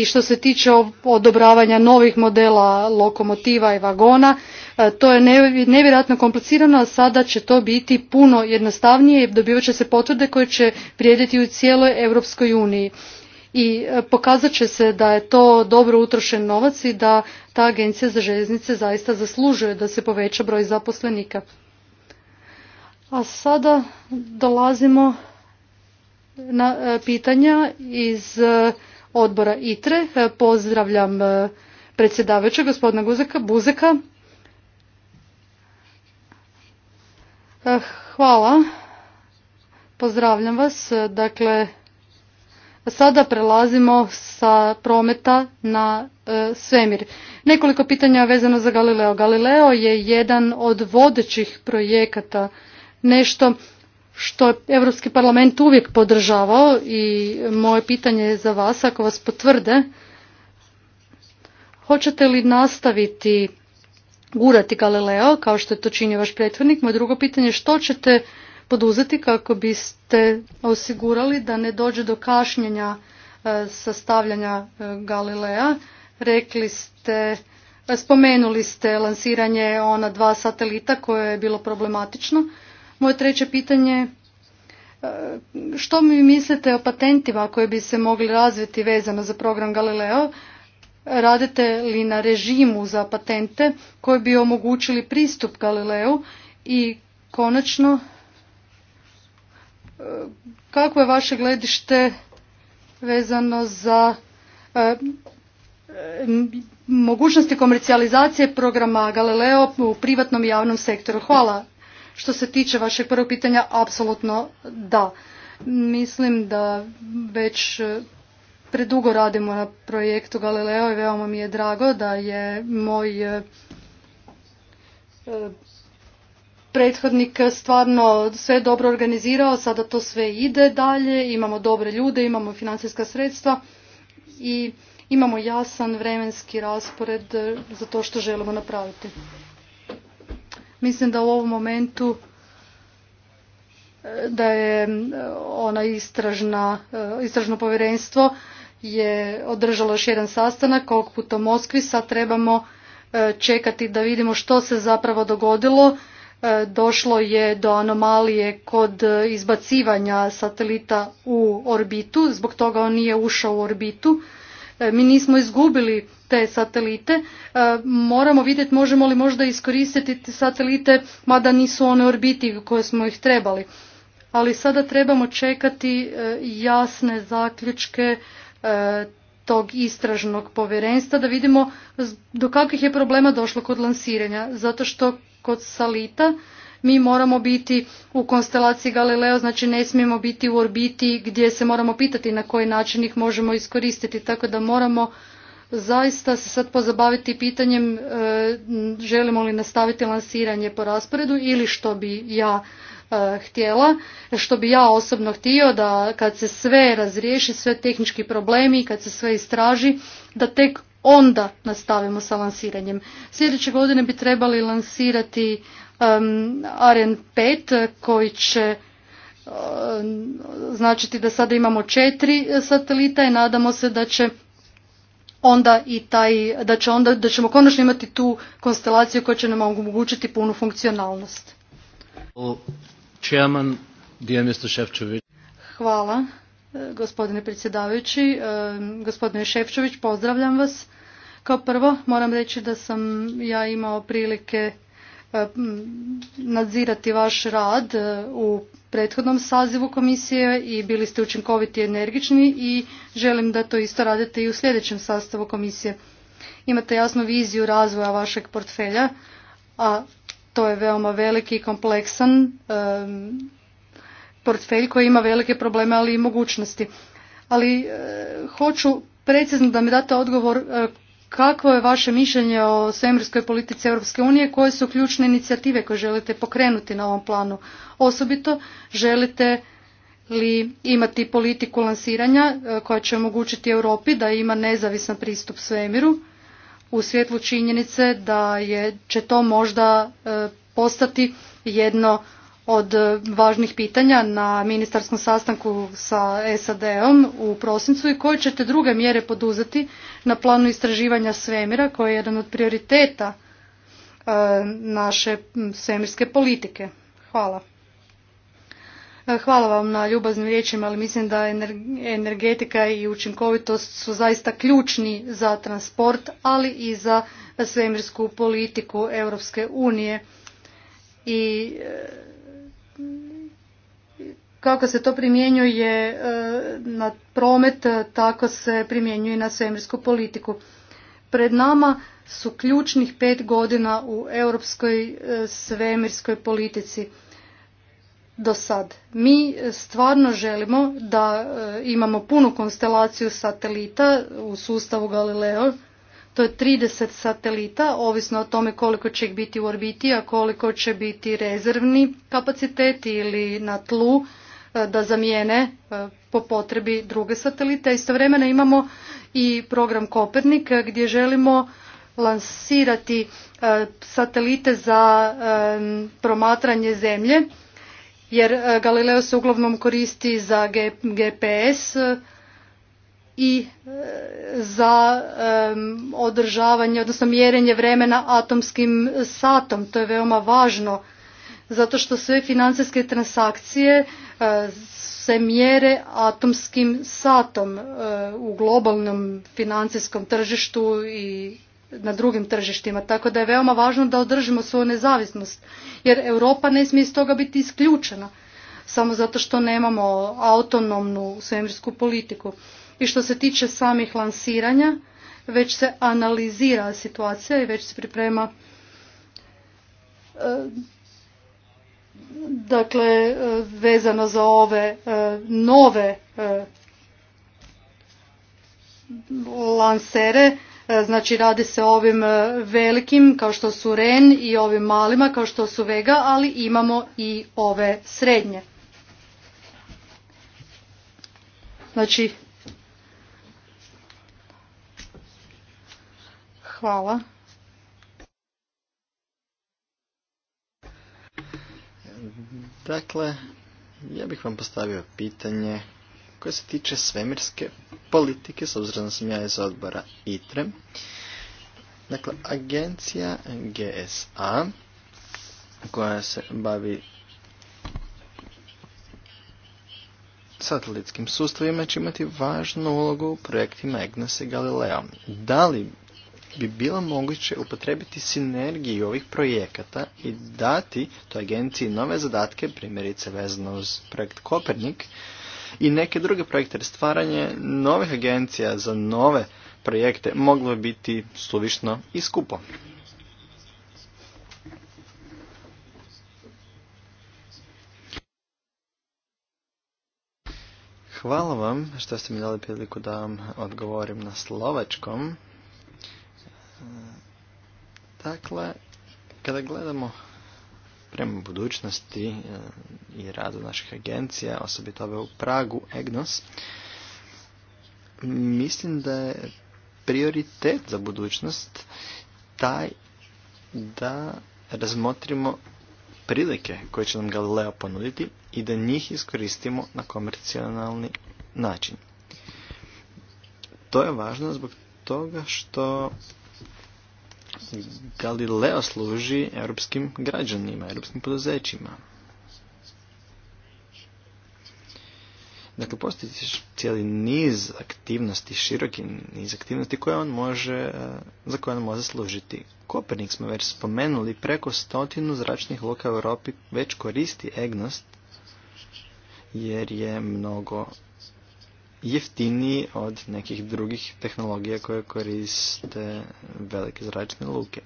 i što se tiče odobravanja novih modela lokomotiva i vagona, e, to je nevjerojatno komplicirano, a sada će to biti puno jednostavnije i dobivat će se potvrde koje će vrijediti u cijeloj Europskoj uniji. I e, pokazat će se da je to dobro utrošen novac i da ta agencija za željeznice zaista zaslužuje da se poveća broj zaposlenika. A sada dolazimo na e, pitanja iz odbora ITRE. E, pozdravljam e, predsjedavajuća gospodina Buzeka. E, hvala. Pozdravljam vas. Dakle, sada prelazimo sa prometa na svemir. Nekoliko pitanja vezano za Galileo. Galileo je jedan od vodećih projekata, nešto što je Europski parlament uvijek podržavao i moje pitanje je za vas, ako vas potvrde, hoćete li nastaviti gurati Galileo, kao što je to činio vaš prethodnik? Moje drugo pitanje je što ćete poduzeti kako biste osigurali da ne dođe do kašnjenja e, sastavljanja e, Galilea? Rekli ste, e, spomenuli ste lansiranje ona dva satelita koje je bilo problematično moje treće pitanje e, što mi mislite o patentima koje bi se mogli razviti vezano za program Galileo? Radite li na režimu za patente koji bi omogućili pristup Galileo? i konačno e, kako je vaše gledište vezano za e, mogućnosti komercijalizacije programa Galileo u privatnom i javnom sektoru? Hvala što se tiče vašeg prvog pitanja, apsolutno da. Mislim da već predugo radimo na projektu Galileo i veoma mi je drago da je moj e, prethodnik stvarno sve dobro organizirao, sada to sve ide dalje, imamo dobre ljude, imamo financijska sredstva i imamo jasan vremenski raspored za to što želimo napraviti. Mislim da u ovom momentu e, da je e, ona istražna, e, istražno povjerenstvo je održalo još jedan sastanak ovog puta u Moskvi. Sad trebamo čekati da vidimo što se zapravo dogodilo. Došlo je do anomalije kod izbacivanja satelita u orbitu, zbog toga on nije ušao u orbitu E, mi nismo izgubili te satelite. E, moramo vidjeti možemo li možda iskoristiti satelite, mada nisu one orbiti koje smo ih trebali. Ali sada trebamo čekati e, jasne zaključke tog istražnog povjerenstva da vidimo do kakvih je problema došlo kod lansiranja. Zato što kod salita mi moramo biti u konstelaciji Galileo, znači ne smijemo biti u orbiti gdje se moramo pitati na koji način ih možemo iskoristiti, tako da moramo zaista se sad pozabaviti pitanjem e, želimo li nastaviti lansiranje po rasporedu ili što bi ja e, htjela, što bi ja osobno htio da kad se sve razriješi, sve tehnički problemi, kad se sve istraži, da tek onda nastavimo sa lansiranjem. Sljedeće godine bi trebali lansirati AREN 5 koji će značiti da sada imamo četiri satelita i nadamo se da će onda i taj, da, će onda, da ćemo konačno imati tu konstelaciju koja će nam omogućiti punu funkcionalnost. Hvala e, gospodine predsjedavajući. E, gospodine Ševčević, pozdravljam vas. Kao prvo moram reći da sam ja imao prilike E, nadzirati vaš rad e, u prethodnom sazivu komisije i bili ste učinkoviti i energični i želim da to isto radite i u sljedećem sastavu komisije. Imate jasnu viziju razvoja vašeg portfelja, a to je veoma veliki i kompleksan e, portfelj koji ima velike probleme, ali i mogućnosti. Ali hoću precizno da mi date odgovor Kakvo je vaše mišljenje o svemirskoj politici Europske unije? Koje su ključne inicijative koje želite pokrenuti na ovom planu? Osobito želite li imati politiku lansiranja e, koja će omogućiti Europi da ima nezavisan pristup svemiru u svjetlu činjenice da je, će to možda e, postati jedno od e, važnih pitanja na ministarskom sastanku sa SAD-om u prosincu i koje ćete druge mjere poduzeti na planu istraživanja svemira koji je jedan od prioriteta e, naše svemirske politike. Hvala. E, hvala vam na ljubaznim riječima, ali mislim da energetika i učinkovitost su zaista ključni za transport, ali i za svemirsku politiku Europske unije. I kako se to primjenjuje e, na promet, e, tako se primjenjuje i na svemirsku politiku. Pred nama su ključnih pet godina u europskoj e, svemirskoj politici do sad. Mi stvarno želimo da imamo punu konstelaciju satelita u sustavu Galileo. To je 30 satelita, ovisno o tome koliko će ih biti u orbiti, a koliko će biti rezervni kapaciteti ili na tlu da zamijene e, po potrebi druge satelite. Istovremeno imamo i program Kopernik e, gdje želimo lansirati e, satelite za promatranje zemlje jer Galileo se uglavnom koristi za GPS i za održavanje, odnosno mjerenje vremena atomskim satom. To je veoma važno zato što sve financijske transakcije se mjere atomskim satom e, u globalnom financijskom tržištu i na drugim tržištima. Tako da je veoma važno da održimo svoju nezavisnost jer Europa ne smije iz toga biti isključena samo zato što nemamo autonomnu svemirsku politiku. I što se tiče samih lansiranja, već se analizira situacija i već se priprema e, dakle e, vezano za ove e, nove e, lansere znači radi se o ovim velikim kao što su Ren i ovim malima kao što su Vega ali imamo i ove srednje znači hvala Dakle, ja bih vam postavio pitanje koje se tiče svemirske politike, s obzirom da sam ja iz odbora ITRE. Dakle, agencija GSA koja se bavi satelitskim sustavima će imati važnu ulogu u projektima EGNOS i Galileo. Da li bi bilo moguće upotrebiti sinergiju ovih projekata i dati toj agenciji nove zadatke, primjerice vezano uz projekt Kopernik i neke druge projekte. Stvaranje novih agencija za nove projekte moglo bi biti suvišno i skupo. Hvala vam što ste mi dali priliku da vam odgovorim na slovačkom. Dakle, kada gledamo prema budućnosti e, i radu naših agencija, osobito ove u Pragu, EGNOS, mislim da je prioritet za budućnost taj da razmotrimo prilike koje će nam Galileo ponuditi i da njih iskoristimo na komercionalni način. To je važno zbog toga što Galileo služi europskim građanima, europskim poduzećima. Dakle, postoji cijeli niz aktivnosti, široki niz aktivnosti koje on može, eh, za koje on može služiti. Kopernik smo već spomenuli, preko stotinu zračnih luka u Europi već koristi EGNOST jer je mnogo jeftiniji od nekih drugih tehnologija koje koriste velike zračne luke.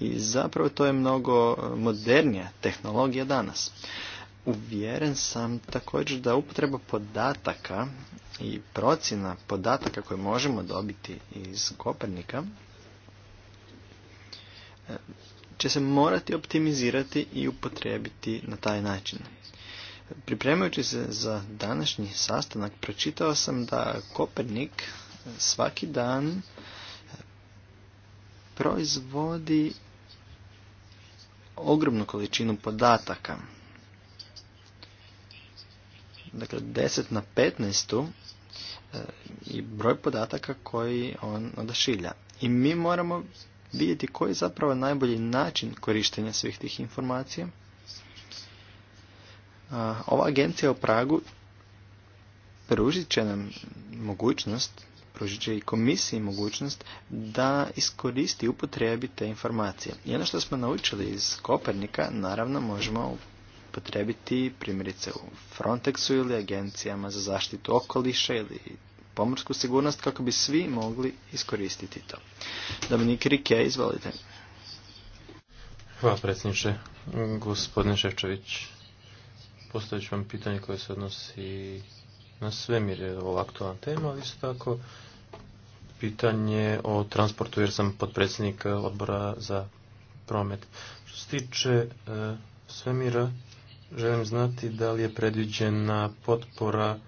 I zapravo to je mnogo modernija tehnologija danas. Uvjeren sam također da upotreba podataka i procjena podataka koje možemo dobiti iz Kopernika e, će se morati optimizirati i upotrijebiti na taj način. Pripremajući se za današnji sastanak, pročitao sam da Kopernik svaki dan proizvodi ogromnu količinu podataka. Dakle, 10 na 15 e, i broj podataka koji on odašilja. I mi moramo vidjeti koji je zapravo najbolji način korištenja svih tih informacija ova agencija u Pragu pružit će nam mogućnost, pružit će i komisiji mogućnost da iskoristi upotrebi te informacije. I ono što smo naučili iz Kopernika, naravno možemo upotrebiti primjerice u Frontexu ili agencijama za zaštitu okoliša ili pomorsku sigurnost kako bi svi mogli iskoristiti to. Dominik Rike, izvolite. Hvala predsjedniče. Gospodine Ševčević, postavit ću vam pitanje koje se odnosi na svemir, je ovo aktualna tema, ali isto tako pitanje o transportu, jer sam podpredsjednik odbora za promet. Što se tiče e, svemira, želim znati da li je predviđena potpora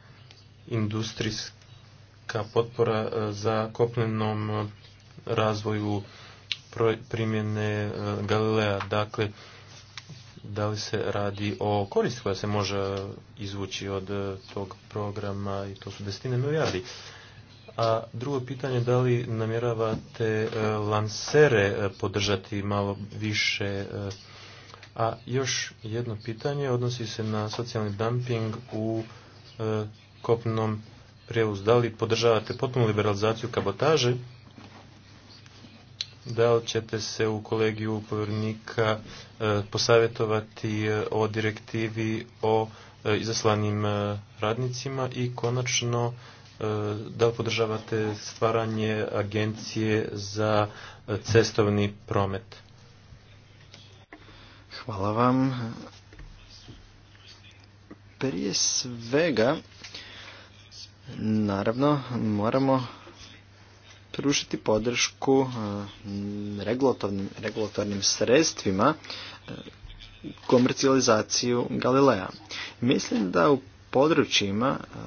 industrijska potpora e, za kopnenom razvoju primjene e, Galilea. Dakle, da li se radi o koristi koja se može izvući od e, tog programa i to su desetine milijardi. A drugo pitanje, da li namjeravate e, lansere e, podržati malo više? A još jedno pitanje odnosi se na socijalni dumping u kopnom prijevozu. Da li podržavate potpunu liberalizaciju kabotaže da li ćete se u kolegiju povjernika e, posavjetovati e, o direktivi o e, izaslanim radnicima i konačno da li podržavate stvaranje agencije za cestovni promet? Hvala vam. Prije svega, naravno, moramo pružiti podršku e, regulatornim, sredstvima e, komercijalizaciju Galilea. Mislim da u područjima e,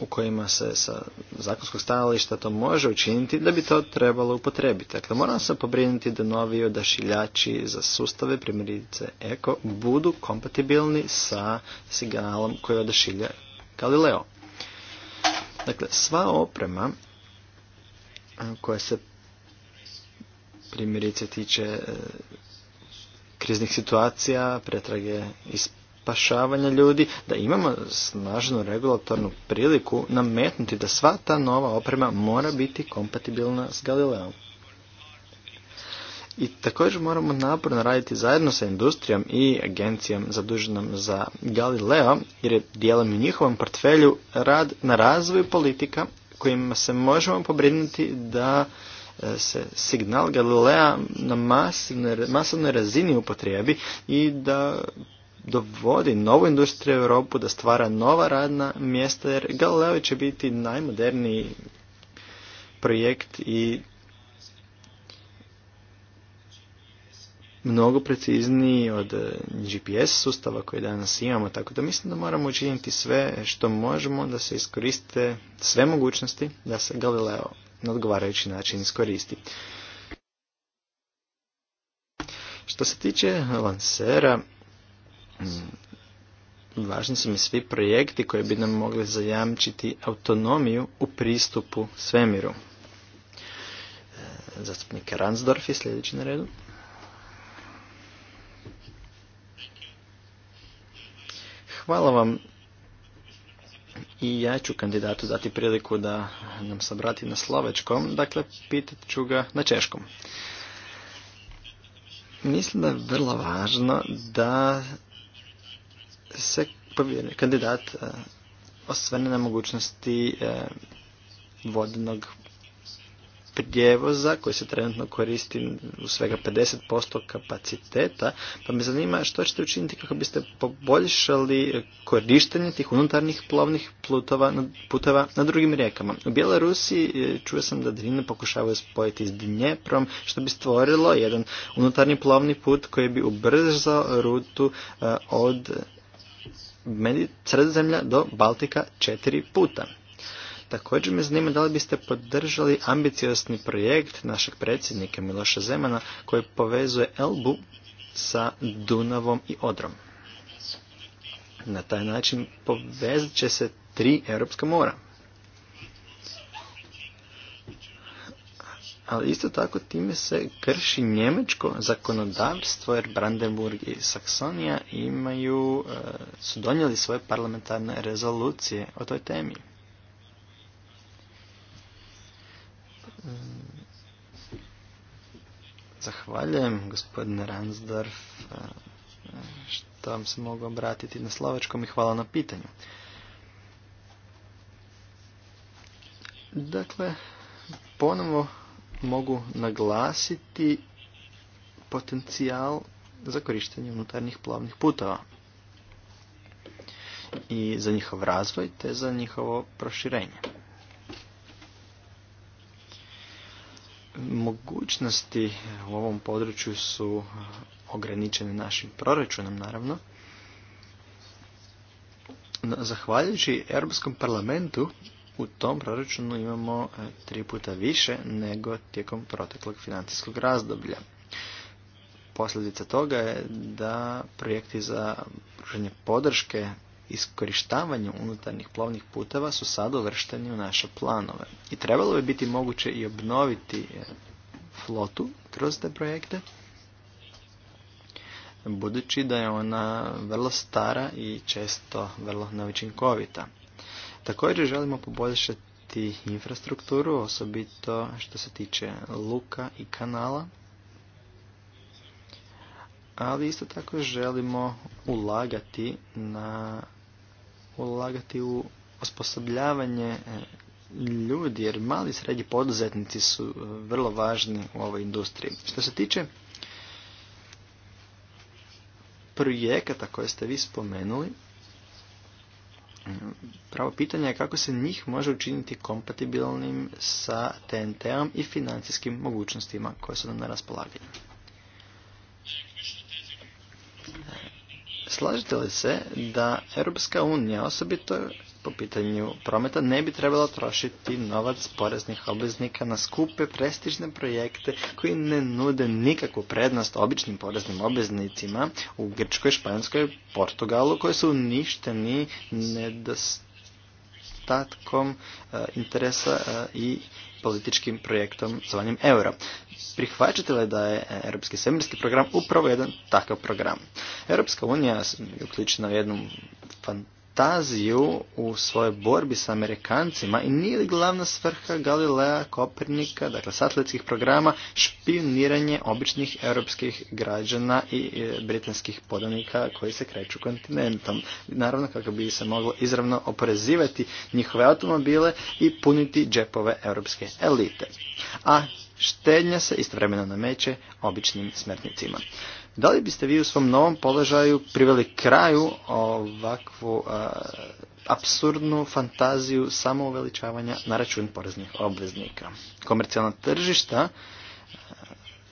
u kojima se sa zakonskog stajališta to može učiniti, da bi to trebalo upotrebiti. Dakle, moram se pobrinuti da novi odašiljači za sustave, primjerice Eko, budu kompatibilni sa signalom koji odašilja Galileo. Dakle, sva oprema koja se primjerice tiče e, kriznih situacija, pretrage i spašavanja ljudi, da imamo snažnu regulatornu priliku nametnuti da sva ta nova oprema mora biti kompatibilna s Galileom. I također moramo naporno raditi zajedno sa industrijom i agencijom zaduženom za Galileo, jer je dijelom u njihovom portfelju rad na razvoju politika kojima se možemo pobrinuti da e, se signal Galilea na masovnoj razini upotrijebi i da dovodi novu industriju u Europu, da stvara nova radna mjesta, jer Galileo će biti najmoderniji projekt i mnogo precizniji od e, GPS sustava koji danas imamo, tako da mislim da moramo učiniti sve što možemo da se iskoriste sve mogućnosti da se Galileo na odgovarajući način iskoristi. Što se tiče lansera, mm, važni su mi svi projekti koji bi nam mogli zajamčiti autonomiju u pristupu svemiru. E, zastupnik Ransdorf je sljedeći na redu. Hvala vam. I ja ću kandidatu dati priliku da nam se obrati na slovečkom, dakle pitat ću ga na češkom. Mislim da je vrlo važno da se kandidat eh, osvrne na mogućnosti eh, vodnog prijevoza koji se trenutno koristi u svega 50% kapaciteta, pa me zanima što ćete učiniti kako biste poboljšali korištenje tih unutarnjih plovnih plutova, putova na drugim rijekama. U Bjelorusiji e, čuo sam da Drine pokušavaju spojiti s Dnjeprom, što bi stvorilo jedan unutarnji plovni put koji bi ubrzao rutu e, od Sredozemlja do Baltika četiri puta. Također me zanima da li biste podržali ambiciozni projekt našeg predsjednika Miloša Zemana koji povezuje Elbu sa Dunavom i Odrom. Na taj način povezat će se tri europska mora. ali isto tako time se krši njemačko zakonodavstvo jer Brandenburg i Saksonija imaju, e, su donijeli svoje parlamentarne rezolucije o toj temi. Zahvaljujem gospodine Ransdorf što vam se mogu obratiti na slovačkom i hvala na pitanju. Dakle, ponovo mogu naglasiti potencijal za korištenje unutarnjih plavnih putova i za njihov razvoj te za njihovo proširenje. Mogućnosti u ovom području su e, ograničene našim proračunom, naravno. Zahvaljujući Europskom parlamentu, u tom proračunu imamo e, tri puta više nego tijekom proteklog financijskog razdoblja. Posljedica toga je da projekti za pružanje podrške iskorištavanju unutarnjih plovnih puteva su sad uvršteni u naše planove. I trebalo bi biti moguće i obnoviti e, flotu kroz te projekte, budući da je ona vrlo stara i često vrlo neučinkovita. Također želimo poboljšati infrastrukturu, osobito što se tiče luka i kanala, ali isto tako želimo ulagati na ulagati u osposobljavanje e, ljudi, jer mali i srednji poduzetnici su e, vrlo važni u ovoj industriji. Što se tiče projekata koje ste vi spomenuli, e, pravo pitanje je kako se njih može učiniti kompatibilnim sa TNT-om i financijskim mogućnostima koje su nam na raspolaganju. Slažete li se da Europska unija, osobito po pitanju prometa, ne bi trebala trošiti novac poreznih obveznika na skupe prestižne projekte koji ne nude nikakvu prednost običnim poreznim obveznicima u Grčkoj, Španjskoj, Portugalu koji su uništeni nedostatkom e, interesa e, i političkim projektom zvanjem euro prihvaćate li da je Europski svemirski program upravo jedan takav program? Europska unija je uključena u jednu fantaziju u svojoj borbi sa Amerikancima i nije li glavna svrha Galilea, Kopernika, dakle satelitskih programa, špioniranje običnih europskih građana i e, britanskih podanika koji se kreću kontinentom. Naravno kako bi se moglo izravno oporezivati njihove automobile i puniti džepove europske elite. A štednja se istovremeno nameće običnim smrtnicima. Da li biste vi u svom novom položaju priveli kraju ovakvu apsurdnu absurdnu fantaziju samouveličavanja na račun poreznih obveznika? Komercijalna tržišta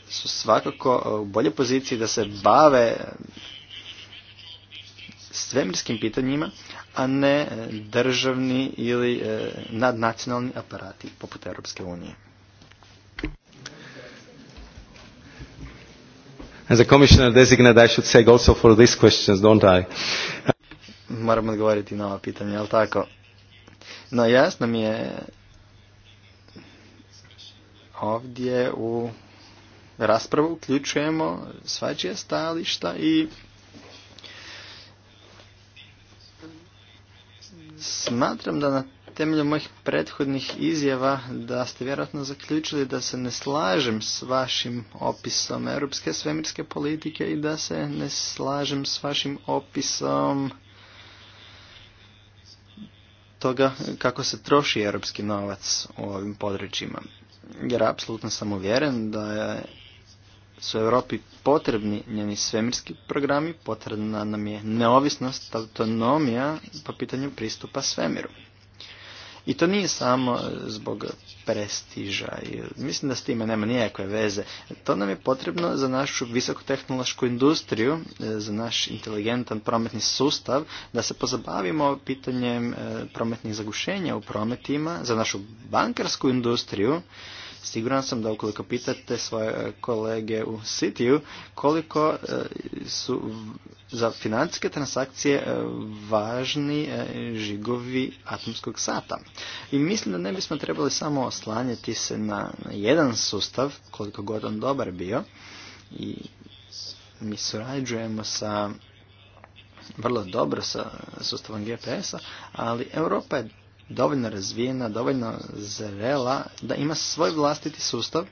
su svakako u bolje poziciji da se bave svemirskim pitanjima, a ne državni ili nadnacionalni aparati poput Europske unije. As a commissioner designate, I should say also for these questions, don't I? Moram odgovoriti na ova pitanja, jel tako? No jasno mi je ovdje u raspravu uključujemo svađe stajališta i smatram da na temeljem mojih prethodnih izjava da ste vjerojatno zaključili da se ne slažem s vašim opisom europske svemirske politike i da se ne slažem s vašim opisom toga kako se troši europski novac u ovim područjima. Jer apsolutno sam uvjeren da su Europi potrebni njeni svemirski programi, potrebna nam je neovisnost, autonomija po pitanju pristupa svemiru. I to nije samo zbog prestiža. I mislim da s time nema nijakve veze. To nam je potrebno za našu visokotehnološku industriju, e, za naš inteligentan prometni sustav, da se pozabavimo pitanjem e, prometnih zagušenja u prometima, za našu bankarsku industriju, Siguran sam da ukoliko pitate svoje e, kolege u Sitiju koliko su za financijske transakcije e, važni e, žigovi atomskog sata. I mislim da ne bismo trebali samo oslanjati se na jedan sustav, koliko god on dobar bio. I mi surađujemo sa vrlo dobro sa sustavom GPS-a, ali Europa je dovoljno razvijena, dovoljno zrela da ima svoj vlastiti sustav,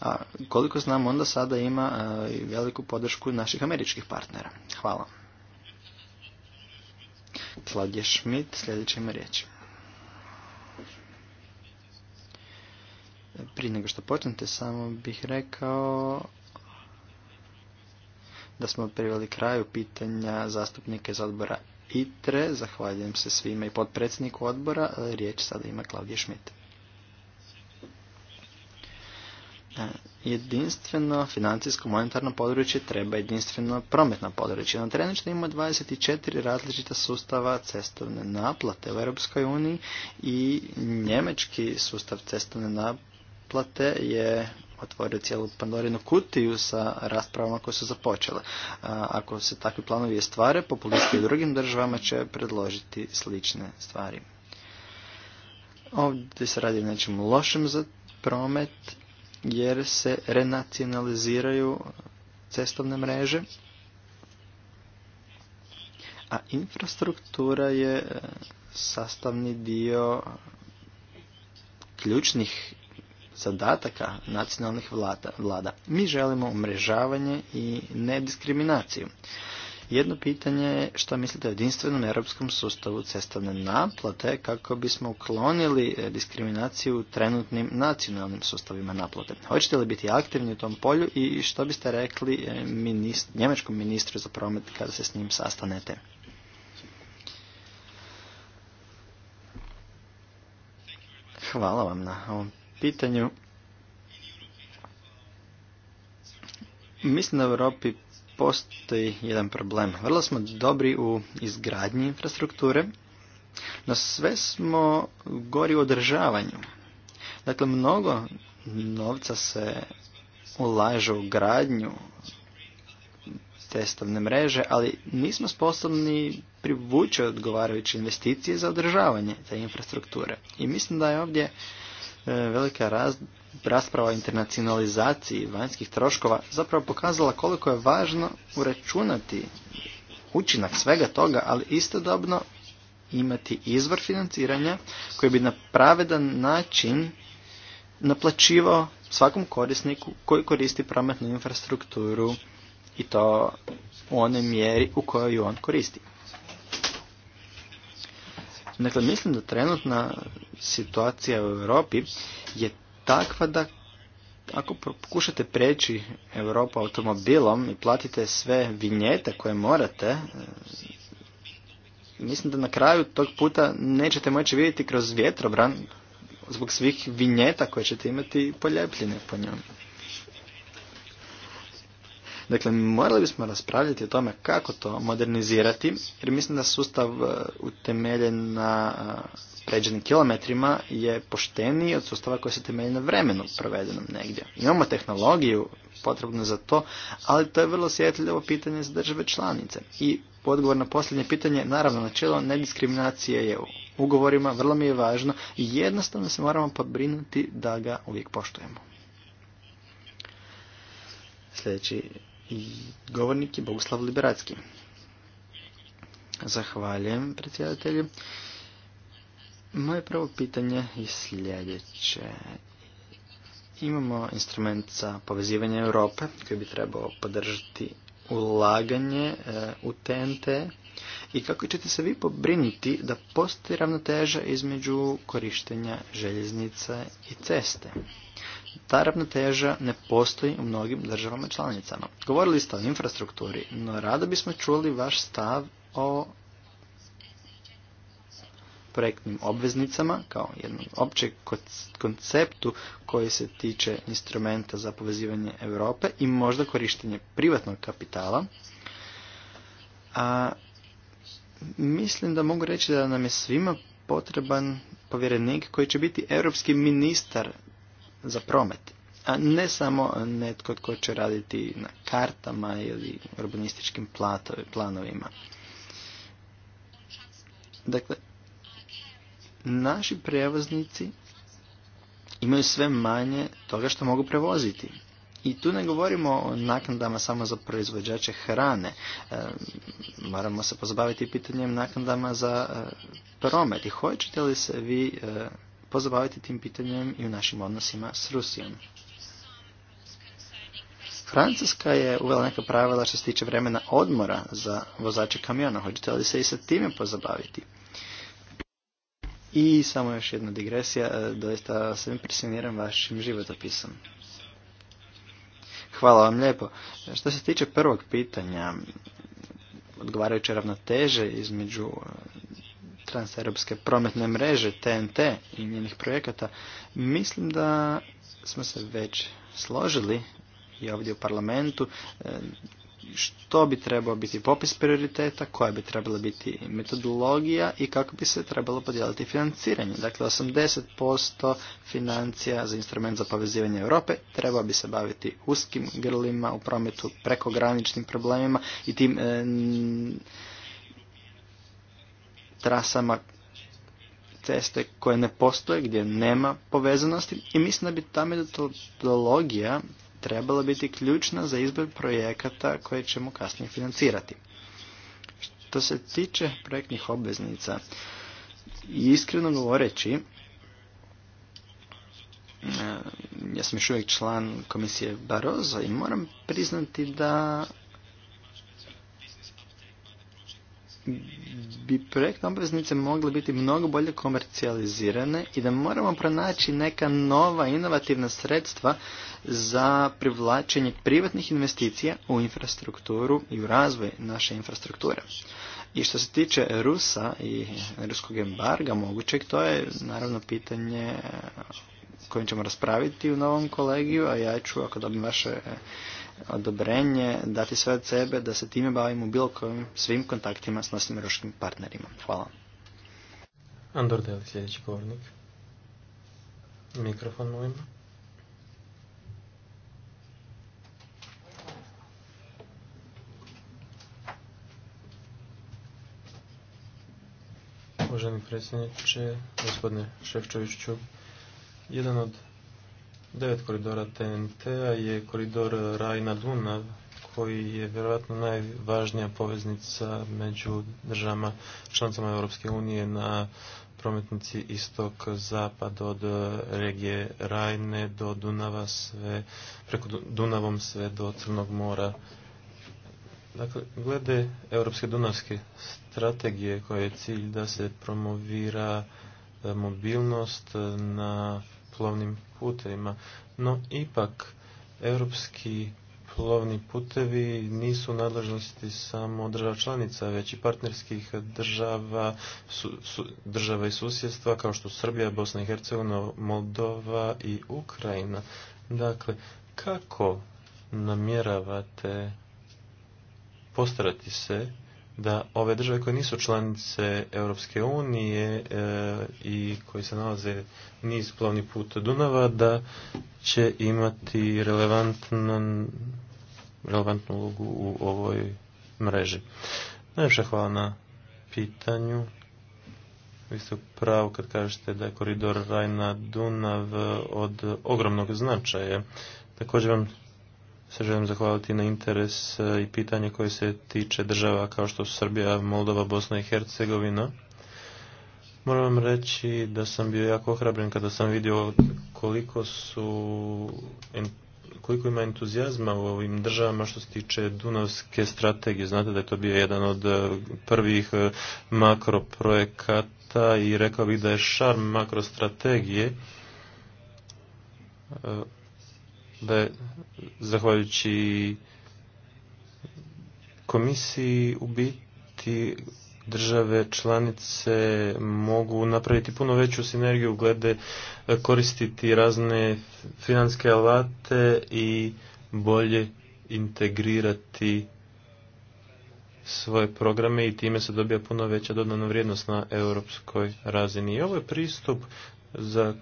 a koliko znam onda sada ima e, i veliku podršku naših američkih partnera. Hvala. Tladje Schmidt, sljedeća ima riječ. Prije nego što počnete, samo bih rekao da smo priveli kraju pitanja zastupnike iz odbora ITRE. Zahvaljujem se svima i podpredsjedniku odbora. E, riječ sada ima Klaudija Šmit. E, jedinstveno financijsko monetarno područje treba jedinstveno prometno područje. Na trenutno ima 24 različita sustava cestovne naplate u Europskoj uniji i njemački sustav cestovne naplate je otvorio cijelu Pandorinu kutiju sa raspravama koje su započele. Ako se takvi planovi je stvare, populisti u drugim državama će predložiti slične stvari. Ovdje se radi o nečem lošem za promet, jer se renacionaliziraju cestovne mreže, a infrastruktura je e, sastavni dio ključnih zadataka nacionalnih vlada. vlada. Mi želimo umrežavanje i nediskriminaciju. Jedno pitanje je što mislite o jedinstvenom europskom sustavu cestovne naplate kako bismo uklonili e, diskriminaciju trenutnim nacionalnim sustavima naplate. Hoćete li biti aktivni u tom polju i što biste rekli e, njemačkom ministru za promet kada se s njim sastanete? Hvala vam na ovom pitanju. Mislim da u Europi postoji jedan problem. Vrlo smo dobri u izgradnji infrastrukture, no sve smo gori u održavanju. Dakle, mnogo novca se ulaže u gradnju testovne mreže, ali nismo sposobni privući odgovarajuće investicije za održavanje te infrastrukture. I mislim da je ovdje E, velika raz, rasprava o internacionalizaciji vanjskih troškova zapravo pokazala koliko je važno uračunati učinak svega toga, ali istodobno imati izvor financiranja koji bi na pravedan način naplaćivao svakom korisniku koji koristi prometnu infrastrukturu i to u onoj mjeri u kojoj ju on koristi. Dakle, mislim da trenutna situacija u Europi je takva da ako pokušate preći Europu automobilom i platite sve vinjete koje morate, e, mislim da na kraju tog puta nećete moći vidjeti kroz vjetrobran zbog svih vinjeta koje ćete imati poljepljene po njom. Dakle, morali bismo raspravljati o tome kako to modernizirati, jer mislim da sustav e, utemeljen na e, pređenim kilometrima je pošteniji od sustava koji se temelji na vremenu provedenom negdje. Imamo tehnologiju potrebnu za to, ali to je vrlo sjetljivo pitanje za države članice. I odgovor na posljednje pitanje, naravno načelo nediskriminacije je u ugovorima, vrlo mi je važno i jednostavno se moramo pobrinuti da ga uvijek poštujemo. Sljedeći i govornik je Boguslav Liberacki. Zahvaljujem predsjedatelju. Moje prvo pitanje je sljedeće. Imamo instrument za povezivanje Europe koji bi trebao podržati ulaganje e, u TNT i kako ćete se vi pobrinuti da postoji ravnoteža između korištenja željeznica i ceste ta ravnoteža ne postoji u mnogim državama članicama. Govorili ste o infrastrukturi, no rado bismo čuli vaš stav o projektnim obveznicama kao jednom općem konceptu koji se tiče instrumenta za povezivanje Europe i možda korištenje privatnog kapitala. A mislim da mogu reći da nam je svima potreban povjerenik koji će biti europski ministar za promet. A ne samo netko tko će raditi na kartama ili urbanističkim planovima. Dakle, naši prijevoznici imaju sve manje toga što mogu prevoziti. I tu ne govorimo o naknadama samo za proizvođače hrane. E, moramo se pozabaviti pitanjem naknadama za e, promet. I hoćete li se vi e, pozabaviti tim pitanjem i u našim odnosima s Rusijom. Francuska je uvela neka pravila što se tiče vremena odmora za vozače kamiona. Hoćete li se i sa time pozabaviti? I samo još jedna digresija, e, doista se impresioniram vašim životopisom. Hvala vam lijepo. E, što se tiče prvog pitanja, odgovarajuće ravnoteže između transeuropske prometne mreže TNT i njenih projekata, mislim da smo se već složili i ovdje u parlamentu e, što bi trebao biti popis prioriteta, koja bi trebala biti metodologija i kako bi se trebalo podijeliti financiranje. Dakle, 80% financija za instrument za povezivanje Europe treba bi se baviti uskim grlima u prometu, prekograničnim problemima i tim e, trasama ceste koje ne postoje, gdje nema povezanosti i mislim da bi ta metodologija trebala biti ključna za izbor projekata koje ćemo kasnije financirati. Što se tiče projektnih obveznica, iskreno govoreći, e, ja sam još uvijek član komisije Barozo i moram priznati da bi projektne obveznice mogle biti mnogo bolje komercijalizirane i da moramo pronaći neka nova inovativna sredstva za privlačenje privatnih investicija u infrastrukturu i u razvoj naše infrastrukture. I što se tiče Rusa i ruskog embarga mogućeg, to je naravno pitanje kojim ćemo raspraviti u novom kolegiju, a ja ću, ako dobim vaše odobrenje dati sve od sebe da se time bavimo bilo kojim svim kontaktima s našim europskim partnerima. Hvala. Andor Deli, sljedeći govornik. Mikrofon mojim. Uvaženi predsjedniče, gospodine Ševčoviću, jedan od Devet koridora TNT-a je koridor Rajna-Dunav koji je vjerojatno najvažnija poveznica među državama članicama Europske unije na prometnici istok-zapad od e, regije Rajne do Dunava sve, preko Dunavom sve do Crnog mora. Dakle, glede Europske dunavske strategije koja je cilj da se promovira e, mobilnost e, na plovnim putevima, no ipak europski plovni putevi nisu nadležnosti samo država članica, već i partnerskih država, su, su, država i susjedstva kao što Srbija, Bosna i Hercegovina, Moldova i Ukrajina. Dakle, kako namjeravate postarati se da ove države koje nisu članice Europske unije e, i koji se nalaze niz plovni put Dunava da će imati relevantnu, ulogu u ovoj mreži. najviše hvala na pitanju. Vi ste u kad kažete da je koridor Rajna-Dunav od ogromnog značaja. Također vam se želim zahvaliti na interes e, i pitanje koje se tiče država kao što su Srbija, Moldova, Bosna i Hercegovina. Moram vam reći da sam bio jako ohrabren kada sam vidio koliko su koliko ima entuzijazma u ovim državama što se tiče Dunavske strategije. Znate da je to bio jedan od e, prvih e, makroprojekata i rekao bih da je šarm makrostrategije da je zahvaljujući komisiji u biti države članice mogu napraviti puno veću sinergiju glede e, koristiti razne financijske alate i bolje integrirati svoje programe i time se dobija puno veća dodana vrijednost na europskoj razini. I ovo je pristup za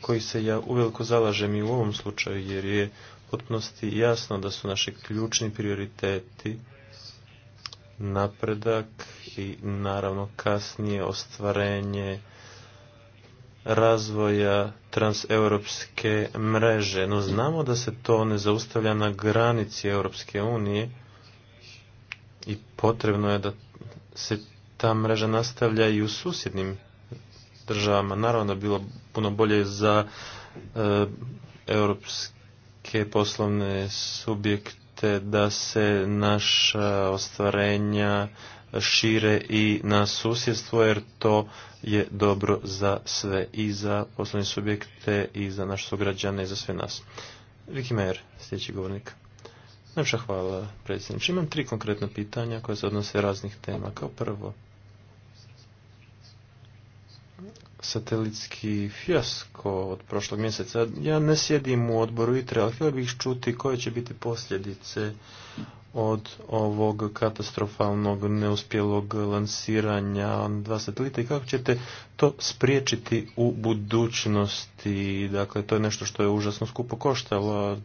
koji se ja uveliko zalažem i u ovom slučaju jer je potpunosti jasno da su naši ključni prioriteti napredak i naravno kasnije ostvarenje razvoja transeuropske mreže. No znamo da se to ne zaustavlja na granici Europske unije i potrebno je da se ta mreža nastavlja i u susjednim državama. Naravno da bi bilo puno bolje za e, europske poslovne subjekte da se naša ostvarenja šire i na susjedstvo jer to je dobro za sve i za poslovne subjekte i za naše sugrađane i za sve nas. Viki Majer, sljedeći govornik. hvala predsjedniče. Imam tri konkretna pitanja koja se odnose raznih tema. Kao prvo, satelitski fijasko od prošlog mjeseca. Ja ne sjedim u odboru ITRE, ali htio bih čuti koje će biti posljedice od ovog katastrofalnog neuspjelog lansiranja dva satelita i kako ćete to spriječiti u budućnosti. Dakle, to je nešto što je užasno skupo koštalo,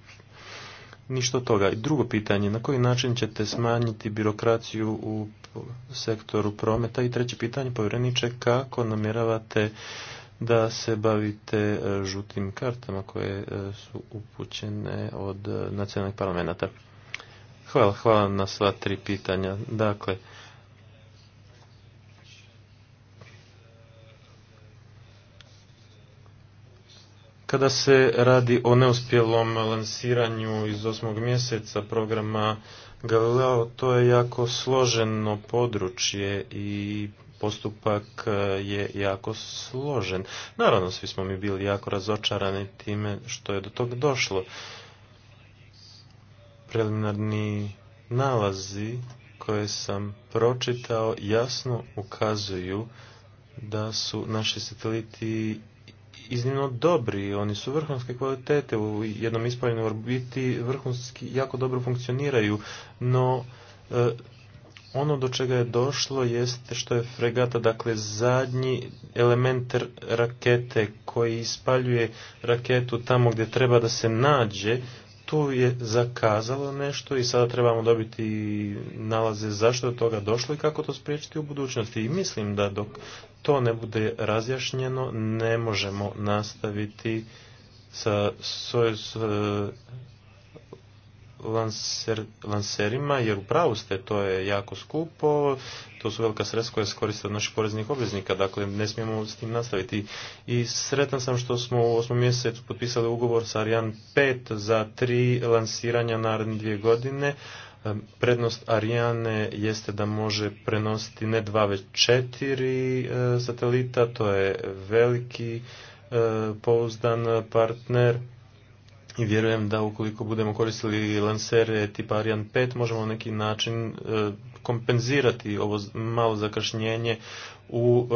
ništa od toga. I drugo pitanje, na koji način ćete smanjiti birokraciju u sektoru prometa? I treće pitanje, povjereniče, kako namjeravate da se bavite e, žutim kartama koje e, su upućene od e, nacionalnih parlamenta? Hvala, hvala na sva tri pitanja. Dakle, Kada se radi o neuspjelom lansiranju iz osmog mjeseca programa Galileo, to je jako složeno područje i postupak e, je jako složen. Naravno, svi smo mi bili jako razočarani time što je do toga došlo. Preliminarni nalazi koje sam pročitao jasno ukazuju da su naši sateliti iznimno dobri, oni su vrhunske kvalitete u jednom ispaljenom orbiti, vrhunski jako dobro funkcioniraju, no e, ono do čega je došlo jeste što je fregata, dakle zadnji element rakete koji ispaljuje raketu tamo gdje treba da se nađe, tu je zakazalo nešto i sada trebamo dobiti nalaze zašto je toga došlo i kako to spriječiti u budućnosti. I mislim da dok to ne bude razjašnjeno, ne možemo nastaviti sa Sojuz e, lanser, lanserima, jer u pravu ste, to je jako skupo, to su velika sredstva koja se koriste od naših poreznih obveznika, dakle ne smijemo s tim nastaviti. I sretan sam što smo u osmom mjesecu potpisali ugovor sa Arjan 5 za tri lansiranja naredne dvije godine, Prednost Ariane jeste da može prenositi ne dva već četiri e, satelita, to je veliki e, pouzdan partner i vjerujem da ukoliko budemo koristili lansere tipa Ariane 5 možemo na neki način e, kompenzirati ovo malo zakašnjenje u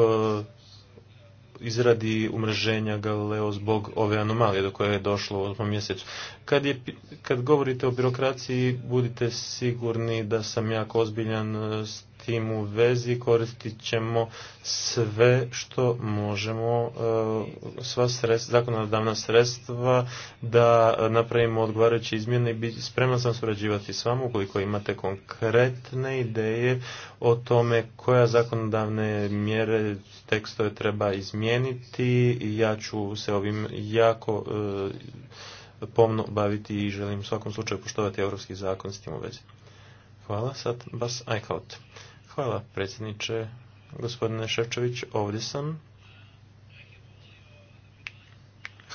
izradi umreženja Galileo zbog ove anomalije do koje je došlo u osmom mjesecu. Kad, je, kad govorite o birokraciji, budite sigurni da sam jako ozbiljan e, s im u vezi koristit ćemo sve što možemo, e, sva sredstva, zakonodavna sredstva da napravimo odgovarajuće izmjene i spreman sam surađivati s vama ukoliko imate konkretne ideje o tome koja zakonodavne mjere tekstove treba izmijeniti i ja ću se ovim jako e, pomno baviti i želim u svakom slučaju poštovati evropski zakon s tim u vezi. Hvala, sad vas Hvala predsjedniče. Gospodine Ševčević, ovdje sam.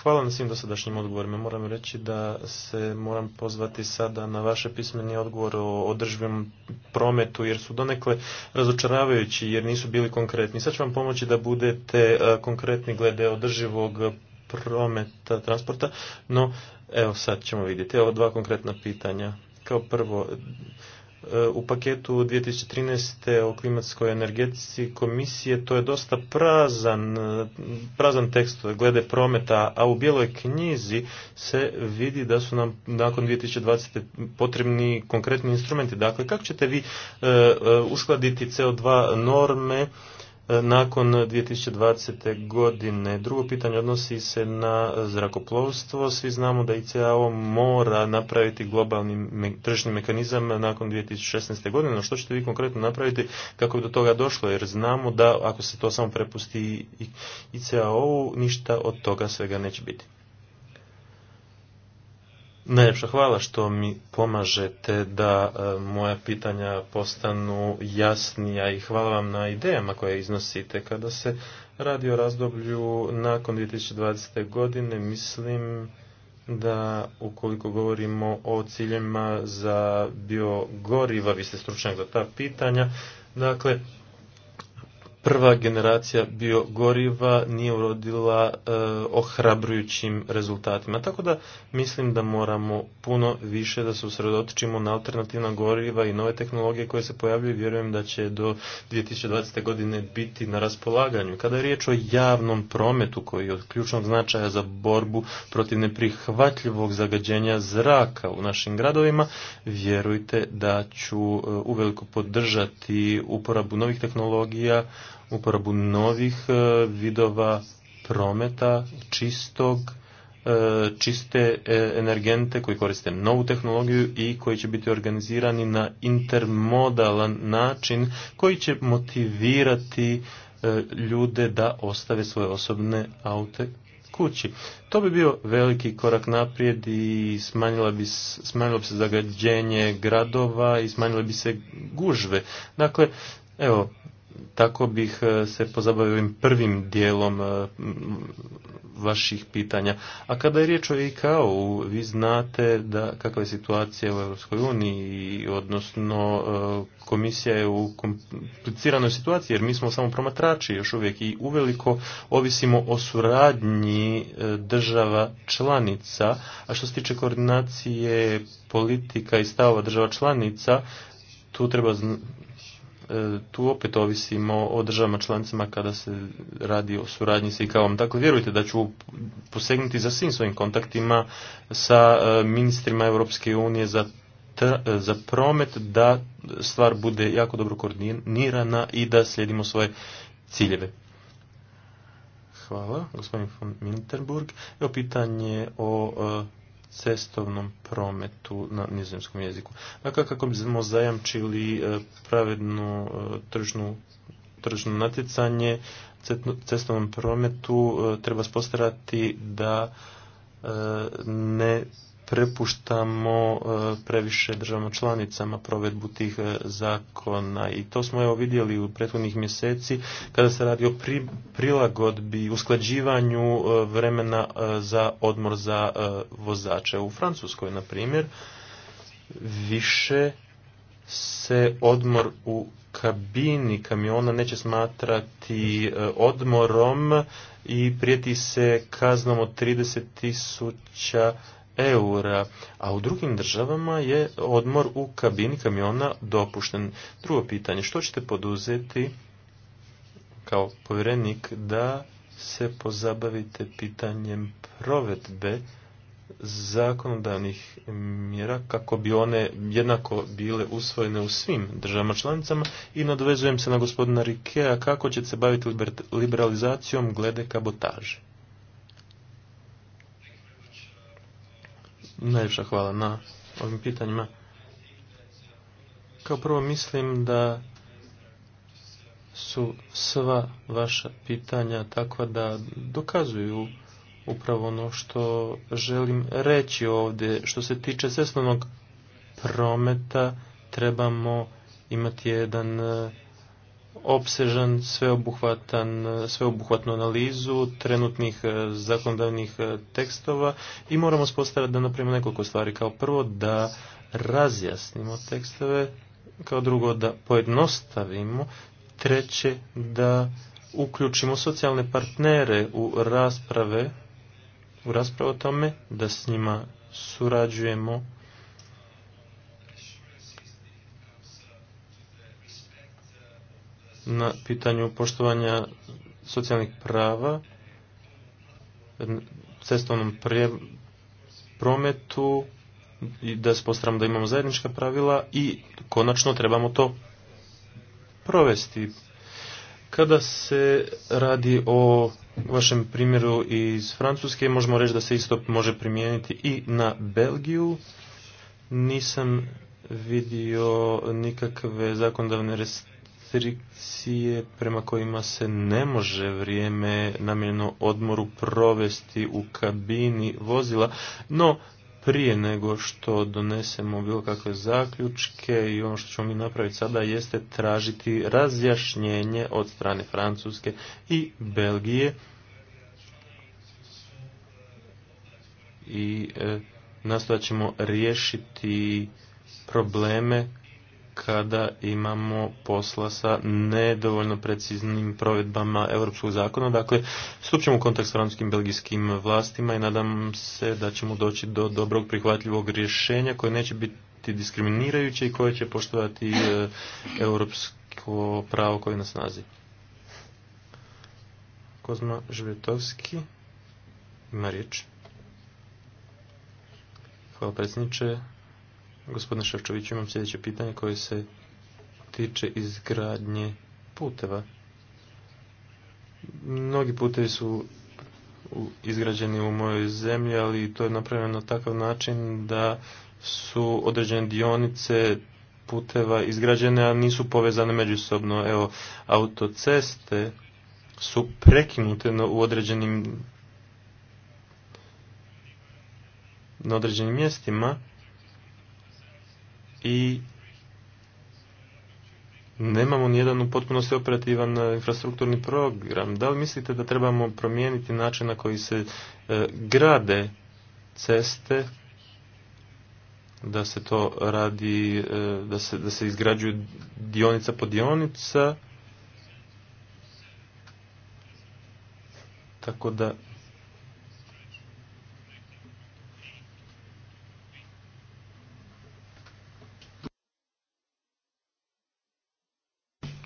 Hvala na svim dosadašnjim odgovorima. Moram reći da se moram pozvati sada na vaše pismeni odgovor o održivom prometu, jer su donekle razočaravajući, jer nisu bili konkretni. Sad ću vam pomoći da budete e, konkretni glede održivog prometa, transporta, no evo sad ćemo vidjeti. Evo dva konkretna pitanja. Kao prvo, u paketu 2013. o klimatskoj energetici komisije, to je dosta prazan, prazan tekst glede prometa, a u bijeloj knjizi se vidi da su nam nakon 2020. potrebni konkretni instrumenti. Dakle, kako ćete vi e, e, uskladiti CO2 norme E, nakon 2020. godine. Drugo pitanje odnosi se na zrakoplovstvo. Svi znamo da ICAO mora napraviti globalni tržni mekanizam nakon 2016. godine. No što ćete vi konkretno napraviti kako bi do toga došlo? Jer znamo da ako se to samo prepusti ICAO-u, ništa od toga svega neće biti. Najljepša hvala što mi pomažete da e, moja pitanja postanu jasnija i hvala vam na idejama koje iznosite. Kada se radi o razdoblju nakon 2020. godine, mislim da ukoliko govorimo o ciljima za biogoriva, vi ste stručnjak za ta pitanja, dakle, prva generacija biogoriva nije urodila e, ohrabrujućim rezultatima. Tako da mislim da moramo puno više da se usredotočimo na alternativna goriva i nove tehnologije koje se pojavljaju, Vjerujem da će do 2020. godine biti na raspolaganju. Kada je riječ o javnom prometu koji je od ključnog značaja za borbu protiv neprihvatljivog zagađenja zraka u našim gradovima, vjerujte da ću e, uveliko podržati uporabu novih tehnologija uporabu novih e, vidova prometa, čistog, e, čiste e, energente koji koriste novu tehnologiju i koji će biti organizirani na intermodalan način koji će motivirati ljude da ostave svoje osobne aute kući. To bi bio veliki korak naprijed i smanjilo bi, smanjilo bi se zagađenje gradova i smanjile bi se gužve. Dakle, evo, tako bih e, se pozabavio ovim prvim dijelom e, vaših pitanja. A kada je riječ o IKA-u vi znate da kakva je situacija u Europskoj uniji, odnosno e, komisija je u kompliciranoj situaciji, jer mi smo samo promatrači još uvijek i uveliko ovisimo o suradnji država članica, a što se tiče koordinacije politika i stavova država članica, tu treba E, tu opet ovisimo o državama članicama kada se radi o suradnji s ikavom. Dakle, vjerujte da ću posegnuti za svim svojim kontaktima sa e, ministrima Europske unije za, e, za promet da stvar bude jako dobro koordinirana i da slijedimo svoje ciljeve. Hvala, gospodin von Minterburg. Evo pitanje o cestovnom prometu na nizozemskom jeziku. Dakle, kako bismo zajamčili e, pravednu e, tržnu, tržno natjecanje cestovnom prometu, e, treba spostarati da ne prepuštamo e, previše državno članicama provedbu tih e, zakona i to smo evo vidjeli u prethodnih mjeseci kada se radi o pri, prilagodbi, usklađivanju e, vremena za odmor za vozače. U Francuskoj, na primjer, više se odmor u kabini kamiona neće smatrati odmorom i prijeti se kaznom od 30 tisuća eura, a u drugim državama je odmor u kabini kamiona dopušten. Drugo pitanje, što ćete poduzeti kao povjerenik da se pozabavite pitanjem provedbe zakonodavnih mjera kako bi one jednako bile usvojene u svim državama članicama i nadvezujem se na gospodina Rikea kako ćete se baviti liberalizacijom glede kabotaže. Najljepša hvala na ovim pitanjima. Kao prvo mislim da su sva vaša pitanja takva da dokazuju upravo ono što želim reći ovdje. Što se tiče cestovnog prometa trebamo imati jedan opsežan, sveobuhvatan, sveobuhvatnu analizu trenutnih e, zakonodavnih e, tekstova i moramo spostaviti da napravimo nekoliko stvari. Kao prvo da razjasnimo tekstove, kao drugo da pojednostavimo, treće da uključimo socijalne partnere u rasprave, u raspravu o tome, da s njima surađujemo na pitanju poštovanja socijalnih prava cestovnom prometu i da se da imamo zajednička pravila i konačno trebamo to provesti. Kada se radi o vašem primjeru iz Francuske, možemo reći da se isto može primijeniti i na Belgiju. Nisam vidio nikakve zakonodavne restrikcije prema kojima se ne može vrijeme namjerno odmoru provesti u kabini vozila, no prije nego što donesemo bilo kakve zaključke i ono što ćemo mi napraviti sada jeste tražiti razjašnjenje od strane Francuske i Belgije i e, nastojat ćemo riješiti probleme kada imamo posla sa nedovoljno preciznim provedbama europskog zakona. Dakle, stupćemo u kontakt s francuskim belgijskim vlastima i nadam se da ćemo doći do dobrog prihvatljivog rješenja koje neće biti diskriminirajuće i koje će poštovati e, europsko pravo koje nas nazi. Kozma Žvjetovski ima riječ. Hvala predsjedniče. Gospodine Ševčović, imam sljedeće pitanje koje se tiče izgradnje puteva. Mnogi putevi su izgrađeni u mojoj zemlji, ali to je napravljeno na takav način da su određene dionice puteva izgrađene, a nisu povezane međusobno. Evo, autoceste su prekinute u određenim na određenim mjestima i nemamo nijedan u potpunosti operativan e, infrastrukturni program. Da li mislite da trebamo promijeniti način na koji se e, grade ceste, da se to radi, e, da se, da se izgrađuju dionica po dionica, tako da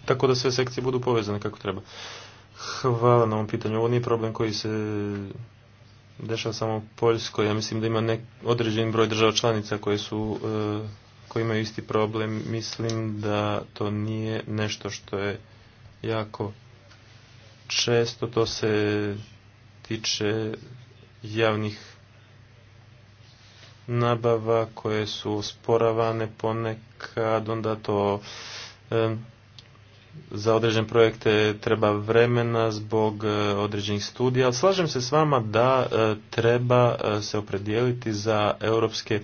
tako da sve sekcije budu povezane kako treba. Hvala na ovom pitanju. Ovo nije problem koji se dešava samo u Poljskoj. Ja mislim da ima nek, određen broj država članica koje su e, koji imaju isti problem. Mislim da to nije nešto što je jako često. To se tiče javnih nabava koje su sporavane ponekad. Onda to e, za određene projekte treba vremena zbog e, određenih studija. Slažem se s vama da e, treba e, se opredijeliti za europske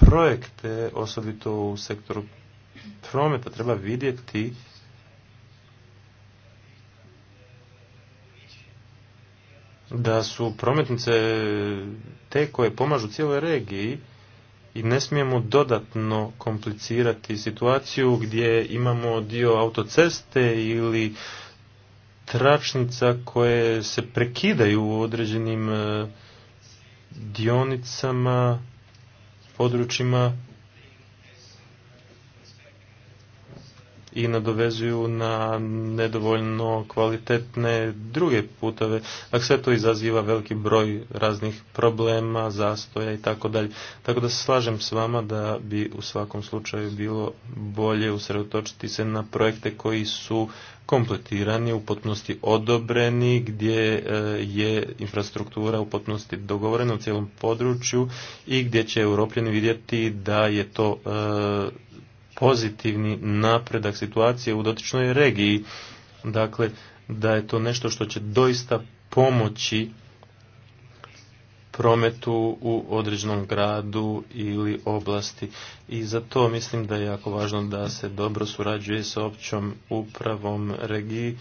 projekte, osobito u sektoru prometa. Treba vidjeti da su prometnice te koje pomažu cijeloj regiji i ne smijemo dodatno komplicirati situaciju gdje imamo dio autoceste ili tračnica koje se prekidaju u određenim e, dionicama, područjima i nadovezuju na nedovoljno kvalitetne druge putove. Dakle, sve to izaziva veliki broj raznih problema, zastoja i tako dalje. Tako da se slažem s vama da bi u svakom slučaju bilo bolje usredotočiti se na projekte koji su kompletirani, u potpunosti odobreni, gdje e, je infrastruktura u potpunosti dogovorena u cijelom području i gdje će europljeni vidjeti da je to e, pozitivni napredak situacije u dotičnoj regiji. Dakle, da je to nešto što će doista pomoći prometu u određenom gradu ili oblasti. I za to mislim da je jako važno da se dobro surađuje sa općom upravom regiji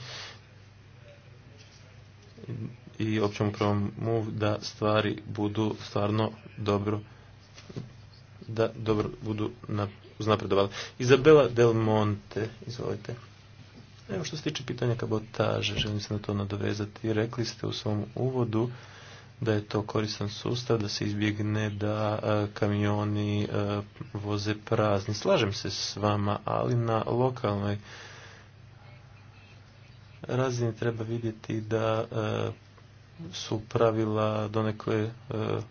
i općom upravom MUV da stvari budu stvarno dobro da dobro budu na napredovali. Izabela Del Monte, izvolite. Evo što se tiče pitanja kabotaže, želim se na to nadovezati. Rekli ste u svom uvodu da je to koristan sustav, da se izbjegne da e, kamioni e, voze prazni. Slažem se s vama, ali na lokalnoj razini treba vidjeti da e, su pravila donekle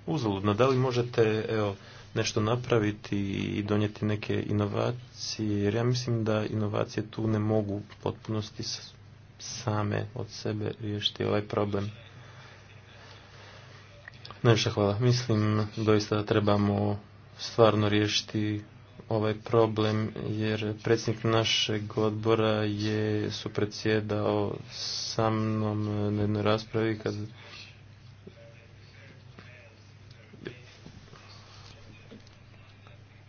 uzaludna. Da li možete, evo, nešto napraviti i donijeti neke inovacije, jer ja mislim da inovacije tu ne mogu u potpunosti same od sebe riješiti ovaj problem. Najviše hvala. Mislim doista da trebamo stvarno riješiti ovaj problem jer predsjednik našeg odbora je supredsjedao sa mnom na jednoj raspravi kad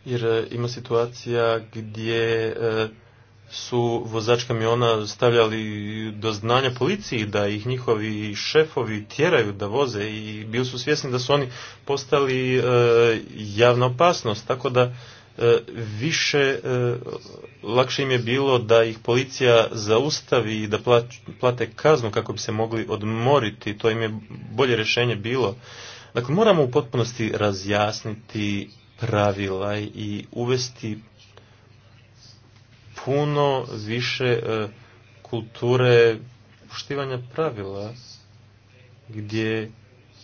jer e, ima situacija gdje e, su vozač kamiona stavljali do znanja policiji da ih njihovi šefovi tjeraju da voze i bili su svjesni da su oni postali e, javna opasnost, tako da e, više lakše im je bilo da ih policija zaustavi i da plate kaznu kako bi se mogli odmoriti, to im je bolje rješenje bilo. Dakle, moramo u potpunosti razjasniti pravila i uvesti puno više e, kulture poštivanja pravila gdje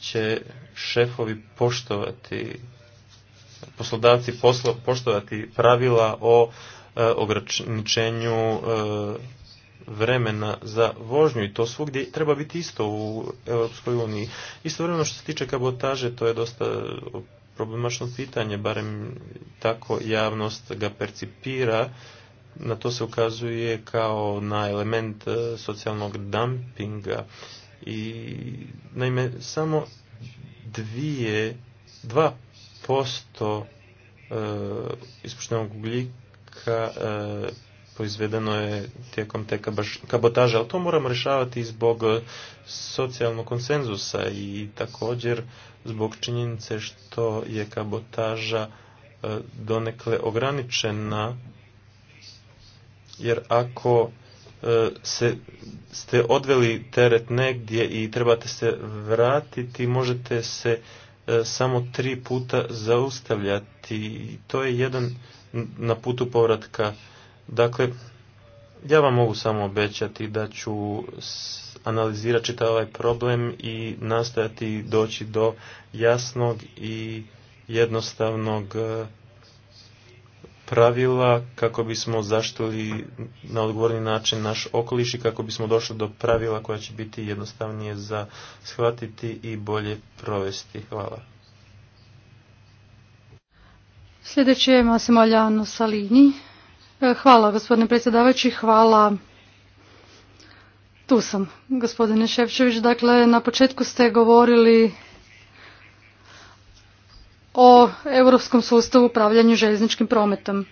će šefovi poštovati poslodavci poslo, poštovati pravila o e, ograničenju e, vremena za vožnju i to svugdje treba biti isto u Europskoj uniji. Istovremeno što se tiče kabotaže, to je dosta problematično pitanje, barem tako javnost ga percipira, na to se ukazuje kao na element e, socijalnog dumpinga. I, naime, samo dvije, dva posto e, ispuštenog ugljika e, proizvedeno je tijekom te kabotaže, ali to moramo rješavati zbog e, socijalnog konsenzusa i također zbog činjenice što je kabotaža e, donekle ograničena jer ako e, se, ste odveli teret negdje i trebate se vratiti, možete se e, samo tri puta zaustavljati i to je jedan na putu povratka. Dakle, ja vam mogu samo obećati da ću analizirati čitav ovaj problem i nastojati doći do jasnog i jednostavnog e, pravila kako bismo zaštili na odgovorni način naš okoliš i kako bismo došli do pravila koja će biti jednostavnije za shvatiti i bolje provesti. Hvala. sljedeće je Massimiliano Salini E, hvala gospodine predsjedavajući, hvala. Tu sam, gospodine Ševčević. Dakle, na početku ste govorili o europskom sustavu upravljanju željezničkim prometom.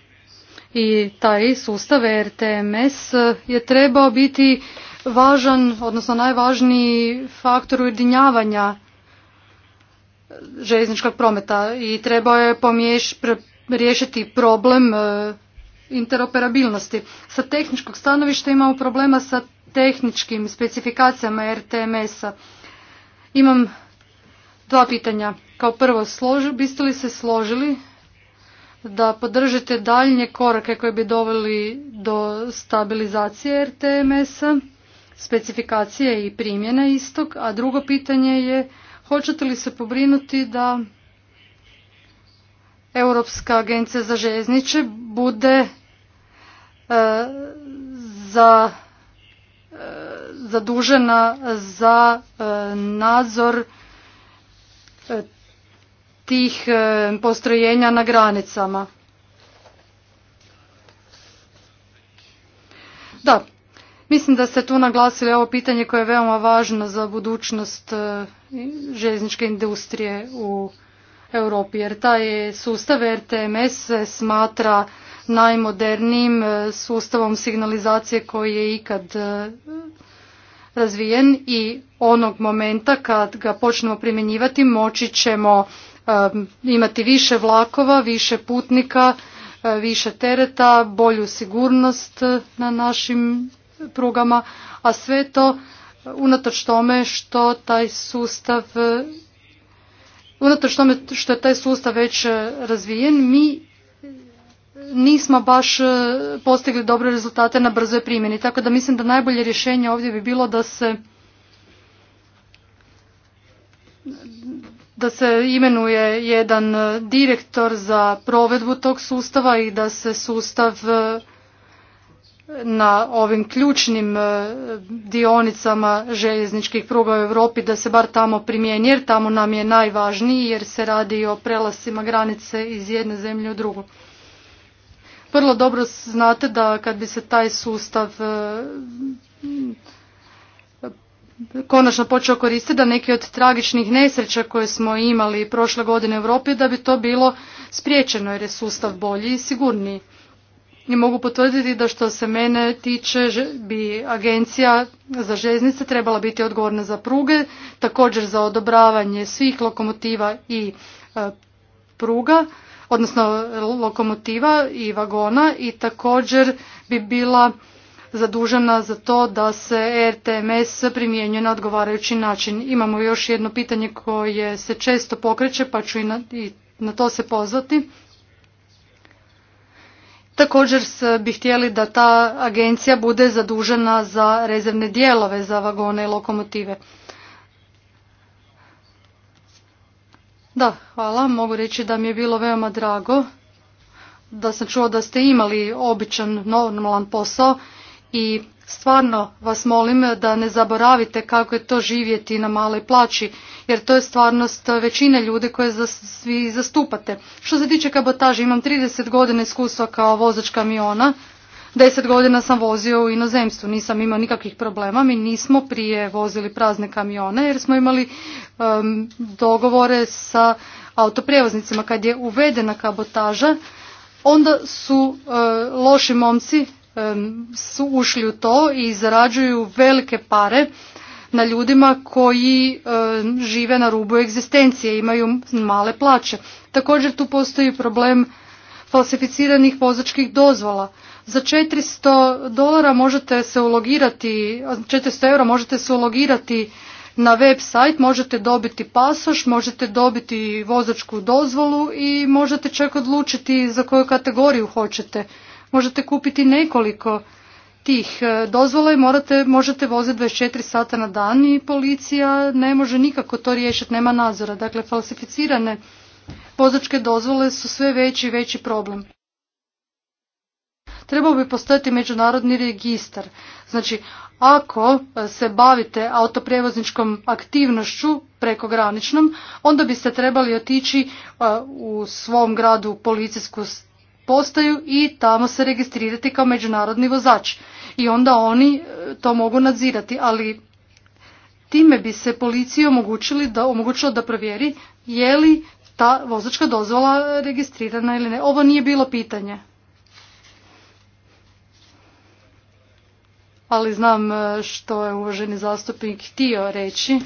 I taj sustav e RTMS je trebao biti važan, odnosno najvažniji faktor ujedinjavanja željezničkog prometa i trebao je pomiješ, riješiti problem e, interoperabilnosti. Sa tehničkog stanovišta imamo problema sa tehničkim specifikacijama RTMS-a. Imam dva pitanja. Kao prvo, biste li se složili da podržite daljnje korake koje bi doveli do stabilizacije RTMS-a, specifikacije i primjene istog, a drugo pitanje je hoćete li se pobrinuti da Europska agencija za željeznice bude E, za e, zadužena za e, nadzor tih postrojenja na granicama. Da, mislim da ste tu naglasili ovo pitanje koje je veoma važno za budućnost željezničke industrije u Europi, jer taj sustav RTMS smatra najmodernijim e, sustavom signalizacije koji je ikad e, razvijen i onog momenta kad ga počnemo primjenjivati moći ćemo e, imati više vlakova, više putnika, više tereta, bolju sigurnost na našim prugama, a sve to unatoč tome što taj sustav unatoč tome što je taj sustav već razvijen, mi nismo baš e, postigli dobre rezultate na brzoj primjeni. Tako da mislim da najbolje rješenje ovdje bi bilo da se da se imenuje jedan direktor za provedbu tog sustava i da se sustav e, na ovim ključnim e, dionicama željezničkih pruga u Europi da se bar tamo primijeni jer tamo nam je najvažniji jer se radi o prelasima granice iz jedne zemlje u drugu vrlo dobro znate da kad bi se taj sustav e, konačno počeo koristiti da neki od tragičnih nesreća koje smo imali prošle godine u Europi da bi to bilo spriječeno jer je sustav bolji i sigurniji. I mogu potvrditi da što se mene tiče bi agencija za željeznice trebala biti odgovorna za pruge, također za odobravanje svih lokomotiva i e, pruga odnosno lokomotiva i vagona i također bi bila zadužena za to da se RTMS primjenjuje na odgovarajući način. Imamo još jedno pitanje koje se često pokreće pa ću i na, i na to se pozvati. Također bi htjeli da ta agencija bude zadužena za rezervne dijelove za vagone i lokomotive. Da, hvala. Mogu reći da mi je bilo veoma drago da sam čuo da ste imali običan, normalan posao i stvarno vas molim da ne zaboravite kako je to živjeti na maloj plaći, jer to je stvarnost većine ljudi koje vi zastupate. Što se tiče kabotaže, imam 30 godina iskustva kao vozač kamiona Deset godina sam vozio u inozemstvu, nisam imao nikakvih problema, mi nismo prije vozili prazne kamione jer smo imali dogovore sa autoprijevoznicima. Kad je uvedena kabotaža, onda su e, loši momci su ušli u to i zarađuju velike pare na ljudima koji žive na rubu egzistencije, imaju male plaće. Također tu postoji problem falsificiranih vozačkih dozvola. Za 400 dolara možete se ulogirati, 400 eura možete se ulogirati na web sajt, možete dobiti pasoš, možete dobiti vozačku dozvolu i možete čak odlučiti za koju kategoriju hoćete. Možete kupiti nekoliko tih e, dozvola i morate, možete voziti 24 sata na dan i policija ne može nikako to riješiti, nema nadzora. Dakle, falsificirane vozačke dozvole su sve veći i veći problem trebao bi postojati međunarodni registar. Znači, ako e, se bavite autoprijevozničkom aktivnošću prekograničnom, onda biste trebali otići e, u svom gradu policijsku postaju i tamo se registrirati kao međunarodni vozač. I onda oni e, to mogu nadzirati, ali time bi se policiji omogućili da, omogućilo da provjeri je li ta vozačka dozvola registrirana ili ne. Ovo nije bilo pitanje. ali znam e, što je uvaženi zastupnik htio reći.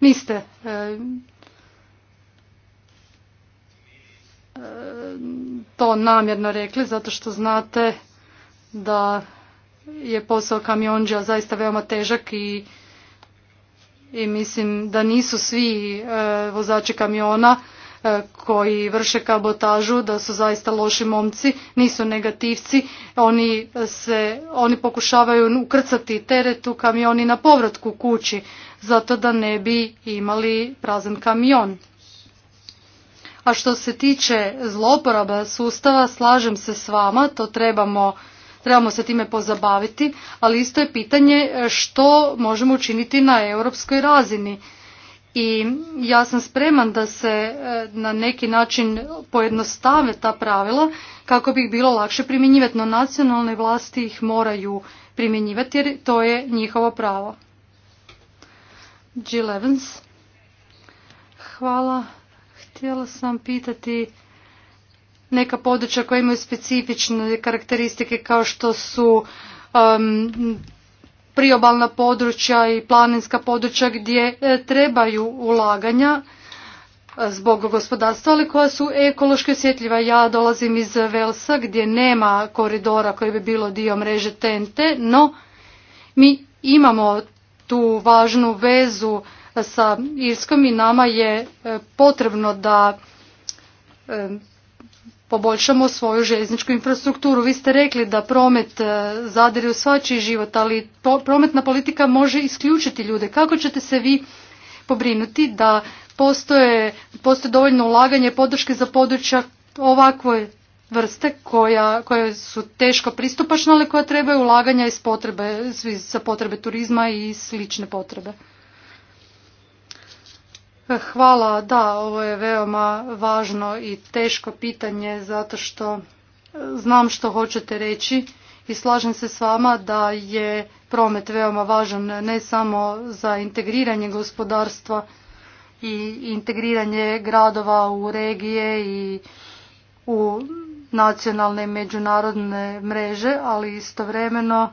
Niste. E, e, to namjerno rekli, zato što znate da je posao kamionđa zaista veoma težak i, i mislim da nisu svi vozači kamiona koji vrše kabotažu da su zaista loši momci, nisu negativci, oni, se, oni pokušavaju ukrcati teret u kamioni na povratku kući zato da ne bi imali prazan kamion. A što se tiče zloporaba sustava, slažem se s vama, to trebamo trebamo se time pozabaviti, ali isto je pitanje što možemo učiniti na europskoj razini i ja sam spreman da se e, na neki način pojednostave ta pravila kako bi ih bilo lakše primjenjivati, no nacionalne vlasti ih moraju primjenjivati jer to je njihovo pravo. Jill Evans. Hvala. Htjela sam pitati neka područja koja imaju specifične karakteristike kao što su priobalna područja i planinska područja gdje e, trebaju ulaganja e, zbog gospodarstva, ali koja su ekološki osjetljiva. Ja dolazim iz Velsa gdje nema koridora koji bi bilo dio mreže TNT, no mi imamo tu važnu vezu sa Irskom i nama je e, potrebno da poboljšamo svoju željezničku infrastrukturu. Vi ste rekli da promet e, zadire u svačiji život, ali prometna politika može isključiti ljude. Kako ćete se vi pobrinuti da postoje, postoje dovoljno ulaganje podrške za područja ovakve vrste koja, koje su teško pristupačne, ali koja trebaju ulaganja iz potrebe, za potrebe turizma i slične potrebe? Hvala, da, ovo je veoma važno i teško pitanje zato što e, znam što hoćete reći i slažem se s vama da je promet veoma važan ne samo za integriranje gospodarstva i integriranje gradova u regije i u nacionalne i međunarodne mreže, ali istovremeno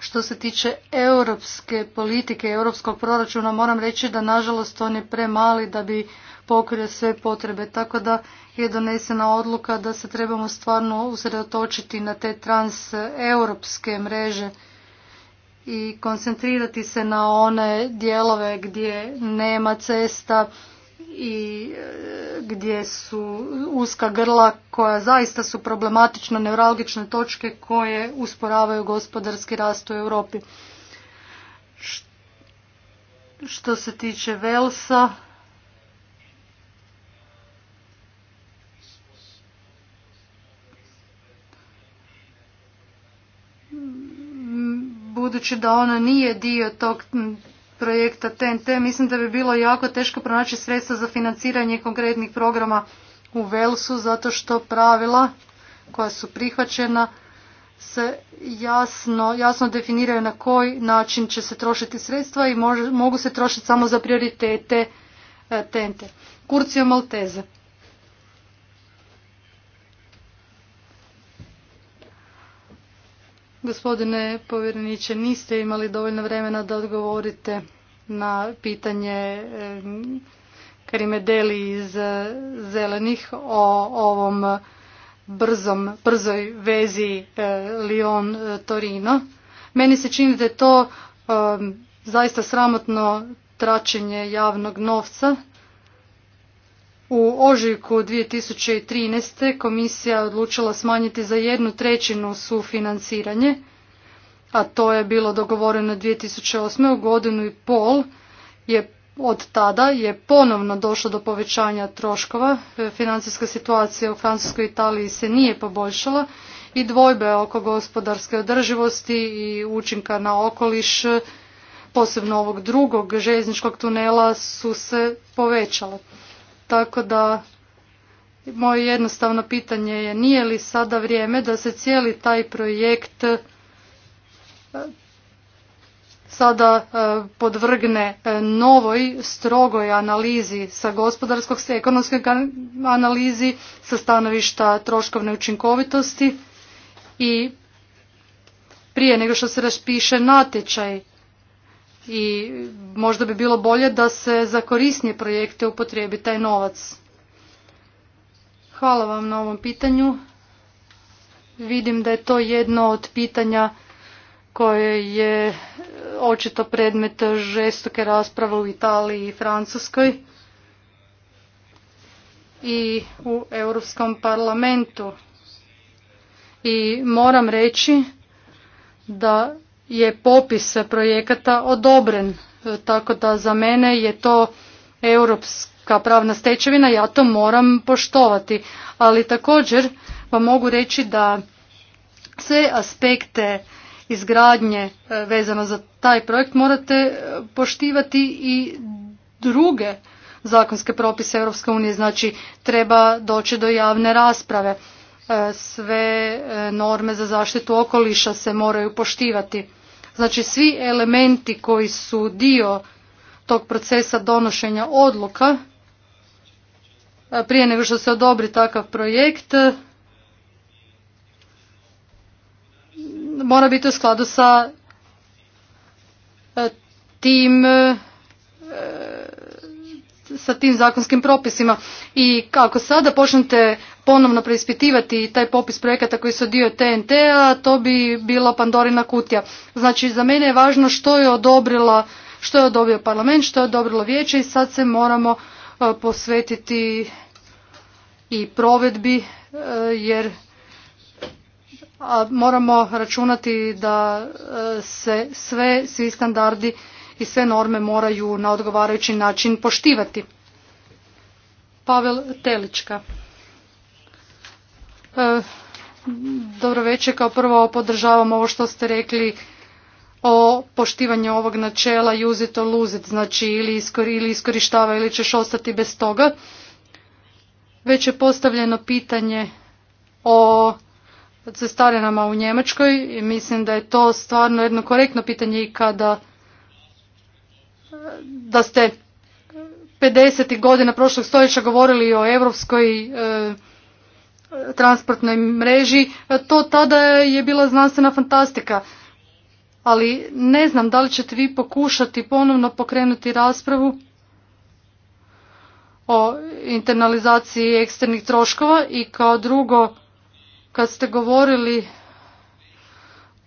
što se tiče europske politike, europskog proračuna, moram reći da nažalost on je premali da bi pokrio sve potrebe. Tako da je donesena odluka da se trebamo stvarno usredotočiti na te transeuropske mreže i koncentrirati se na one dijelove gdje nema cesta, i e, gdje su uska grla koja zaista su problematične neuralgične točke koje usporavaju gospodarski rast u Europi. Što se tiče Velsa, budući da ona nije dio tog projekta TNT, mislim da bi bilo jako teško pronaći sredstva za financiranje konkretnih programa u Velsu, zato što pravila koja su prihvaćena se jasno, jasno definiraju na koji način će se trošiti sredstva i mogu se trošiti samo za prioritete TNT. Eh, Kurcio Malteze. Gospodine povjereniče, niste imali dovoljno vremena da odgovorite na pitanje Karime Deli iz eh, Zelenih o ovom brzom, brzoj vezi eh, Lyon-Torino. Meni se čini da je to zaista sramotno tračenje javnog novca u ožujku 2013. komisija je odlučila smanjiti za jednu trećinu sufinanciranje, a to je bilo dogovoreno 2008. u godinu i pol je od tada je ponovno došlo do povećanja troškova. Financijska situacija u Francuskoj Italiji se nije poboljšala i dvojbe oko gospodarske održivosti i učinka na okoliš, posebno ovog drugog željezničkog tunela, su se povećale. Tako da moje jednostavno pitanje je nije li sada vrijeme da se cijeli taj projekt e, sada e, podvrgne e, novoj strogoj analizi sa gospodarskog, i ekonomskog analizi, sa stanovišta troškovne učinkovitosti i prije nego što se raspiše natječaj i možda bi bilo bolje da se za korisnije projekte upotrijebi taj novac. Hvala vam na ovom pitanju. Vidim da je to jedno od pitanja koje je e, očito predmet žestoke rasprave u Italiji i Francuskoj i u Europskom parlamentu. I moram reći da je popis projekata odobren, tako da za mene je to europska pravna stečevina, ja to moram poštovati. Ali također vam mogu reći da sve aspekte izgradnje e, vezano za taj projekt morate e, poštivati i druge zakonske propise Europske unije, znači treba doći do javne rasprave. E, sve norme za zaštitu okoliša se moraju poštivati. Znači svi elementi koji su dio tog procesa donošenja odluka e, prije nego što se odobri takav projekt mora biti u skladu sa e, tim sa tim zakonskim propisima i kako sada počnete ponovno preispitivati taj popis projekata koji su dio TNT-a, to bi bila Pandorina kutija. Znači, za mene je važno što je odobrila, što je odobrio parlament, što je odobrilo vijeće i sad se moramo e, posvetiti i provedbi, e, jer moramo računati da e, se sve, svi standardi i sve norme moraju na odgovarajući način poštivati. Pavel Telička. E, dobro večer, kao prvo podržavam ovo što ste rekli o poštivanju ovog načela use it or lose it, znači ili, iskor, ili iskorištava ili ćeš ostati bez toga. Već je postavljeno pitanje o cestarinama u Njemačkoj i mislim da je to stvarno jedno korektno pitanje i kada da ste 50. godina prošlog stoljeća govorili o europskoj e, transportnoj mreži, to tada je bila znanstvena fantastika. Ali ne znam da li ćete vi pokušati ponovno pokrenuti raspravu o internalizaciji eksternih troškova i kao drugo kad ste govorili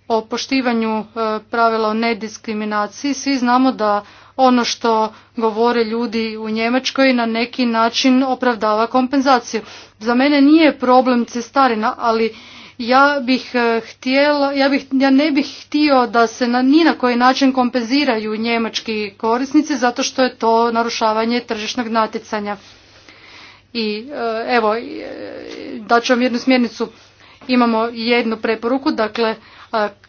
o poštivanju e, pravila o nediskriminaciji, svi znamo da ono što govore ljudi u Njemačkoj na neki način opravdava kompenzaciju. Za mene nije problem cestarina, ali ja bih eh, htjela, ja, bih, ja ne bih htio da se na, ni na koji način kompenziraju njemački korisnici zato što je to narušavanje tržišnog natjecanja. I eh, evo, eh, daću vam jednu smjernicu. Imamo jednu preporuku, dakle,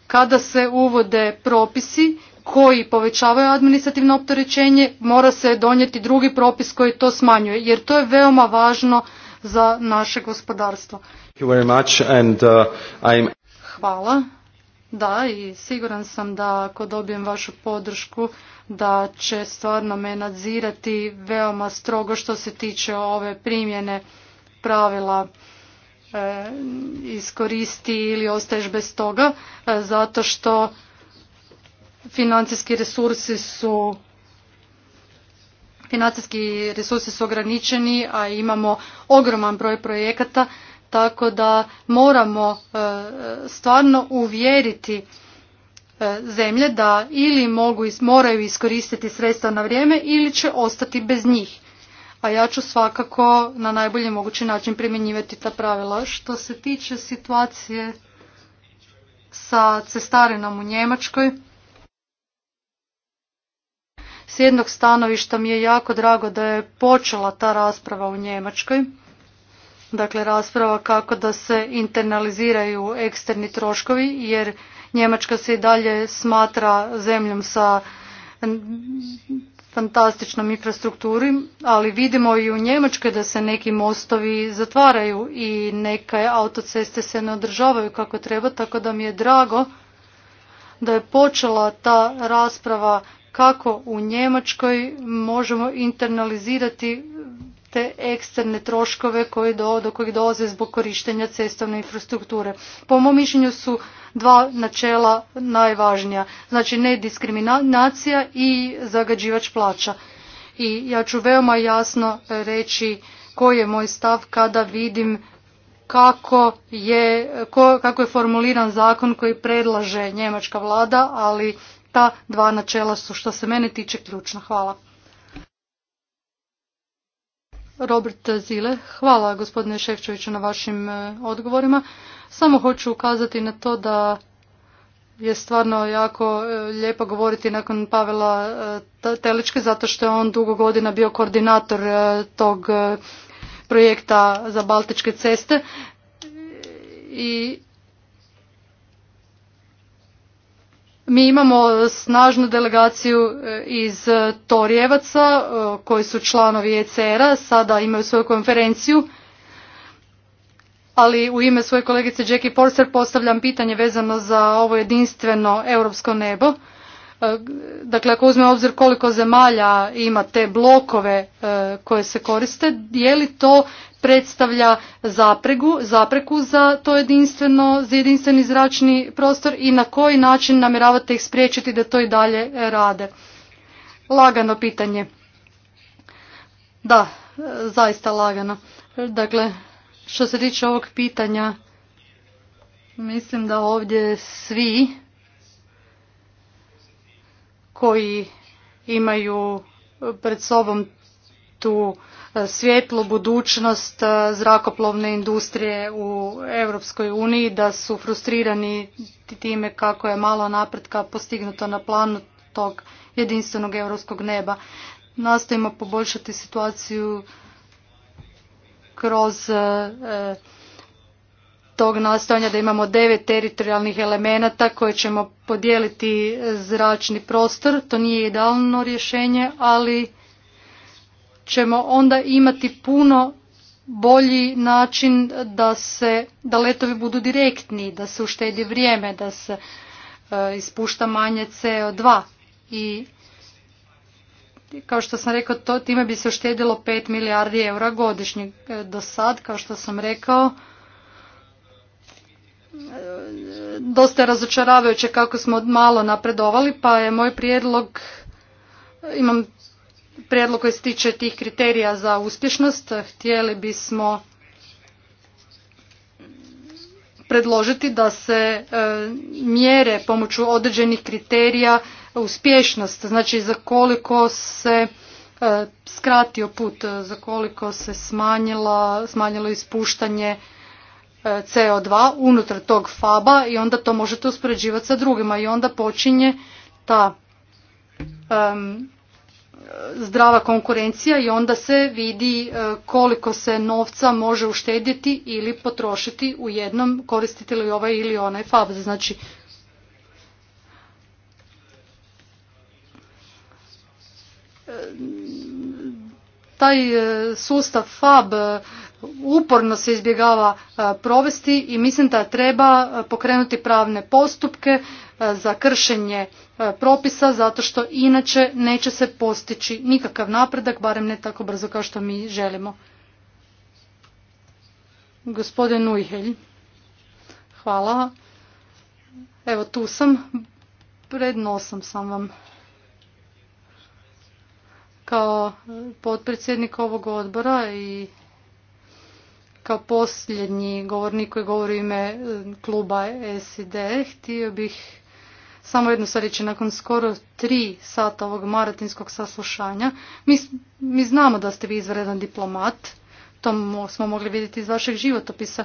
kada se uvode propisi, koji povećavaju administrativno opterećenje, mora se donijeti drugi propis koji to smanjuje, jer to je veoma važno za naše gospodarstvo. Uh, Hvala. Da, i siguran sam da ako dobijem vašu podršku, da će stvarno me nadzirati veoma strogo što se tiče ove primjene pravila e, iskoristi ili ostaješ bez toga, e, zato što financijski resursi su financijski resursi su ograničeni, a imamo ogroman broj projekata, tako da moramo e, stvarno uvjeriti e, zemlje da ili mogu, moraju iskoristiti sredstva na vrijeme ili će ostati bez njih. A ja ću svakako na najbolji mogući način primjenjivati ta pravila. Što se tiče situacije sa cestarinom u Njemačkoj, s jednog stanovišta mi je jako drago da je počela ta rasprava u Njemačkoj. Dakle, rasprava kako da se internaliziraju eksterni troškovi, jer Njemačka se i dalje smatra zemljom sa fantastičnom infrastrukturi, ali vidimo i u Njemačkoj da se neki mostovi zatvaraju i neke autoceste se ne održavaju kako treba, tako da mi je drago da je počela ta rasprava kako u Njemačkoj možemo internalizirati te eksterne troškove koji do, do kojih dolaze zbog korištenja cestovne infrastrukture. Po mom mišljenju su dva načela najvažnija, znači nediskriminacija i zagađivač plaća. I ja ću veoma jasno reći koji je moj stav kada vidim kako je, kako je formuliran zakon koji predlaže njemačka vlada, ali ta dva načela su što se mene tiče ključna. Hvala. Robert Zile, hvala gospodine Ševčeviću na vašim e, odgovorima. Samo hoću ukazati na to da je stvarno jako e, lijepo govoriti nakon Pavela e, Teličke zato što je on dugo godina bio koordinator tog projekta za Baltičke ceste i Mi imamo snažnu delegaciju e, iz e, Torjevaca e, koji su članovi ECR-a, sada imaju svoju konferenciju, ali u ime svoje kolegice Jackie Porser postavljam pitanje vezano za ovo jedinstveno europsko nebo dakle ako uzme obzir koliko zemalja ima te blokove e, koje se koriste, je li to predstavlja zapreku za to jedinstveno, za jedinstveni zračni prostor i na koji način namjeravate ih spriječiti da to i dalje rade? Lagano pitanje. Da, e, zaista lagano. Dakle, što se tiče ovog pitanja, mislim da ovdje svi koji imaju pred sobom tu e, svjetlu budućnost e, zrakoplovne industrije u Europskoj uniji, da su frustrirani time kako je malo napretka postignuto na planu tog jedinstvenog europskog neba. Nastojimo poboljšati situaciju kroz e, tog nastojanja da imamo devet teritorijalnih elemenata koje ćemo podijeliti zračni prostor. To nije idealno rješenje, ali ćemo onda imati puno bolji način da se da letovi budu direktni, da se uštedi vrijeme, da se e, ispušta manje CO2 i kao što sam rekao, to time bi se uštedilo 5 milijardi eura godišnje. E, do sad, kao što sam rekao, dosta razočaravajuće kako smo malo napredovali, pa je moj prijedlog, imam prijedlog koji se tiče tih kriterija za uspješnost. Htjeli bismo predložiti da se e, mjere pomoću određenih kriterija uspješnost, znači za koliko se e, skratio put, za koliko se smanjilo, smanjilo ispuštanje CO2 unutar tog faba i onda to možete uspoređivati sa drugima i onda počinje ta um, zdrava konkurencija i onda se vidi e, koliko se novca može uštedjeti ili potrošiti u jednom koristiti li ovaj ili onaj fab. Znači e, taj e, sustav fab uporno se izbjegava e, provesti i mislim da treba e, pokrenuti pravne postupke e, za kršenje propisa zato što inače neće se postići nikakav napredak, barem ne tako brzo kao što mi želimo. Gospodin Ujhelj, hvala. Evo tu sam, pred sam vam. Kao potpredsjednik ovog odbora i kao posljednji govornik koji govori ime e, kluba SID, htio bih samo jednu stvar reći, nakon skoro tri sata ovog maratinskog saslušanja, mi, mi znamo da ste vi izvredan diplomat, to smo mogli vidjeti iz vašeg životopisa,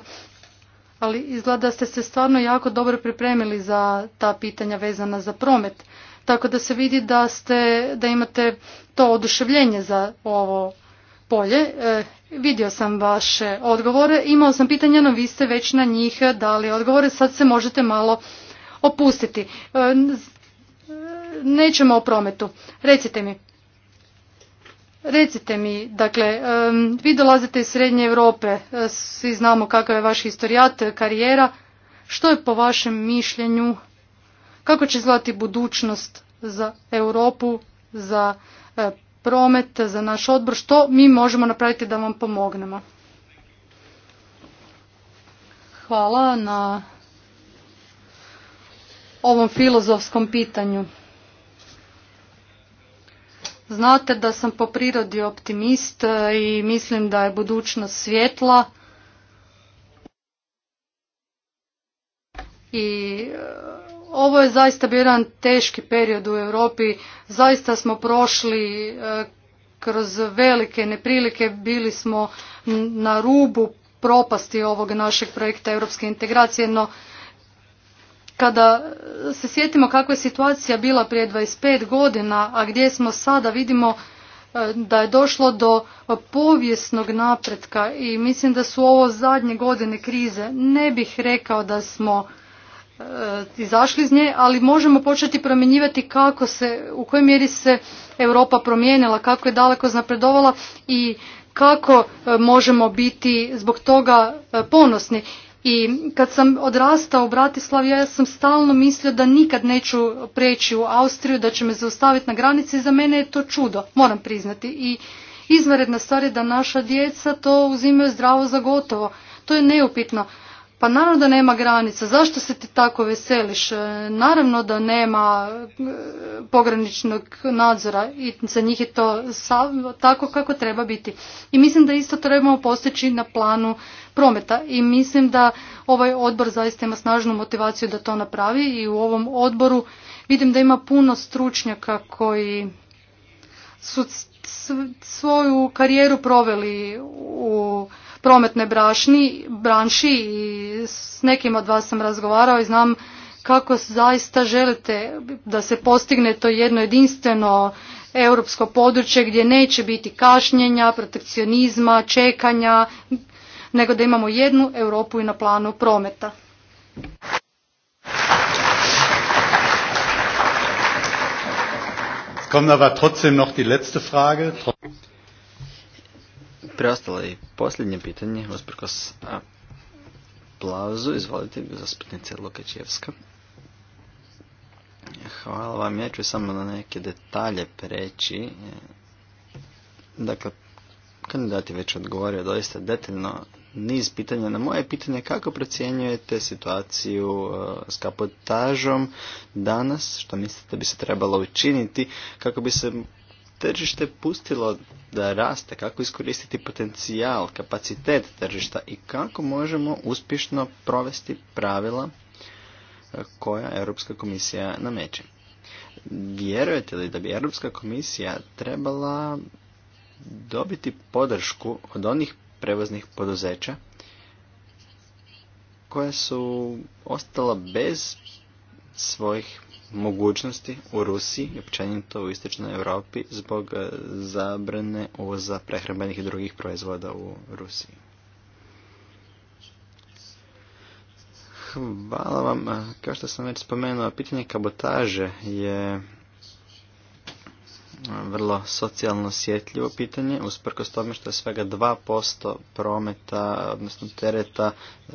ali izgleda da ste se stvarno jako dobro pripremili za ta pitanja vezana za promet, tako da se vidi da, ste, da imate to oduševljenje za ovo polje. E, vidio sam vaše odgovore, imao sam pitanja, no vi ste već na njih dali odgovore, sad se možete malo opustiti. E, e, nećemo o prometu. Recite mi, Recite mi, dakle, vi dolazite iz Srednje Europe, svi znamo kakav je vaš historijat, karijera. Što je po vašem mišljenju, kako će izgledati budućnost za Europu, za promet, za naš odbor, što mi možemo napraviti da vam pomognemo. Hvala na ovom filozofskom pitanju. Znate da sam po prirodi optimist e, i mislim da je budućnost svjetla i e, ovo je zaista bio jedan teški period u Europi. Zaista smo prošli e, kroz velike neprilike, bili smo na rubu propasti ovog našeg projekta europske integracije, no kada se sjetimo kakva je situacija bila prije 25 godina, a gdje smo sada, vidimo e, da je došlo do povijesnog napretka i mislim da su ovo zadnje godine krize. Ne bih rekao da smo E, izašli iz nje, ali možemo početi promjenjivati kako se, u kojoj mjeri se Europa promijenila, kako je daleko znapredovala i kako e, možemo biti zbog toga e, ponosni. I kad sam odrastao u Bratislavi, ja sam stalno mislio da nikad neću preći u Austriju, da će me zaustaviti na granici. Za mene je to čudo, moram priznati. I izvanredna stvar je da naša djeca to uzimaju zdravo za gotovo. To je neupitno. Pa naravno da nema granica. Zašto se ti tako veseliš? E, naravno da nema e, pograničnog nadzora i za njih je to tako kako treba biti. I mislim da isto trebamo postići na planu prometa i mislim da ovaj odbor zaista ima snažnu motivaciju da to napravi i u ovom odboru vidim da ima puno stručnjaka koji su svoju karijeru proveli u prometnoj branši i s nekim od vas sam razgovarao i znam kako zaista želite da se postigne to jedno jedinstveno europsko područje gdje neće biti kašnjenja, protekcionizma, čekanja, nego da imamo jednu Europu i na planu prometa. Kommt aber trotzdem noch die letzte Frage. Preostalo i posljednje pitanje, usprkos aplauzu. Izvolite, zastupnice Lukačevska. Hvala vam. Ja ću samo na neke detalje preći. Dakle, kandidat je već odgovorio doista detaljno niz pitanja. Na moje pitanje kako procjenjujete situaciju e, s kapotažom danas, što mislite da bi se trebalo učiniti kako bi se tržište pustilo da raste, kako iskoristiti potencijal, kapacitet tržišta i kako možemo uspješno provesti pravila e, koja Europska komisija nameće. Vjerujete li da bi Europska komisija trebala dobiti podršku od onih prevoznih poduzeća koja su ostala bez svojih mogućnosti u Rusiji i općenito u istočnoj Europi zbog eh, zabrane uvoza prehrambenih i drugih proizvoda u Rusiji. Hvala vam. Kao što sam već spomenuo, pitanje kabotaže je vrlo socijalno osjetljivo pitanje, usprkos tome što je svega 2% prometa, odnosno tereta eh,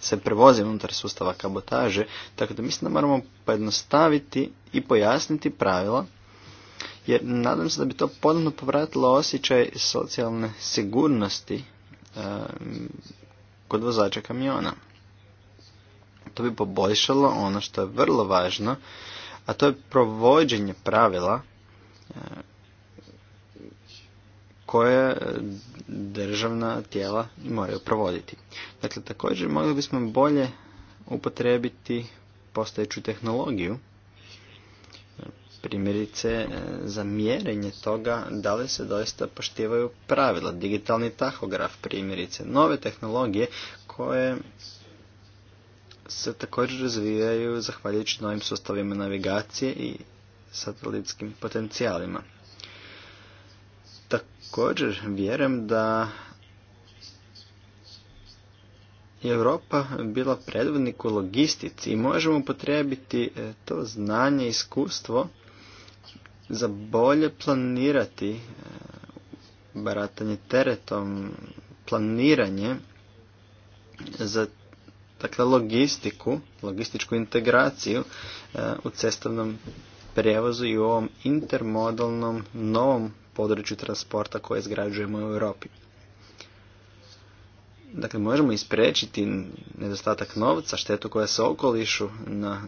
se prevozi unutar sustava kabotaže, tako da mislim da moramo pojednostaviti i pojasniti pravila, jer nadam se da bi to ponovno povratilo osjećaj socijalne sigurnosti e, kod vozača kamiona. To bi poboljšalo ono što je vrlo važno, a to je provođenje pravila eh, koje državna tijela moraju provoditi. Dakle, također mogli bismo bolje upotrebiti postojeću tehnologiju, primjerice e, za mjerenje toga da li se doista poštivaju pravila, digitalni tahograf primjerice, nove tehnologije koje se također razvijaju zahvaljujući novim sustavima navigacije i satelitskim potencijalima. Također vjerujem da je Europa bila predvodnik u logistici i možemo potrebiti e, to znanje i iskustvo za bolje planirati e, baratanje teretom, planiranje za dakle, logistiku, logističku integraciju e, u cestovnom prijevozu i u ovom intermodalnom novom području transporta koje izgrađujemo u Europi. Dakle, možemo isprečiti nedostatak novca, štetu koja se okolišu na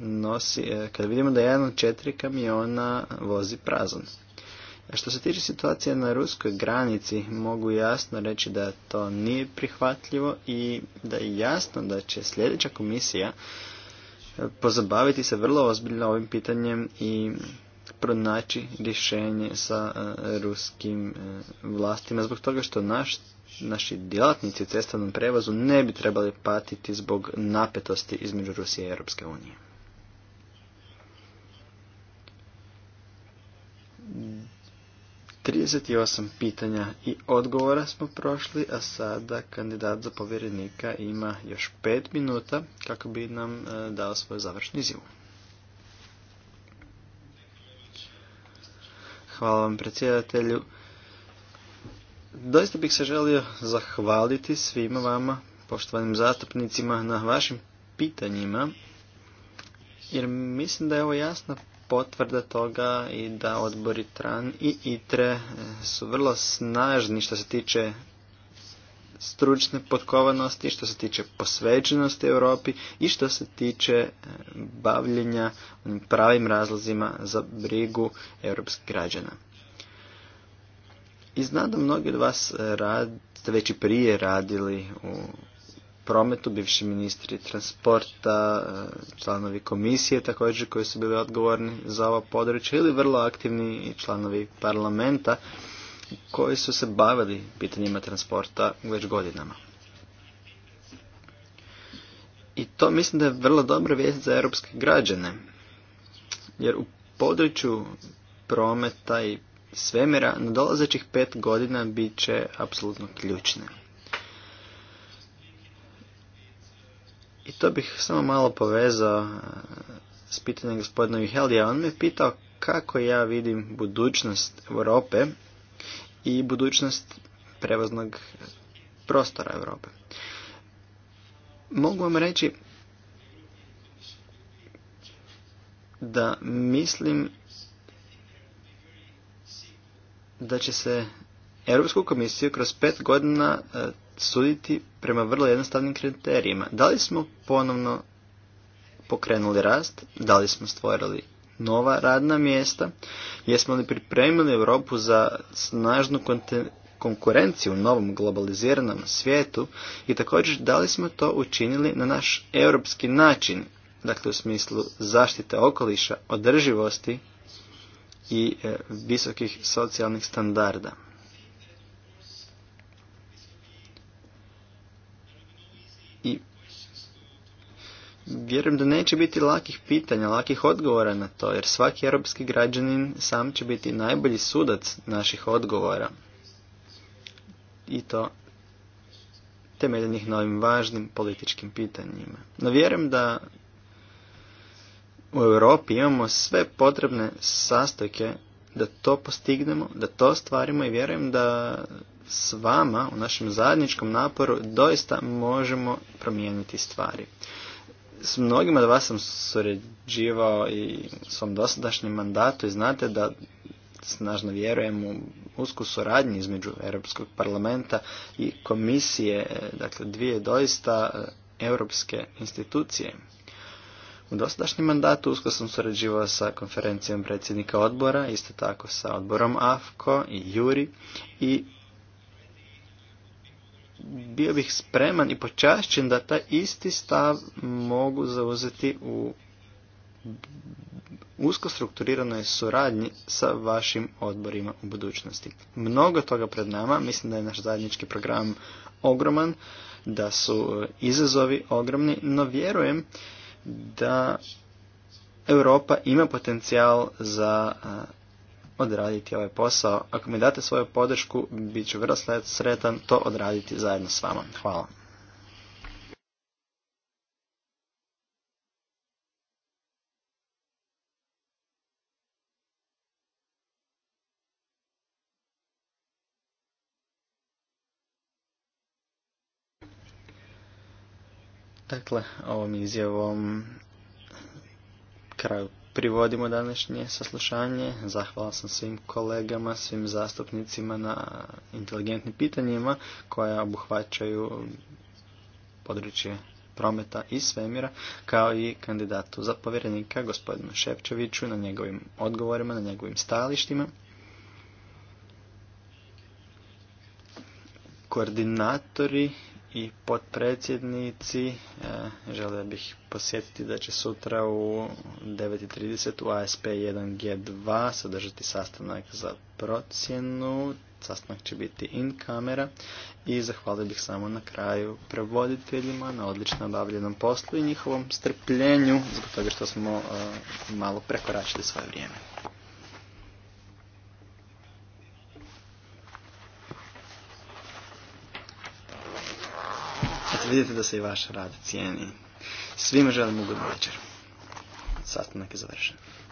nosi, e, kada vidimo da jedan od četiri kamiona vozi prazan. A što se tiče situacije na ruskoj granici, mogu jasno reći da to nije prihvatljivo i da je jasno da će sljedeća komisija pozabaviti se vrlo ozbiljno ovim pitanjem i pronaći rješenje sa e, ruskim e, vlastima zbog toga što naš, naši djelatnici u cestovnom prevozu ne bi trebali patiti zbog napetosti između Rusije i Europske unije. Trideset osam pitanja i odgovora smo prošli, a sada kandidat za povjerenika ima još pet minuta kako bi nam e, dao svoj završni izjavu. Hvala vam predsjedatelju. Doista bih se želio zahvaliti svima vama, poštovanim zastupnicima, na vašim pitanjima, jer mislim da je ovo jasna potvrda toga i da odbori TRAN i ITRE eh, su vrlo snažni što se tiče stručne potkovanosti, što se tiče posvećenosti Europi i što se tiče e, bavljenja pravim razlozima za brigu europskih građana. I znam da mnogi od vas e, ste već i prije radili u prometu, bivši ministri transporta, e, članovi komisije također koji su bili odgovorni za ovo područje ili vrlo aktivni članovi parlamenta koji su se bavili pitanjima transporta već godinama. I to mislim da je vrlo dobra vijest za europske građane, jer u području prometa i svemira na dolazećih pet godina bit će apsolutno ključne. I to bih samo malo povezao eh, s pitanjem gospodina Vihelija. On me pitao kako ja vidim budućnost Europe i budućnost prevoznog prostora Europe. Mogu vam reći da mislim da će se Europsku komisiju kroz pet godina e, suditi prema vrlo jednostavnim kriterijima. Da li smo ponovno pokrenuli rast, da li smo stvorili nova radna mjesta? Jesmo li pripremili Europu za snažnu konkurenciju u novom globaliziranom svijetu i također da li smo to učinili na naš europski način, dakle u smislu zaštite okoliša, održivosti i e, visokih socijalnih standarda. I vjerujem da neće biti lakih pitanja, lakih odgovora na to, jer svaki europski građanin sam će biti najbolji sudac naših odgovora. I to temeljenih na ovim važnim političkim pitanjima. No vjerujem da u Europi imamo sve potrebne sastojke da to postignemo, da to stvarimo i vjerujem da s vama u našem zajedničkom naporu doista možemo promijeniti stvari. S mnogima od vas sam surađivao i u svom dosadašnjem mandatu i znate da snažno vjerujem u usku suradnju između Europskog parlamenta i komisije, dakle dvije doista e, europske institucije. U dosadašnjem mandatu usko sam surađivao sa konferencijom predsjednika odbora, isto tako sa odborom AFKO i Juri i bio bih spreman i počašćen da taj isti stav mogu zauzeti u usko strukturiranoj suradnji sa vašim odborima u budućnosti. Mnogo toga pred nama, mislim da je naš zajednički program ogroman, da su izazovi ogromni, no vjerujem da Europa ima potencijal za odraditi ovaj posao. Ako mi date svoju podršku, bit ću vrlo sretan to odraditi zajedno s vama. Hvala. Dakle, ovom izjavom kraju privodimo današnje saslušanje. Zahvala sam svim kolegama, svim zastupnicima na inteligentnim pitanjima koja obuhvaćaju područje prometa i svemira, kao i kandidatu za povjerenika, gospodinu Šepčeviću, na njegovim odgovorima, na njegovim stajalištima. Koordinatori i potpredsjednici. Eh, želio bih posjetiti da će sutra u 9.30 u ASP 1G2 sadržati sastanak za procjenu. Sastanak će biti in kamera i zahvalio bih samo na kraju prevoditeljima na odlično obavljenom poslu i njihovom strpljenju zbog toga što smo eh, malo prekoračili svoje vrijeme. Vidite da se i vaš rad cijeni. Svima želim ugodnu večer. Sastanak je završen.